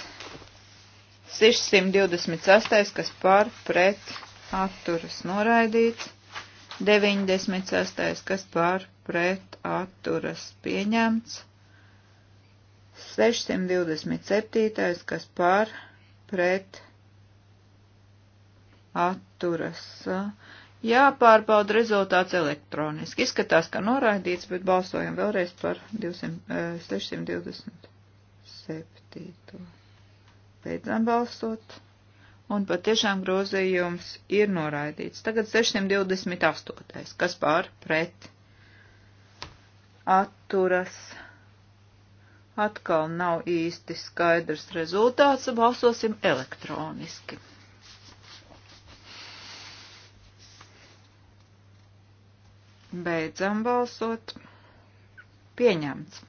628. kas par pret atturas noraidīts, 96. kas par pret atturas pieņemts, 627. kas par pret atturas. Jāpārbauda rezultāts elektroniski. Izskatās, ka noraidīts, bet balsojam vēlreiz par 200, 627. Eh, Beidzam balsot un patiešām grozījums ir noraidīts. Tagad 628. Kas pār pret? Atturas. Atkal nav īsti skaidrs rezultāts, balsosim elektroniski. Beidzam balsot. Pieņemts.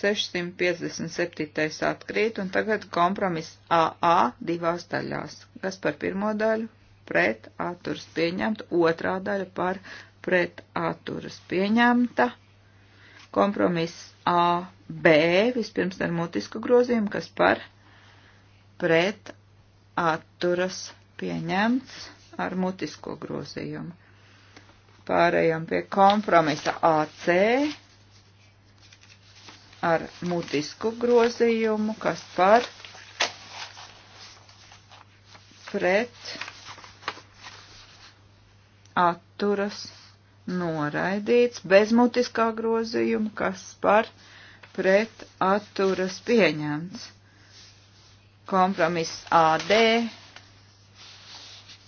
657. atkrīt, un tagad kompromiss AA divās daļās. Kas par pirmo daļu? Pret atturas pieņemta, otrā daļa par pret atturas pieņemta. Kompromiss AB vispirms ar mutisku grozījumu, kas par pret atturas pieņemts ar mutisko grozījumu. Pārējām pie kompromisa AC ar mutisku grozījumu, kas par pret atturas noraidīts, bez mutiskā grozījuma, kas par pret atturas pieņemts. Kompromiss AD,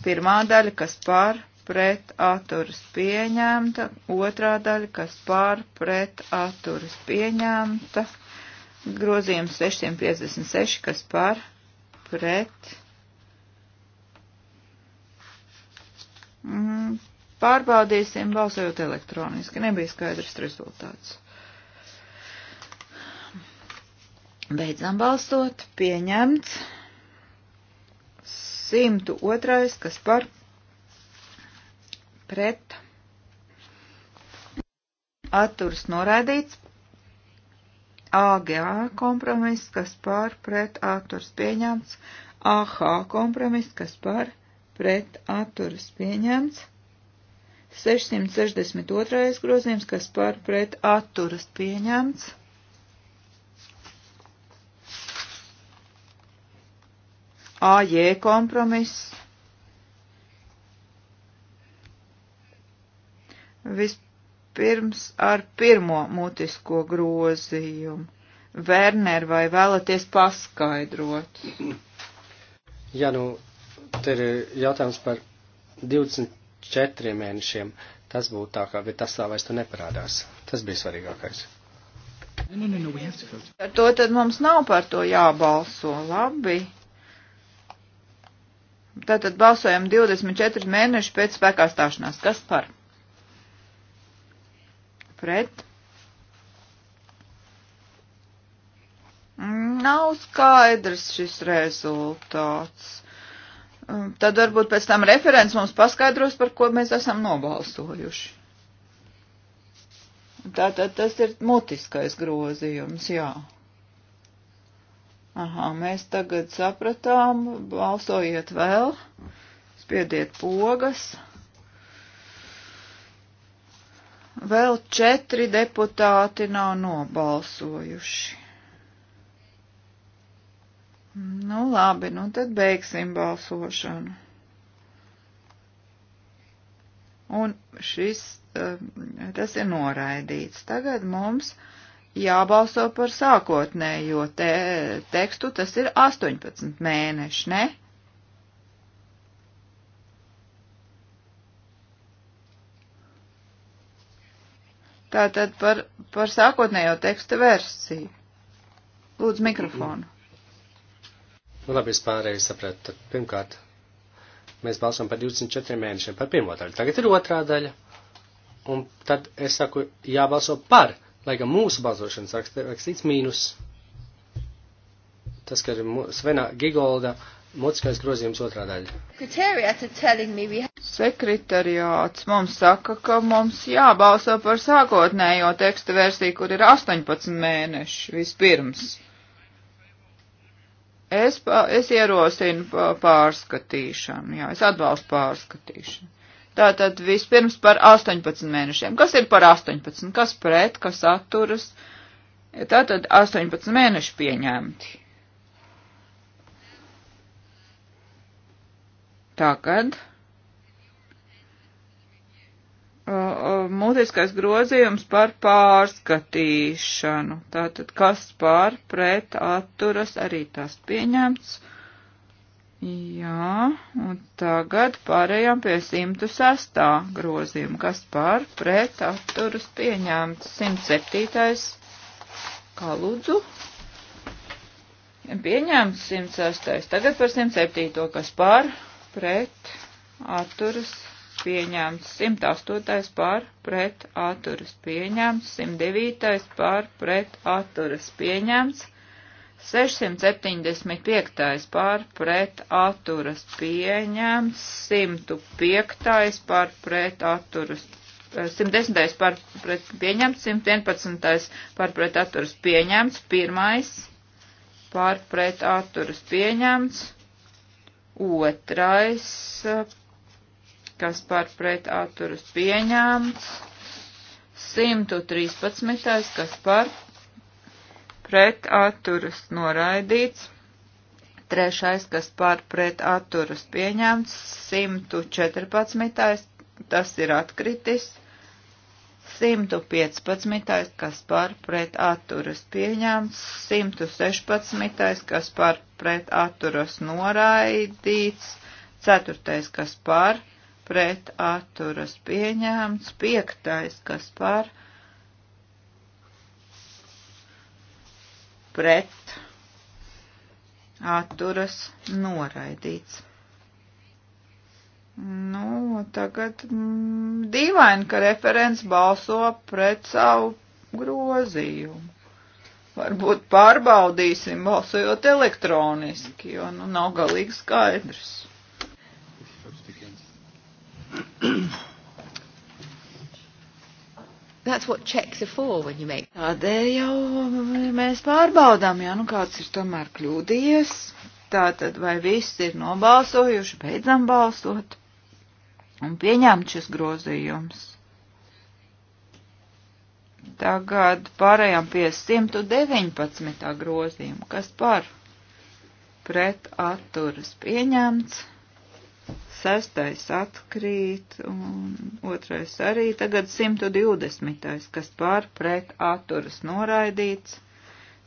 pirmā daļa, kas par pret pret atturas pieņemta, otrā daļa, kas pār pret atturas pieņemta, grozījums 656, kas pār pret. Mm, pārbaudīsim, balsojot elektroniski. Nebija skaidrs rezultāts. Beidzam balsot. Pieņemts. 102. kas par pret atturas noraidīts. AGA kompromiss, kas par pret atturas pieņemts. AH kompromiss, kas par pret atturas pieņemts. 662. grozījums, kas par pret atturas pieņemts. AJ kompromiss Vispirms ar pirmo mutisko grozījumu. Werner, vai vēlaties paskaidrot? Jā, nu, te ir jautājums par 24 mēnešiem. Tas būtu tā kā, bet tas tā vairs tu neparādās. Tas bija svarīgākais. No, no, no, to... Ar to tad mums nav par to jābalso. Labi. Tātad balsojam 24 mēneši pēc spēkā stāšanās. Kas par? pret. Mm, nav skaidrs šis rezultāts. Mm, tad varbūt pēc tam referents mums paskaidros, par ko mēs esam nobalsojuši. Tātad tas ir mutiskais grozījums, jā. Aha, mēs tagad sapratām, balsojiet vēl, spiediet pogas. Vēl četri deputāti nav nobalsojuši. Nu labi, nu tad beigsim balsošanu. Un šis, eh, tas ir noraidīts. Tagad mums jābalso par sākotnējo te, tekstu, tas ir 18 mēneši, ne? Tātad par, par sākotnējo teksta versiju. Lūdzu mikrofonu. Nu, labi, es pārēju sapratu. Pirmkārt, mēs balsam par 24 mēnešiem, par pirmo daļu. Tagad ir otrā daļa. Un tad es saku, jābalso par, lai gan mūsu balsošanas rakstīts mīnus. Tas, ka ir Svena Gigolda mutiskais grozījums otrā daļa. Sekretariāts mums saka, ka mums jābalso par sākotnējo teksta versiju, kur ir 18 mēneši vispirms. Es, es ierosinu pārskatīšanu, jā, es atbalstu pārskatīšanu. Tātad vispirms par 18 mēnešiem. Kas ir par 18? Kas pret, kas atturas? Tātad 18 mēneši pieņemti. Tagad mutiskais grozījums par pārskatīšanu. Tātad, kas pār pret atturas arī tas pieņemts. Jā, un tagad pārējām pie 106. grozījuma, kas pār pret atturas pieņemts. 107. kā lūdzu? Pieņemts 106. Tagad par 107. kas pār pret atturas pieņemts pieņemts, 108. par pret atturas pieņemts, 109. par pret atturas pieņemts, 675. par pret atturas pieņemts, 105. par pret atturas 110. Eh, par pret pieņemts, 111. par pret atturas pieņemts, 1. par pret atturas pieņemts, 2 kas par pret atturas pieņēmts, 113. kas par pret atturas noraidīts, 3. kas par pret atturas pieņēmts, 114. tas ir atkritis, 115. kas par pret atturas pieņemts, 116. kas par pret atturas noraidīts, 4. kas par pret atturas pieņēmts, piektais, kas par pret atturas noraidīts. Nu, tagad mm, dīvaini, ka referents balso pret savu grozījumu. Varbūt pārbaudīsim balsojot elektroniski, jo nu nav galīgi skaidrs. Make... Tādēļ jau mēs pārbaudām, ja nu kāds ir tomēr kļūdījies. Tātad vai viss ir nobalsojuši, beidzam balsot un pieņemt šis grozījums. Tagad pārējām pie 119. grozījuma, kas par pret atturas pieņemts. Sestais atkrīt un otrais arī. Tagad 120. kas pār pret atturas noraidīts.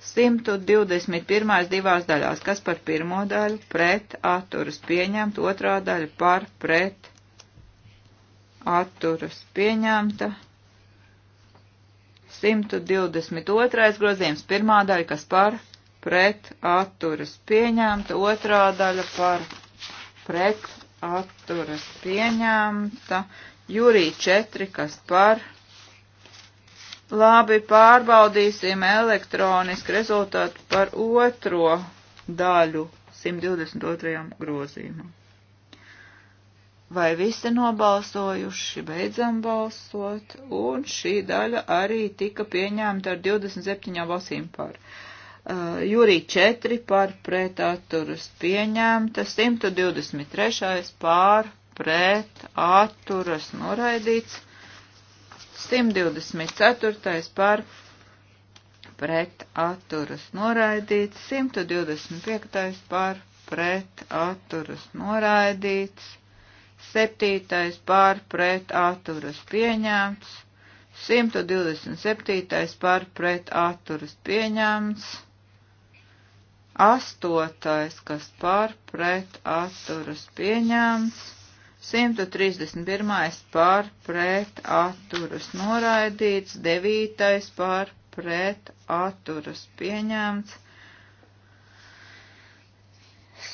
121. divās daļās, kas par pirmo daļu pret atturas pieņemt, otrā daļa par pret atturas pieņemta. 122. grozījums pirmā daļa, kas par pret atturas pieņemta, otrā daļa par pret atturas pieņemta, jūrī 4, kas par. Labi, pārbaudīsim elektroniski rezultātu par otro daļu 122. grozīmu. Vai visi nobalsojuši, beidzam balsot, un šī daļa arī tika pieņemta ar 27 balsīm par. Uh, Eh, Jūrī 4 par pret atturas pieņemta, 123 par pret atturas noraidīts, 124 par pret atturas noraidīts, 125 par pret atturas noraidīts, 7. pār pret atturas pieņemts, 127. pār pret atturas pieņemts, Astotais, kas par pret atturas pieņēmts. 131. par pret atturas noraidīts. 9. par pret atturas pieņēmts.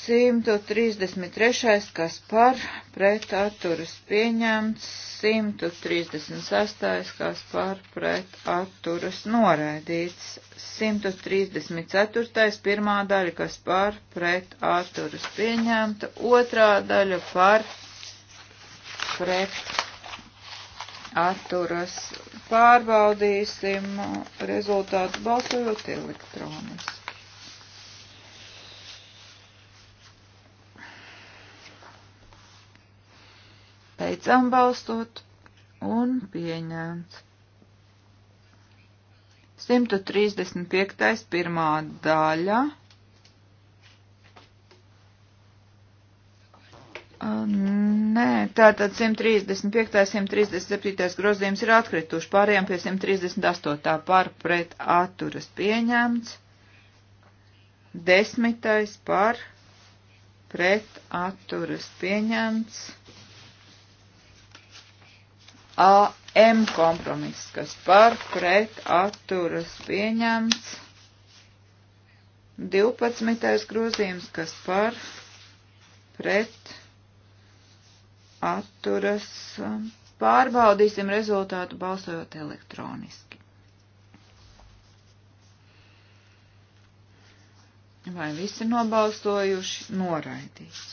133. kas par pret atturas pieņemts, 136. kas par pret atturas noraidīts, 134. pirmā daļa, kas par pret atturas pieņemta, otrā daļa par pret atturas pārbaudīsim rezultātu balsojot elektroniski. Beidzam balstot un pieņemts. 135. pirmā daļa. Nē, tātad 135. 137. grozījums ir atkrituši, pārējām pie 138. par pret atturas pieņemts, desmitais par pret atturas pieņemts. AM kompromiss, kas par pret atturas pieņemts. 12. grozījums, kas par pret atturas pārbaudīsim rezultātu balsojot elektroniski. Vai visi nobalsojuši noraidīts?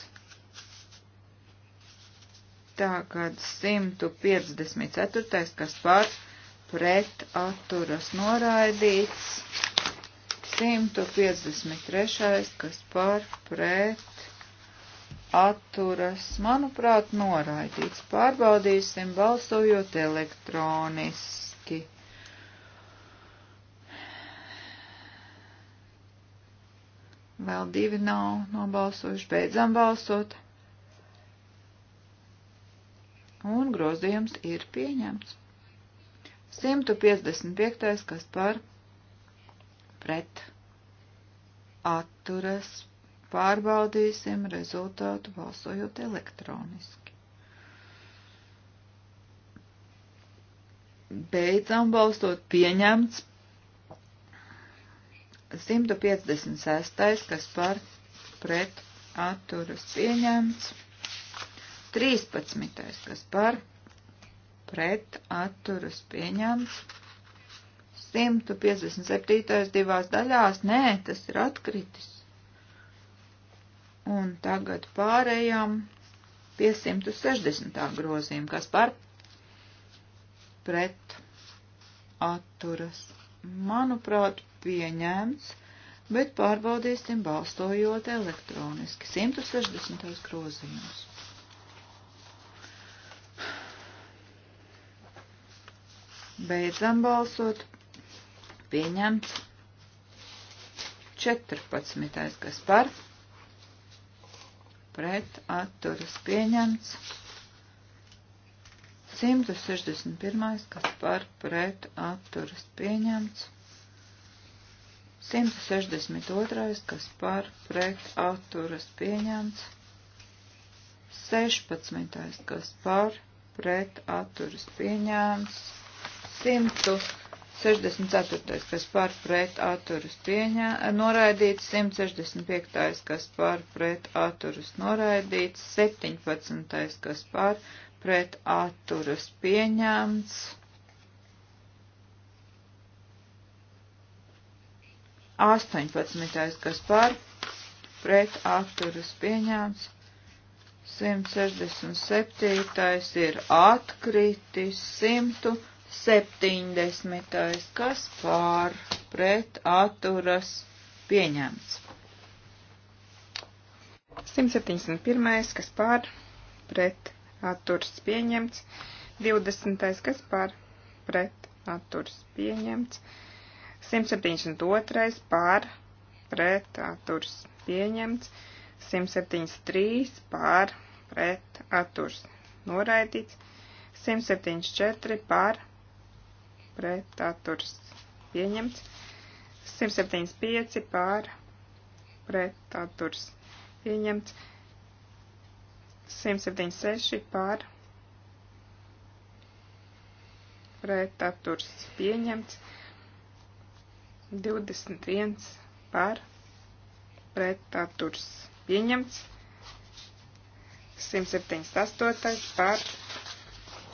Tagad 154. kas par pret atturas noraidīts. 153. kas par pret atturas, manuprāt, noraidīts. Pārbaudīsim balsojot elektroniski. Vēl divi nav nobalsojuši. Beidzam balsot. Un grozījums ir pieņemts. 155. kas par pret atturas pārbaudīsim rezultātu balsojot elektroniski. Beidzam balstot pieņemts 156. kas par pret atturas pieņemts. 13. kas par pret atturas pieņemts. 157. divās daļās, nē, tas ir atkritis. Un tagad pārējām pie 160. grozījuma, kas par pret atturas. Manuprāt, pieņemts, bet pārbaudīsim balstojot elektroniski. 160. grozījums. Beidzam balsot. Pieņemts. 14. kas par. Pret atturas pieņemts. 161. kas par pret atturas pieņemts. 162. kas par pret atturas pieņemts. 16. kas par pret atturas pieņemts. 164. kas par pret atturus pieņā, noraidīts, 165. kas par pret atturus noraidīts, 17. kas par pret atturus pieņēmts. 18. kas par pret atturus pieņēmts, 167. ir atkritis, 100. 70. kas pār pret atturas pieņemts. 171. kas pār pret atturas pieņemts. 20. kas pār pret atturas pieņemts. 172. pār pret atturas pieņemts. 173. pār pret atturas noraidīts. 174 pār pret atturs pieņemts. 175 pār pret atturs pieņemts. 176 pār pret atturs pieņemts. 21 pār pret atturs pieņemts. 178 pār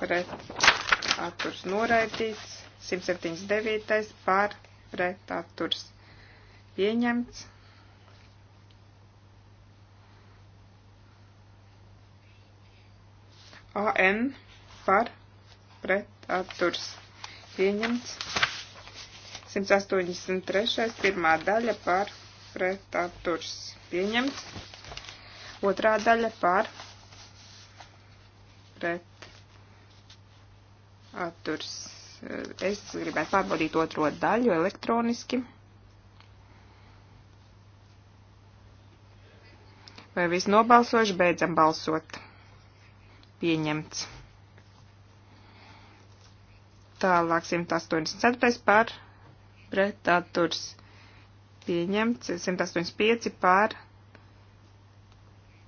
pret atturs noraidīts. 179. par pret atturs pieņemts. AN par pret atturs pieņemts. 183. pirmā daļa par pret atturs pieņemts. Otrā daļa par pret atturs pieņemts Es gribētu pārbaudīt otro daļu elektroniski. Vai viss nobalsoši, beidzam balsot. Pieņemts. Tālāk 184 par pret atturs. Pieņemts 185 par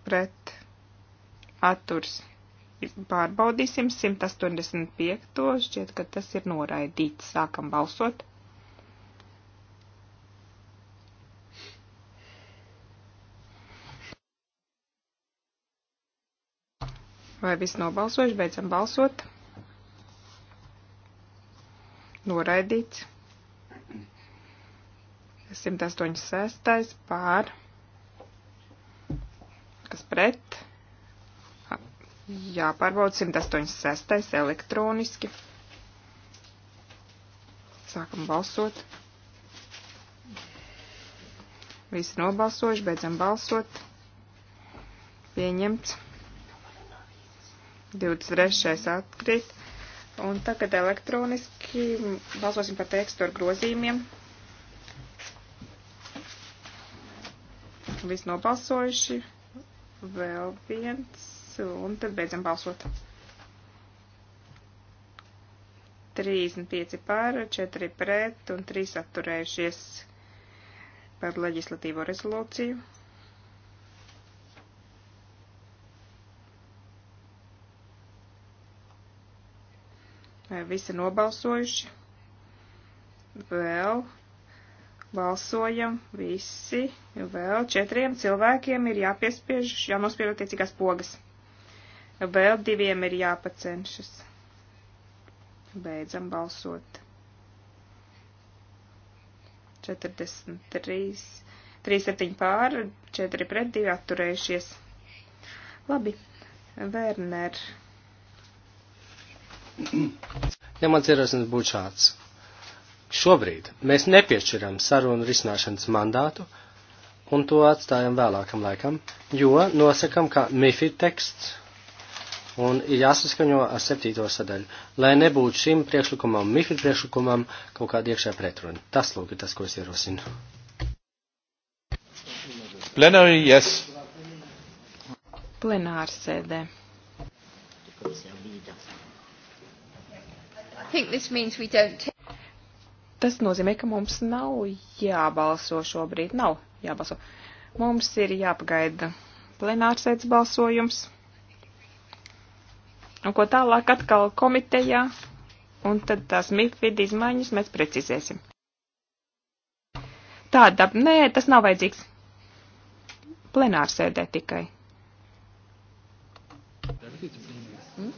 pret atturs. Pārbaudīsim 185. Šķiet, ka tas ir noraidīts. Sākam balsot. Vai viss nobalsojuši? Beidzam balsot. Noraidīts. 186. pār. Kas pret? Jāpārbauda 186. elektroniski. Sākam balsot. Visi nobalsojuši, beidzam balsot. Pieņemts. 23. atkrīt. Un tagad elektroniski balsosim par tekstu ar grozījumiem. Viss nobalsojuši. Vēl viens un tad beidzam balsot. 35 pār, 4 pret un 3 atturējušies par leģislatīvo rezolūciju. Visi nobalsojuši. Vēl balsojam visi, vēl četriem cilvēkiem ir jāpiespiež, jānospiež attiecīgās pogas. Vēl diviem ir jāpacenšas. Beidzam balsot. 43, 37 pār, 4 pret 2 atturējušies. Labi, Werner. Ja mans ierosinājums būtu šāds. Šobrīd mēs nepiešķiram sarunu risināšanas mandātu un to atstājam vēlākam laikam, jo nosakam, ka MIFI teksts un ir jāsaskaņo ar septīto sadaļu, lai nebūtu šim priekšlikumam, MIFID priekšlikumam kaut kāda iekšē pretruna. Tas, lūk, ir tas, ko es ierosinu. Plenary, yes. Plenāra sēdē. Tas nozīmē, ka mums nav jābalso šobrīd. Nav jābalso. Mums ir jāpagaida plenārsēdes balsojums. Un ko tālāk atkal komitejā, un tad tās MIFID izmaiņas mēs precizēsim. Tāda, nē, tas nav vajadzīgs. Plenārsēdē tikai. Hmm?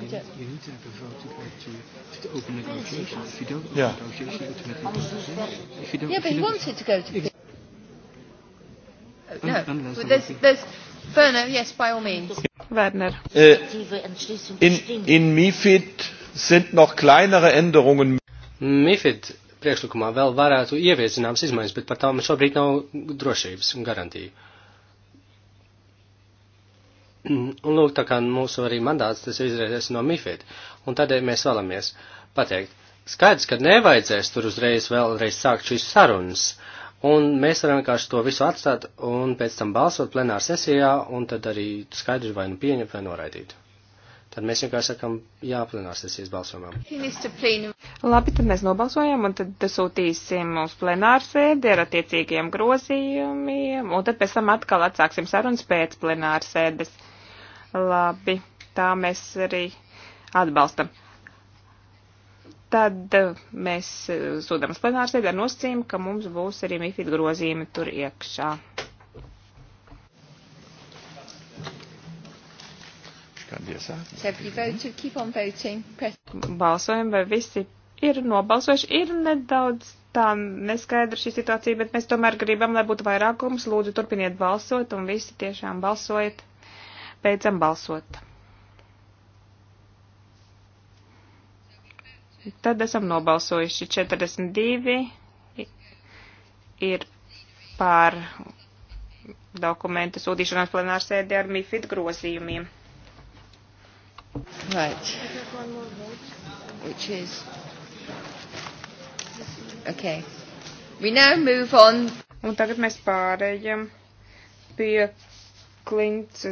You need to have a vote to, to, to open negotiations. If you don't open yeah. negotiations, you automatically go to Yeah, but he wanted to go to. Exactly. No, there's, there's, Ferner, yes, by all means. Werner. Äh, in, in MIFID sind noch kleinere Änderungen. MIFID priekšlikumā vēl varētu ieviest zināmas izmaiņas, bet par tām šobrīd nav drošības un garantiju. Mm, un lūk, tā kā mūsu arī mandāts tas izraizies no MIFID, un tādēļ mēs vēlamies pateikt, skaidrs, ka nevajadzēs tur uzreiz vēlreiz sākt šīs sarunas, Un mēs varam vienkārši to visu atstāt un pēc tam balsot plenāra sesijā un tad arī skaidri vai nu pieņemt vai noraidīt. Tad mēs vienkārši sakam jā plenāra sesijas balsojumam. Labi, tad mēs nobalsojam un tad sūtīsim uz plenāru sēdi ar attiecīgiem grozījumiem un tad pēc tam atkal atsāksim sarunas pēc plenāra sēdes. Labi, tā mēs arī atbalstam tad eh, mēs eh, sūdam uz plenāru sēdē ar nosacījumu, ka mums būs arī MIFID grozījumi tur iekšā. Balsojumi, vai visi ir nobalsojuši, ir nedaudz tā neskaidra šī situācija, bet mēs tomēr gribam, lai būtu vairākums. Lūdzu, turpiniet balsot, un visi tiešām balsojiet. Beidzam balsot. Tad esam nobalsojuši 42 ir pār dokumentu sūtīšanās plenārsēdē ar MIFID grozījumiem. Right. Which is okay. We now move on. Un tagad mēs pārējam pie Klints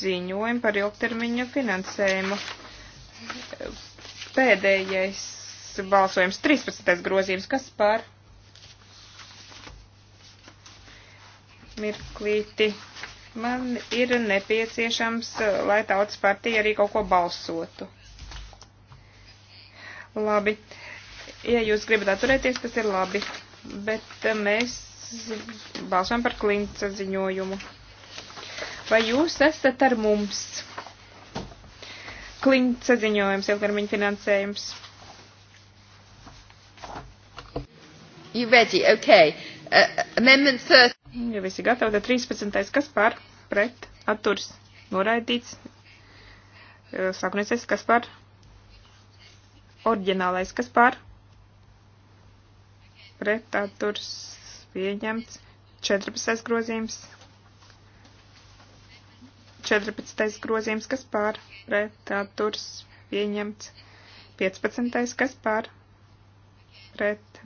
ziņojuma par ilgtermiņa finansējumu pēdējais balsojums, 13. grozījums, kas par mirklīti. Man ir nepieciešams, lai tautas partija arī kaut ko balsotu. Labi. Ja jūs gribat atturēties, tas ir labi. Bet eh, mēs balsojam par klinca ziņojumu. Vai jūs esat ar mums? Klinta saziņojums, ilgtermiņa finansējums. You ready? Okay. Uh, amendment 30. Ja visi gatavi, tad 13. kas par, pret, atturs, noraidīts. Uh, Sākunies, kas par, oriģinālais, kas par, pret, atturs, pieņemts. 14. grozījums 14. grozījums, kas pār pret atturs pieņemts. 15. kas pār pret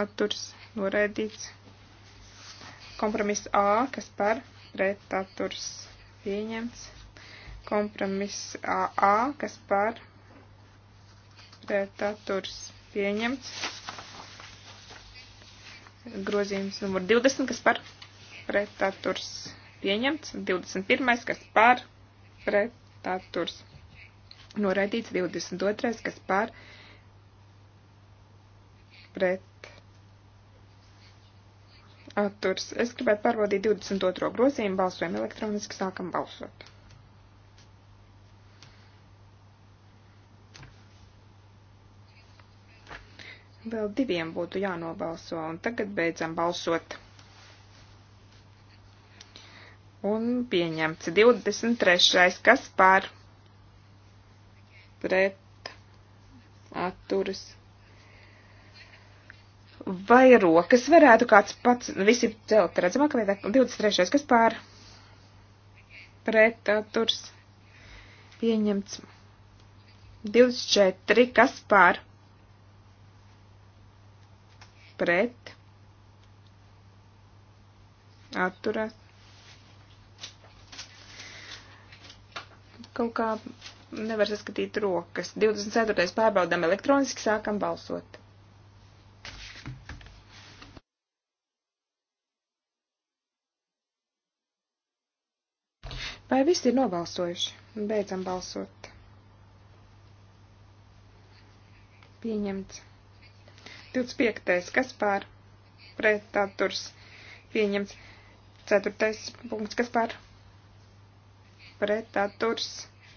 atturs noraidīts. Kompromiss A, kas par pret atturs pieņemts. Kompromiss AA, kas par pret atturs pieņemts. Grozījums numur 20, kas par pret atturs pieņemts pieņemts, 21. kas par pret atturs noraidīts, 22. kas par pret atturs. Es gribētu pārbaudīt 22. grozījumu, balsojam elektroniski, sākam balsot. Vēl diviem būtu jānobalso, un tagad beidzam balsot un pieņemts. 23. kas par pret atturas. Vai rokas varētu kāds pats visi celt redzamāk vietā? 23. kas pār pret atturs pieņemts. 24. kas pār pret atturās kaut kā nevar saskatīt rokas. 24. pārbaudām elektroniski, sākam balsot. Vai visi ir nobalsojuši? Beidzam balsot. Pieņemts. 25. Kas pār? Pretaturs. Pieņemts. 4. punkts. Kas pār? pret atturs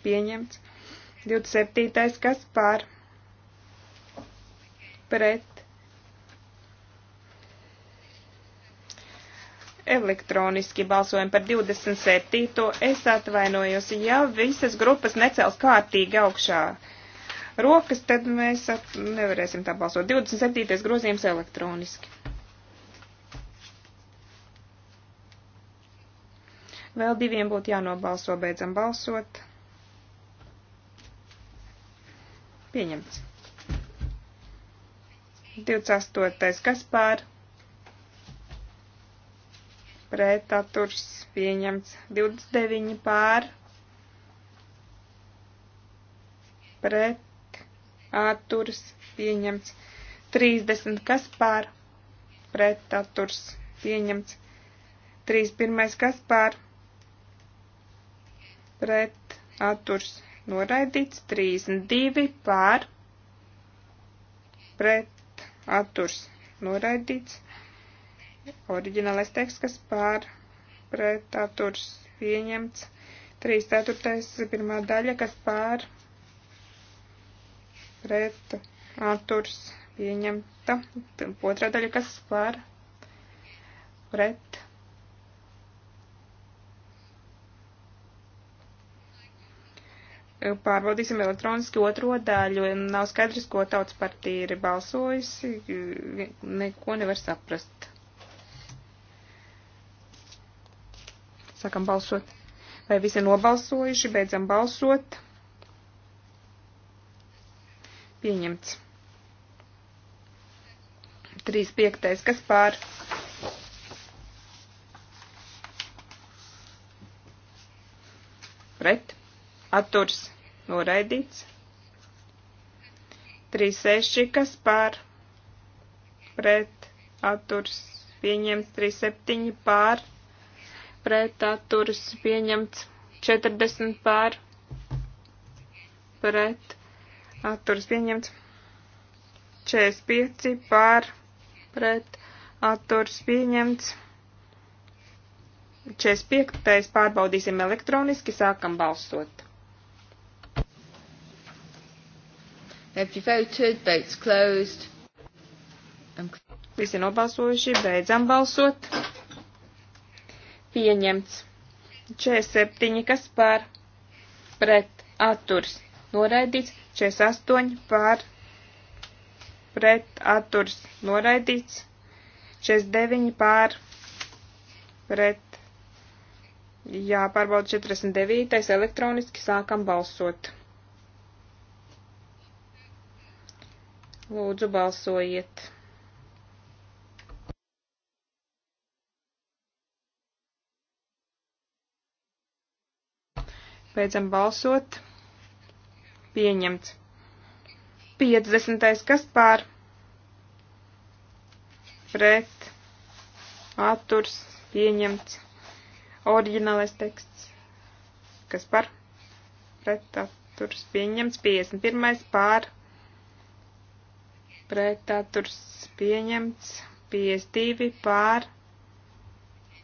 pieņemts. 27. kas par pret elektroniski balsojam par 27. Es atvainojos, ja visas grupas necels kārtīgi augšā rokas, tad mēs nevarēsim tā balsot. 27. grozījums elektroniski. Vēl diviem būtu jānobalso, beidzam balsot. Pieņemts. 28. kas pār? Pretaturs pieņemts. 29 pār. Pret atturs pieņemts. 30 kas pār? Pretaturs pieņemts. 31 kas pār? pret atturs noraidīts, 32 pār pret atturs noraidīts, oriģinālais teksts, kas pār pret atturs pieņemts, 3 ceturtais pirmā daļa, kas pār pret atturs pieņemta, otrā daļa, kas pār pret Pārbaudīsim elektroniski otro daļu. Nav skaidrs, ko tautas partija ir balsojusi. Neko nevar saprast. Sākam balsot. Vai visi nobalsojuši? Beidzam balsot. Pieņemts. 3.5. Kas pār? Pret atturs noraidīts. 36, kas pār pret atturs pieņemts, 37 pār pret atturs pieņemts, 40 pār pret atturs pieņemts, 45 pār pret atturs pieņemts. 45. pārbaudīsim elektroniski, sākam balsot. Have you voted? Votes closed. I'm... Visi nobalsojuši, beidzam balsot. Pieņemts. 47, kas pār pret atturs. Noraidīts. 48 pār pret atturs. Noraidīts. 49 pār pret. Jāpārbauda 49. elektroniski sākam balsot. Lūdzu, balsojiet! Beidzam balsot. Pieņemts. 50. kas pār? Pret. Atturs. Pieņemts. Oriģinālais teksts. Kas par? Pret. Atturs. Pieņemts. 51. pār pretaturs pieņemts, 52 pār,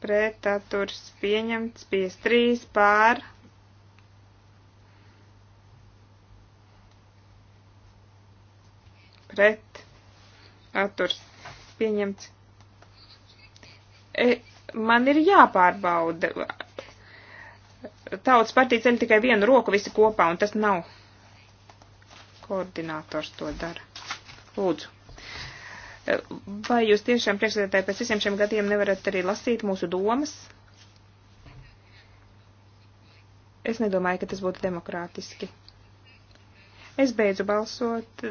pretaturs pieņemts, 53 pār. Pret atturs pieņemts. E, man ir jāpārbauda. Tautas partija ceļ tikai vienu roku visi kopā, un tas nav. Koordinators to dara. Lūdzu. Vai jūs tiešām priekšsēdētāji pēc visiem šiem gadiem nevarat arī lasīt mūsu domas? Es nedomāju, ka tas būtu demokrātiski. Es beidzu balsot.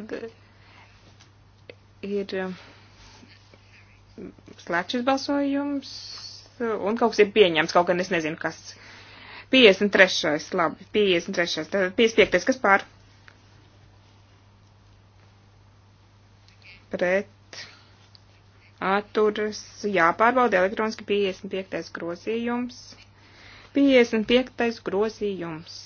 Ir um, slēgts šis balsojums un kaut kas ir pieņemts, kaut gan es nezinu, kas. 53. labi, 53. 55. kas pār? pret atturas jāpārbauda elektroniski 55. grozījums. 55. grozījums.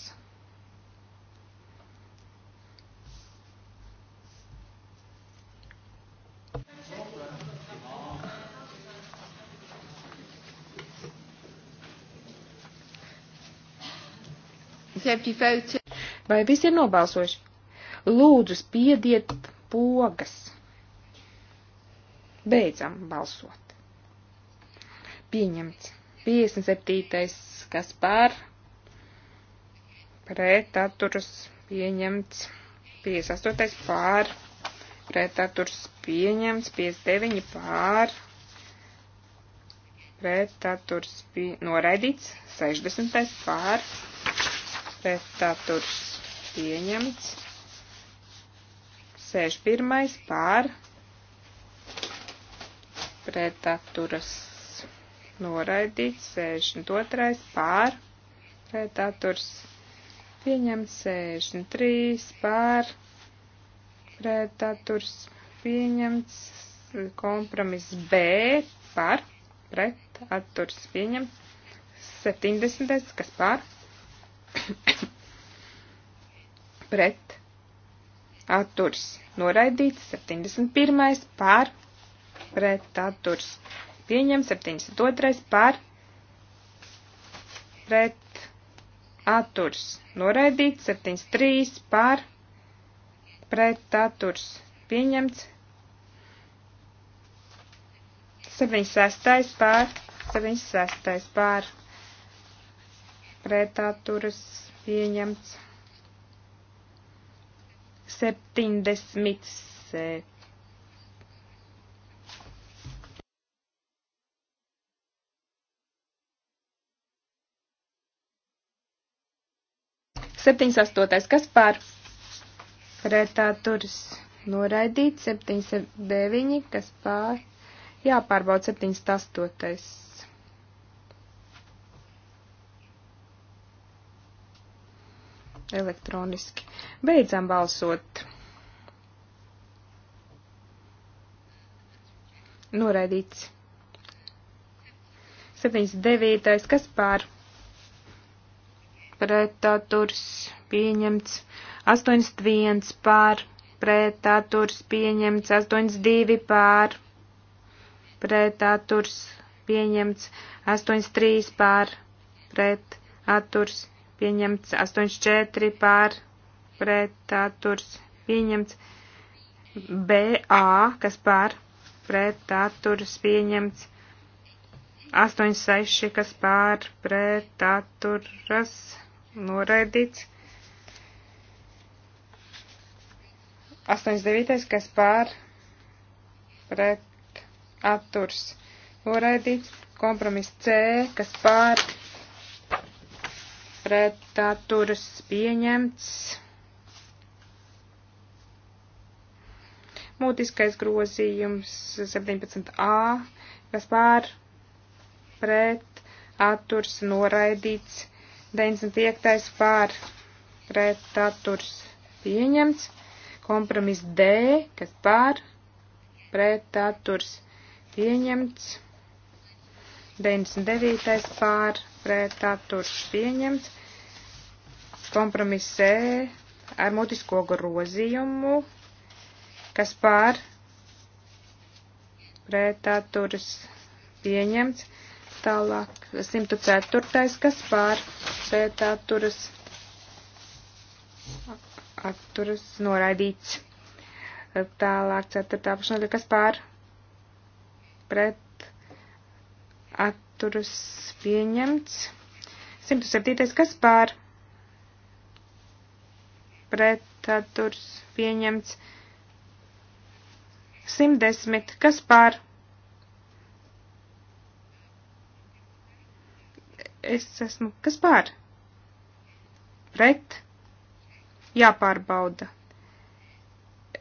Vai visi ir nobalsojuši? Lūdzu, spiediet pogas! Beidzam balsot. Pieņemts. 57. kas par pretaturas pieņemts. 58. pār pretaturas pieņemts. 59. pār pretaturs bija noraidīts, 60. pār, pretaturs pieņemts, 61. pār, pret atturas noraidīts, 62. pār pret atturas pieņemts, 63. pār pret atturas pieņemts, kompromiss B par pret atturas pieņemts, 70. kas pār pret atturs noraidīts 71. pār pret atturs pieņem, 72. par pret atturs noraidīt, 73. par pret atturs pieņemts, 76. par 76. par pret atturas pieņemts 77. 7,8. Kas pār? Pretāturs noraidīt. 7,9. Kas pār? Jāpārbauda 7,8. elektroniski. Beidzam balsot. Noraidīts. 79. Kas pār? pretaturs pieņemts 81 pār, pretaturs pieņemts 82 pār, pretaturs pieņemts 83 pār, pretaturs pieņemts 84 pār, pretaturs pieņemts BA, kas pār, pretaturs pieņemts 8-6, kas pār pret atturas noraidīts. 8-9, kas pār pret atturs noraidīts. Kompromiss C, kas pār pret atturas pieņemts. Mūtiskais grozījums 17a, kas pār pret pret atturs noraidīts, 95. pār pret atturs pieņemts, kompromis D, kas pār pret atturs pieņemts, 99. pār pret atturs pieņemts, kompromis E ar mutisko grozījumu, kas pār pret atturs pieņemts, Tālāk 104. kas pār pret atturas atturas noraidīts. Tālāk 4. apakšnodaļa kas pār pret atturas pieņemts. 107. kas pār pret atturas pieņemts. 110. kas pār es esmu, kas pār? Pret? Jāpārbauda.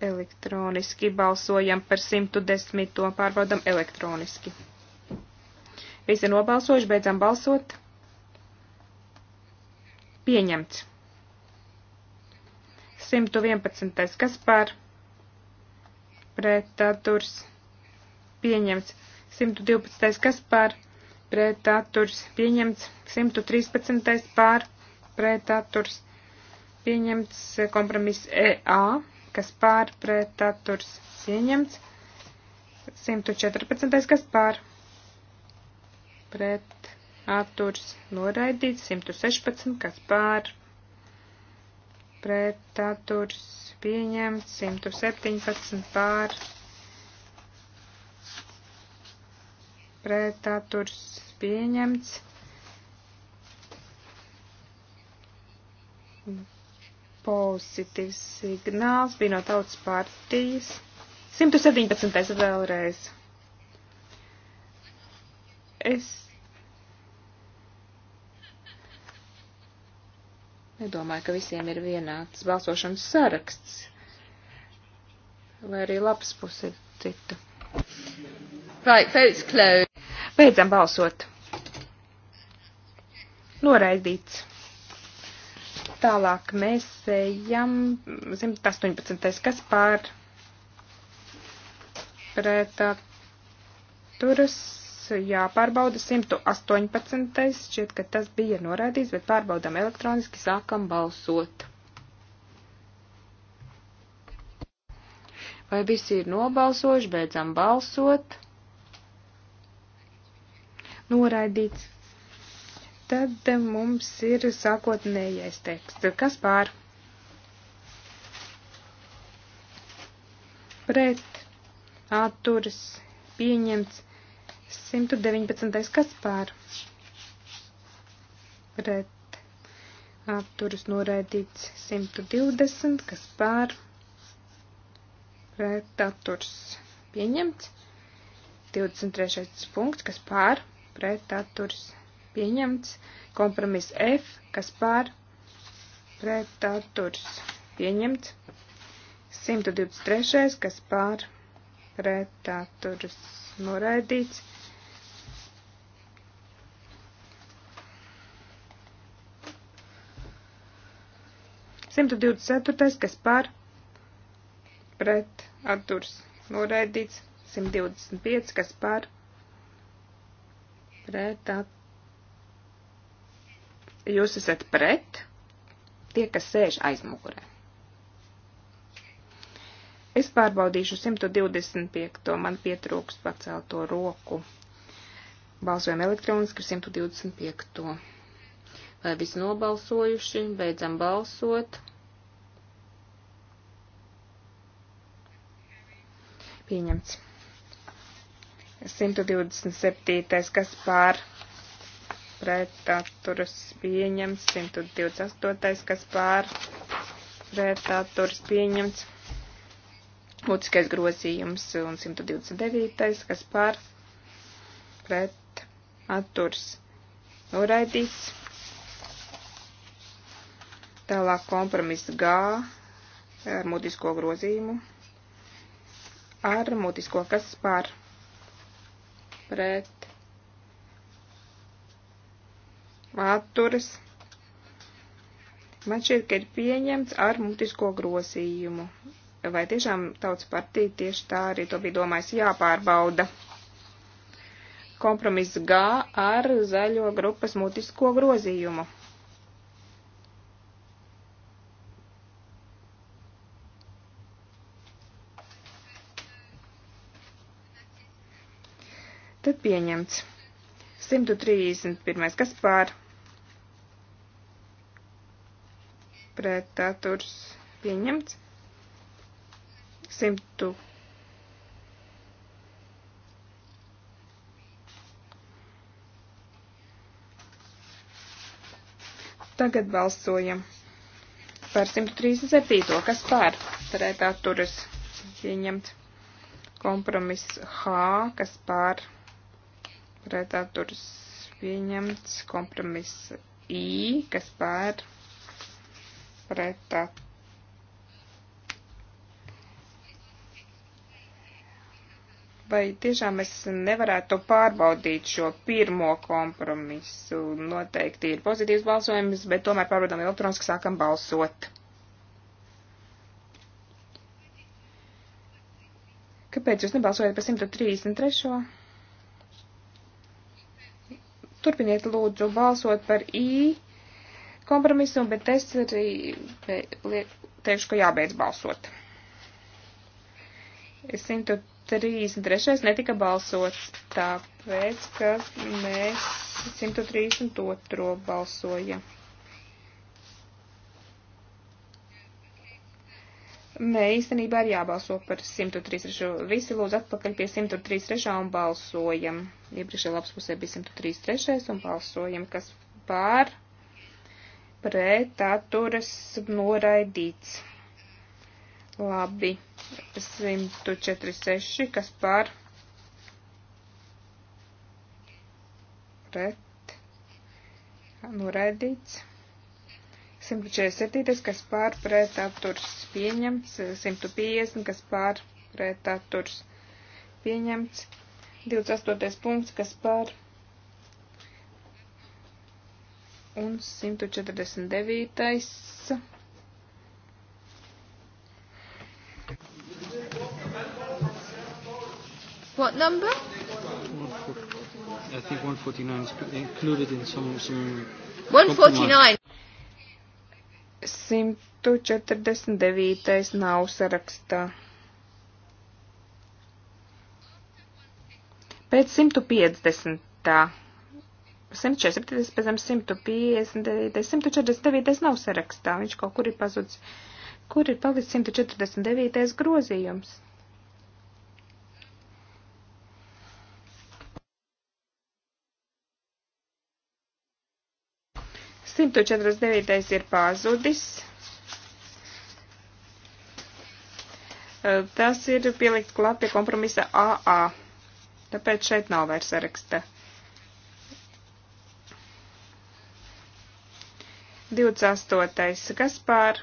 Elektroniski balsojam par 110. pārbaudam elektroniski. Visi nobalsojuši, beidzam balsot. Pieņemts. 111. kas pār? Pret atturs. Pieņemts. 112. kas pār? pret atturs pieņemts 113. pār pret atturs pieņemts kompromiss EA, kas pār pret atturs pieņemts 114. kas pār pret atturs noraidīts 116. kas pār pret atturs pieņemts 117 pār pret pret atturs pieņemts. Pozitīvs signāls bija no tautas partijas. 117. vēlreiz. Es nedomāju, ka visiem ir vienāds balsošanas saraksts. Vai arī lapas puse ir cita. Right, votes closed. Beidzam balsot. Noraidīts. Tālāk mēs ejam 118. kas pār pretaturas jāpārbauda 118. šķiet, ka tas bija noraidīts, bet pārbaudām elektroniski sākam balsot. Vai visi ir nobalsojuši, beidzam balsot? noraidīts. Tad mums ir sākotnējais teksts. Kas pār? Pret, atturas, pieņemts. 119. kas pār? Pret, atturas, noraidīts. 120. kas pār? Pret, atturas, pieņemts. 23. punkts, kas pār? pret atturs pieņemts. Kompromiss F, kas pār pret atturs pieņemts. 123. kas pār pret atturs noraidīts. Simtu divdesmit ceturtais, kas pār pret atturs noraidīts, 125, kas pār pret, at... jūs esat pret tie, kas sēž aiz mugurē. Es pārbaudīšu 125. man pietrūkst pacelto roku. Balsojam elektroniski 125. Vai visi nobalsojuši? Beidzam balsot. Pieņemts. 127. kas pār pretaturas pieņemts, 128. kas pār pretaturas pieņemts, mutiskais grozījums un 129. kas pār pretaturs noraidīts. Tālāk kompromiss G ar mutisko grozījumu, ar mutisko kas pār pretaturas pieņemts pret atturas. Man šķiet, ka ir pieņemts ar mutisko grozījumu. Vai tiešām tautas partija tieši tā arī to bija domājis jāpārbauda? Kompromiss G ar zaļo grupas mutisko grozījumu. Pieņemts. 131. Kas pār? Pretaturs. Pieņemts. 100. Tagad balsojam par 137. Kas pār? Pretaturas. Pieņemts. Kompromiss H. Kas pār? pretaturs pieņemts kompromiss I, kas pār pretat. Vai tiešām es nevarētu pārbaudīt šo pirmo kompromisu? Noteikti ir pozitīvs balsojums, bet tomēr pārbaudām elektroniski sākam balsot. Kāpēc jūs nebalsojat par 133? Turpiniet lūdzu balsot par I kompromisu, bet es arī teikšu, ka jābeidz balsot. 133. netika balsots, tāpēc, ka mēs 132. balsojam. Nē, īstenībā ir jābalso par 133. Visi lūdzu atpakaļ pie 133. un balsojam. Iepriekšējā lapas pusē bija 133. un balsojam, kas pār pret atturas noraidīts. Labi. 146, kas pār pret noraidīts. 147, kas pār pret atturs pieņemts, 150, kas pār pret atturs pieņemts, 28. punkts, kas pār un 149. What number? I think 149 is included in some. some 149. Compromise. 149. nav sarakstā. Pēc 150. 140, pēc tam 159, 149 nav sarakstā, viņš kaut kur ir pazudis. Kur ir palicis 149. grozījums? 149. ir pazudis. Tas ir pielikts klāt pie kompromisa AA. Tāpēc šeit nav vairs saraksta. 28. Kas pār?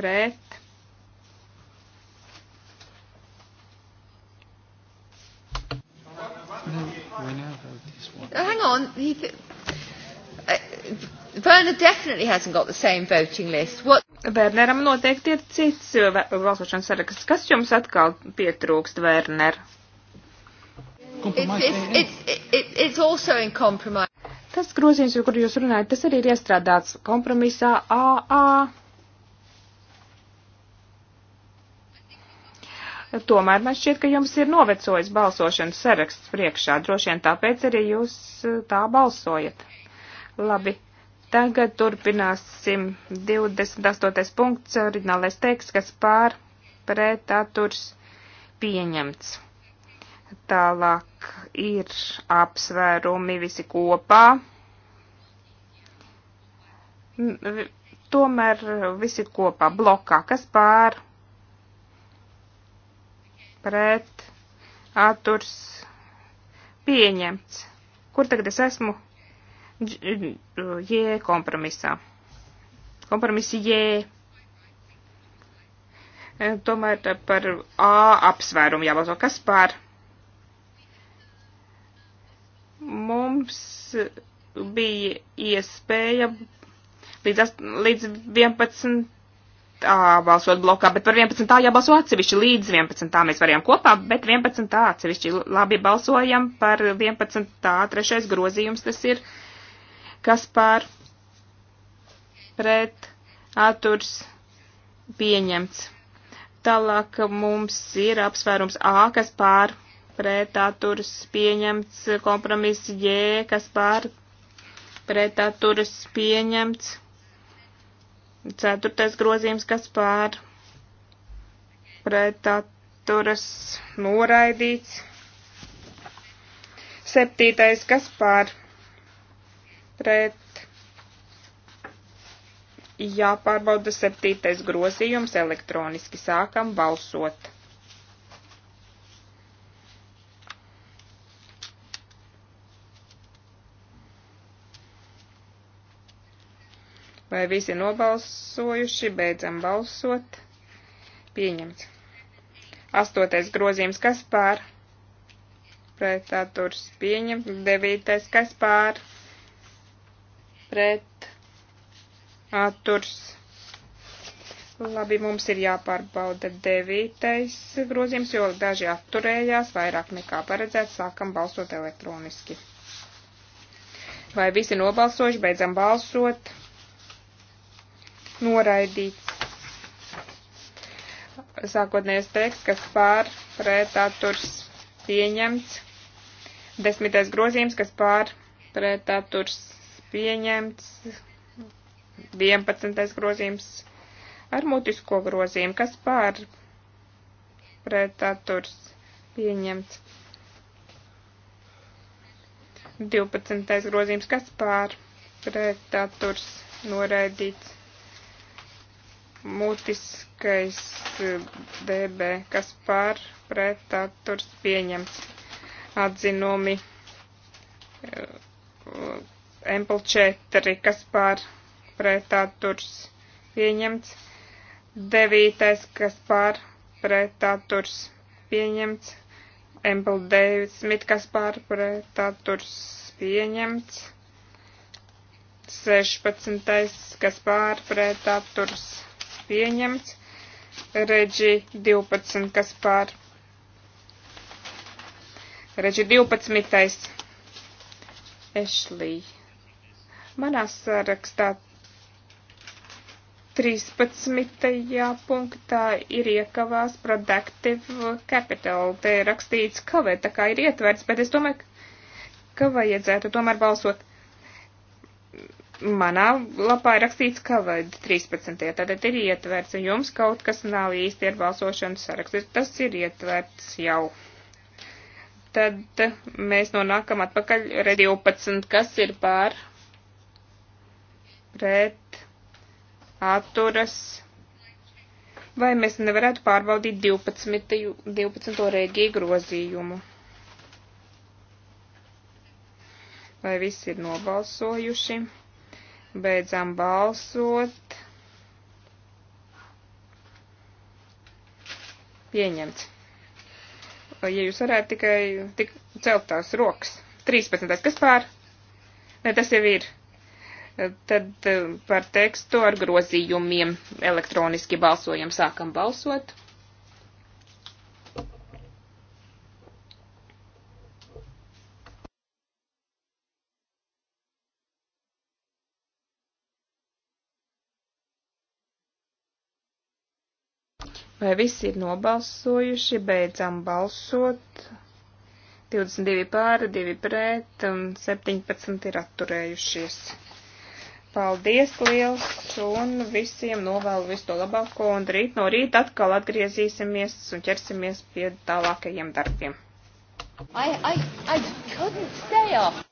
Pret We now vote this one. Oh, hang on. He, uh, Werner definitely hasn't got the same voting list. What? Werneram noteikti ir cits balsošanas saraksts. Kas jums atkal pietrūkst, Werner? It's, it's, it's, it's also in compromise. Tas grozījums, par kuru jūs runājat, tas arī ir iestrādāts kompromisā AA. Tomēr man šķiet, ka jums ir novecojis balsošanas saraksts priekšā, droši vien tāpēc arī jūs eh, tā balsojat. Labi, tagad turpināsim 28. punkts, originālais teiks, kas pār pret atturs pieņemts. Tālāk ir apsvērumi visi kopā. Tomēr visi kopā blokā, kas pār pret atturs pieņemts. Kur tagad es esmu? J kompromisā. Kompromisi J. E, tomēr par A apsvērumu jābalso. Kas par? Mums bija iespēja līdz, 8, līdz 11 balsot blokā, bet par 11. jābalso atsevišķi. Līdz 11. mēs varējām kopā, bet 11. atsevišķi. Labi, balsojam par 11. trešais grozījums tas ir, kas par pret atturs pieņemts. Tālāk mums ir apsvērums A, kas pār pret atturs pieņemts, kompromiss J, kas pār pret atturs pieņemts Ceturtais grozījums, kas pār pretaturas noraidīts. Septītais, kas pār pret jāpārbauda septītais grozījums elektroniski sākam balsot. Vai visi nobalsojuši? Beidzam balsot. Pieņemts. Astotais grozījums, kas pār? Pret atturs pieņemts. Devītais, kas pār? Pret atturs. Labi, mums ir jāpārbauda devītais grozījums, jo daži atturējās vairāk nekā paredzēts. Sākam balsot elektroniski. Vai visi nobalsojuši? Beidzam balsot noraidīts. Sākotnējais teksts, kas pār pret atturs pieņemts. Desmitais grozījums, kas pār pret atturs pieņemts. Vienpadsmitais grozījums ar mutisko grozījumu, kas pār pret atturs pieņemts. 12. grozījums, kas pār pretaturs noraidīts mutiskais DB, eh, kas pār pret atturs pieņemts. Atzinumi eh, Ample 4, kas pār pret atturs pieņemts. 9, kas pār pret atturs pieņemts. Ample 10, kas pār pret atturs pieņemts. 16, kas pār pret atturs pieņemts pieņemts. Reģi 12, kas pār. Reģi 12. Ešlī. Manā sarakstā 13. punktā ir iekavās productive capital. Te ir rakstīts kavē, tā kā ir ietverts, bet es domāju, ka vajadzētu tomēr balsot manā lapā ir rakstīts, ka vajag 13. Tātad ir ietverts, un jums kaut kas nav īsti ar balsošanas sarakstu. Tas ir ietverts jau. Tad mēs nonākam atpakaļ re 12, kas ir pār pret atturas. Vai mēs nevarētu pārbaudīt 12. 12. reģiju grozījumu? Vai visi ir nobalsojuši? Beidzam balsot. Pieņemts. Ja jūs varētu tikai tik celt tās rokas. 13. Kas pār? Ne, tas jau ir. Tad eh, par tekstu ar grozījumiem elektroniski balsojam, sākam balsot. Vai visi ir nobalsojuši? Beidzam balsot. 22 pāri, 2 pret un 17 ir atturējušies. Paldies liels un visiem novēlu visu to labāko un rīt no rīta atkal atgriezīsimies un ķersimies pie tālākajiem darbiem. I, I, I couldn't stay up.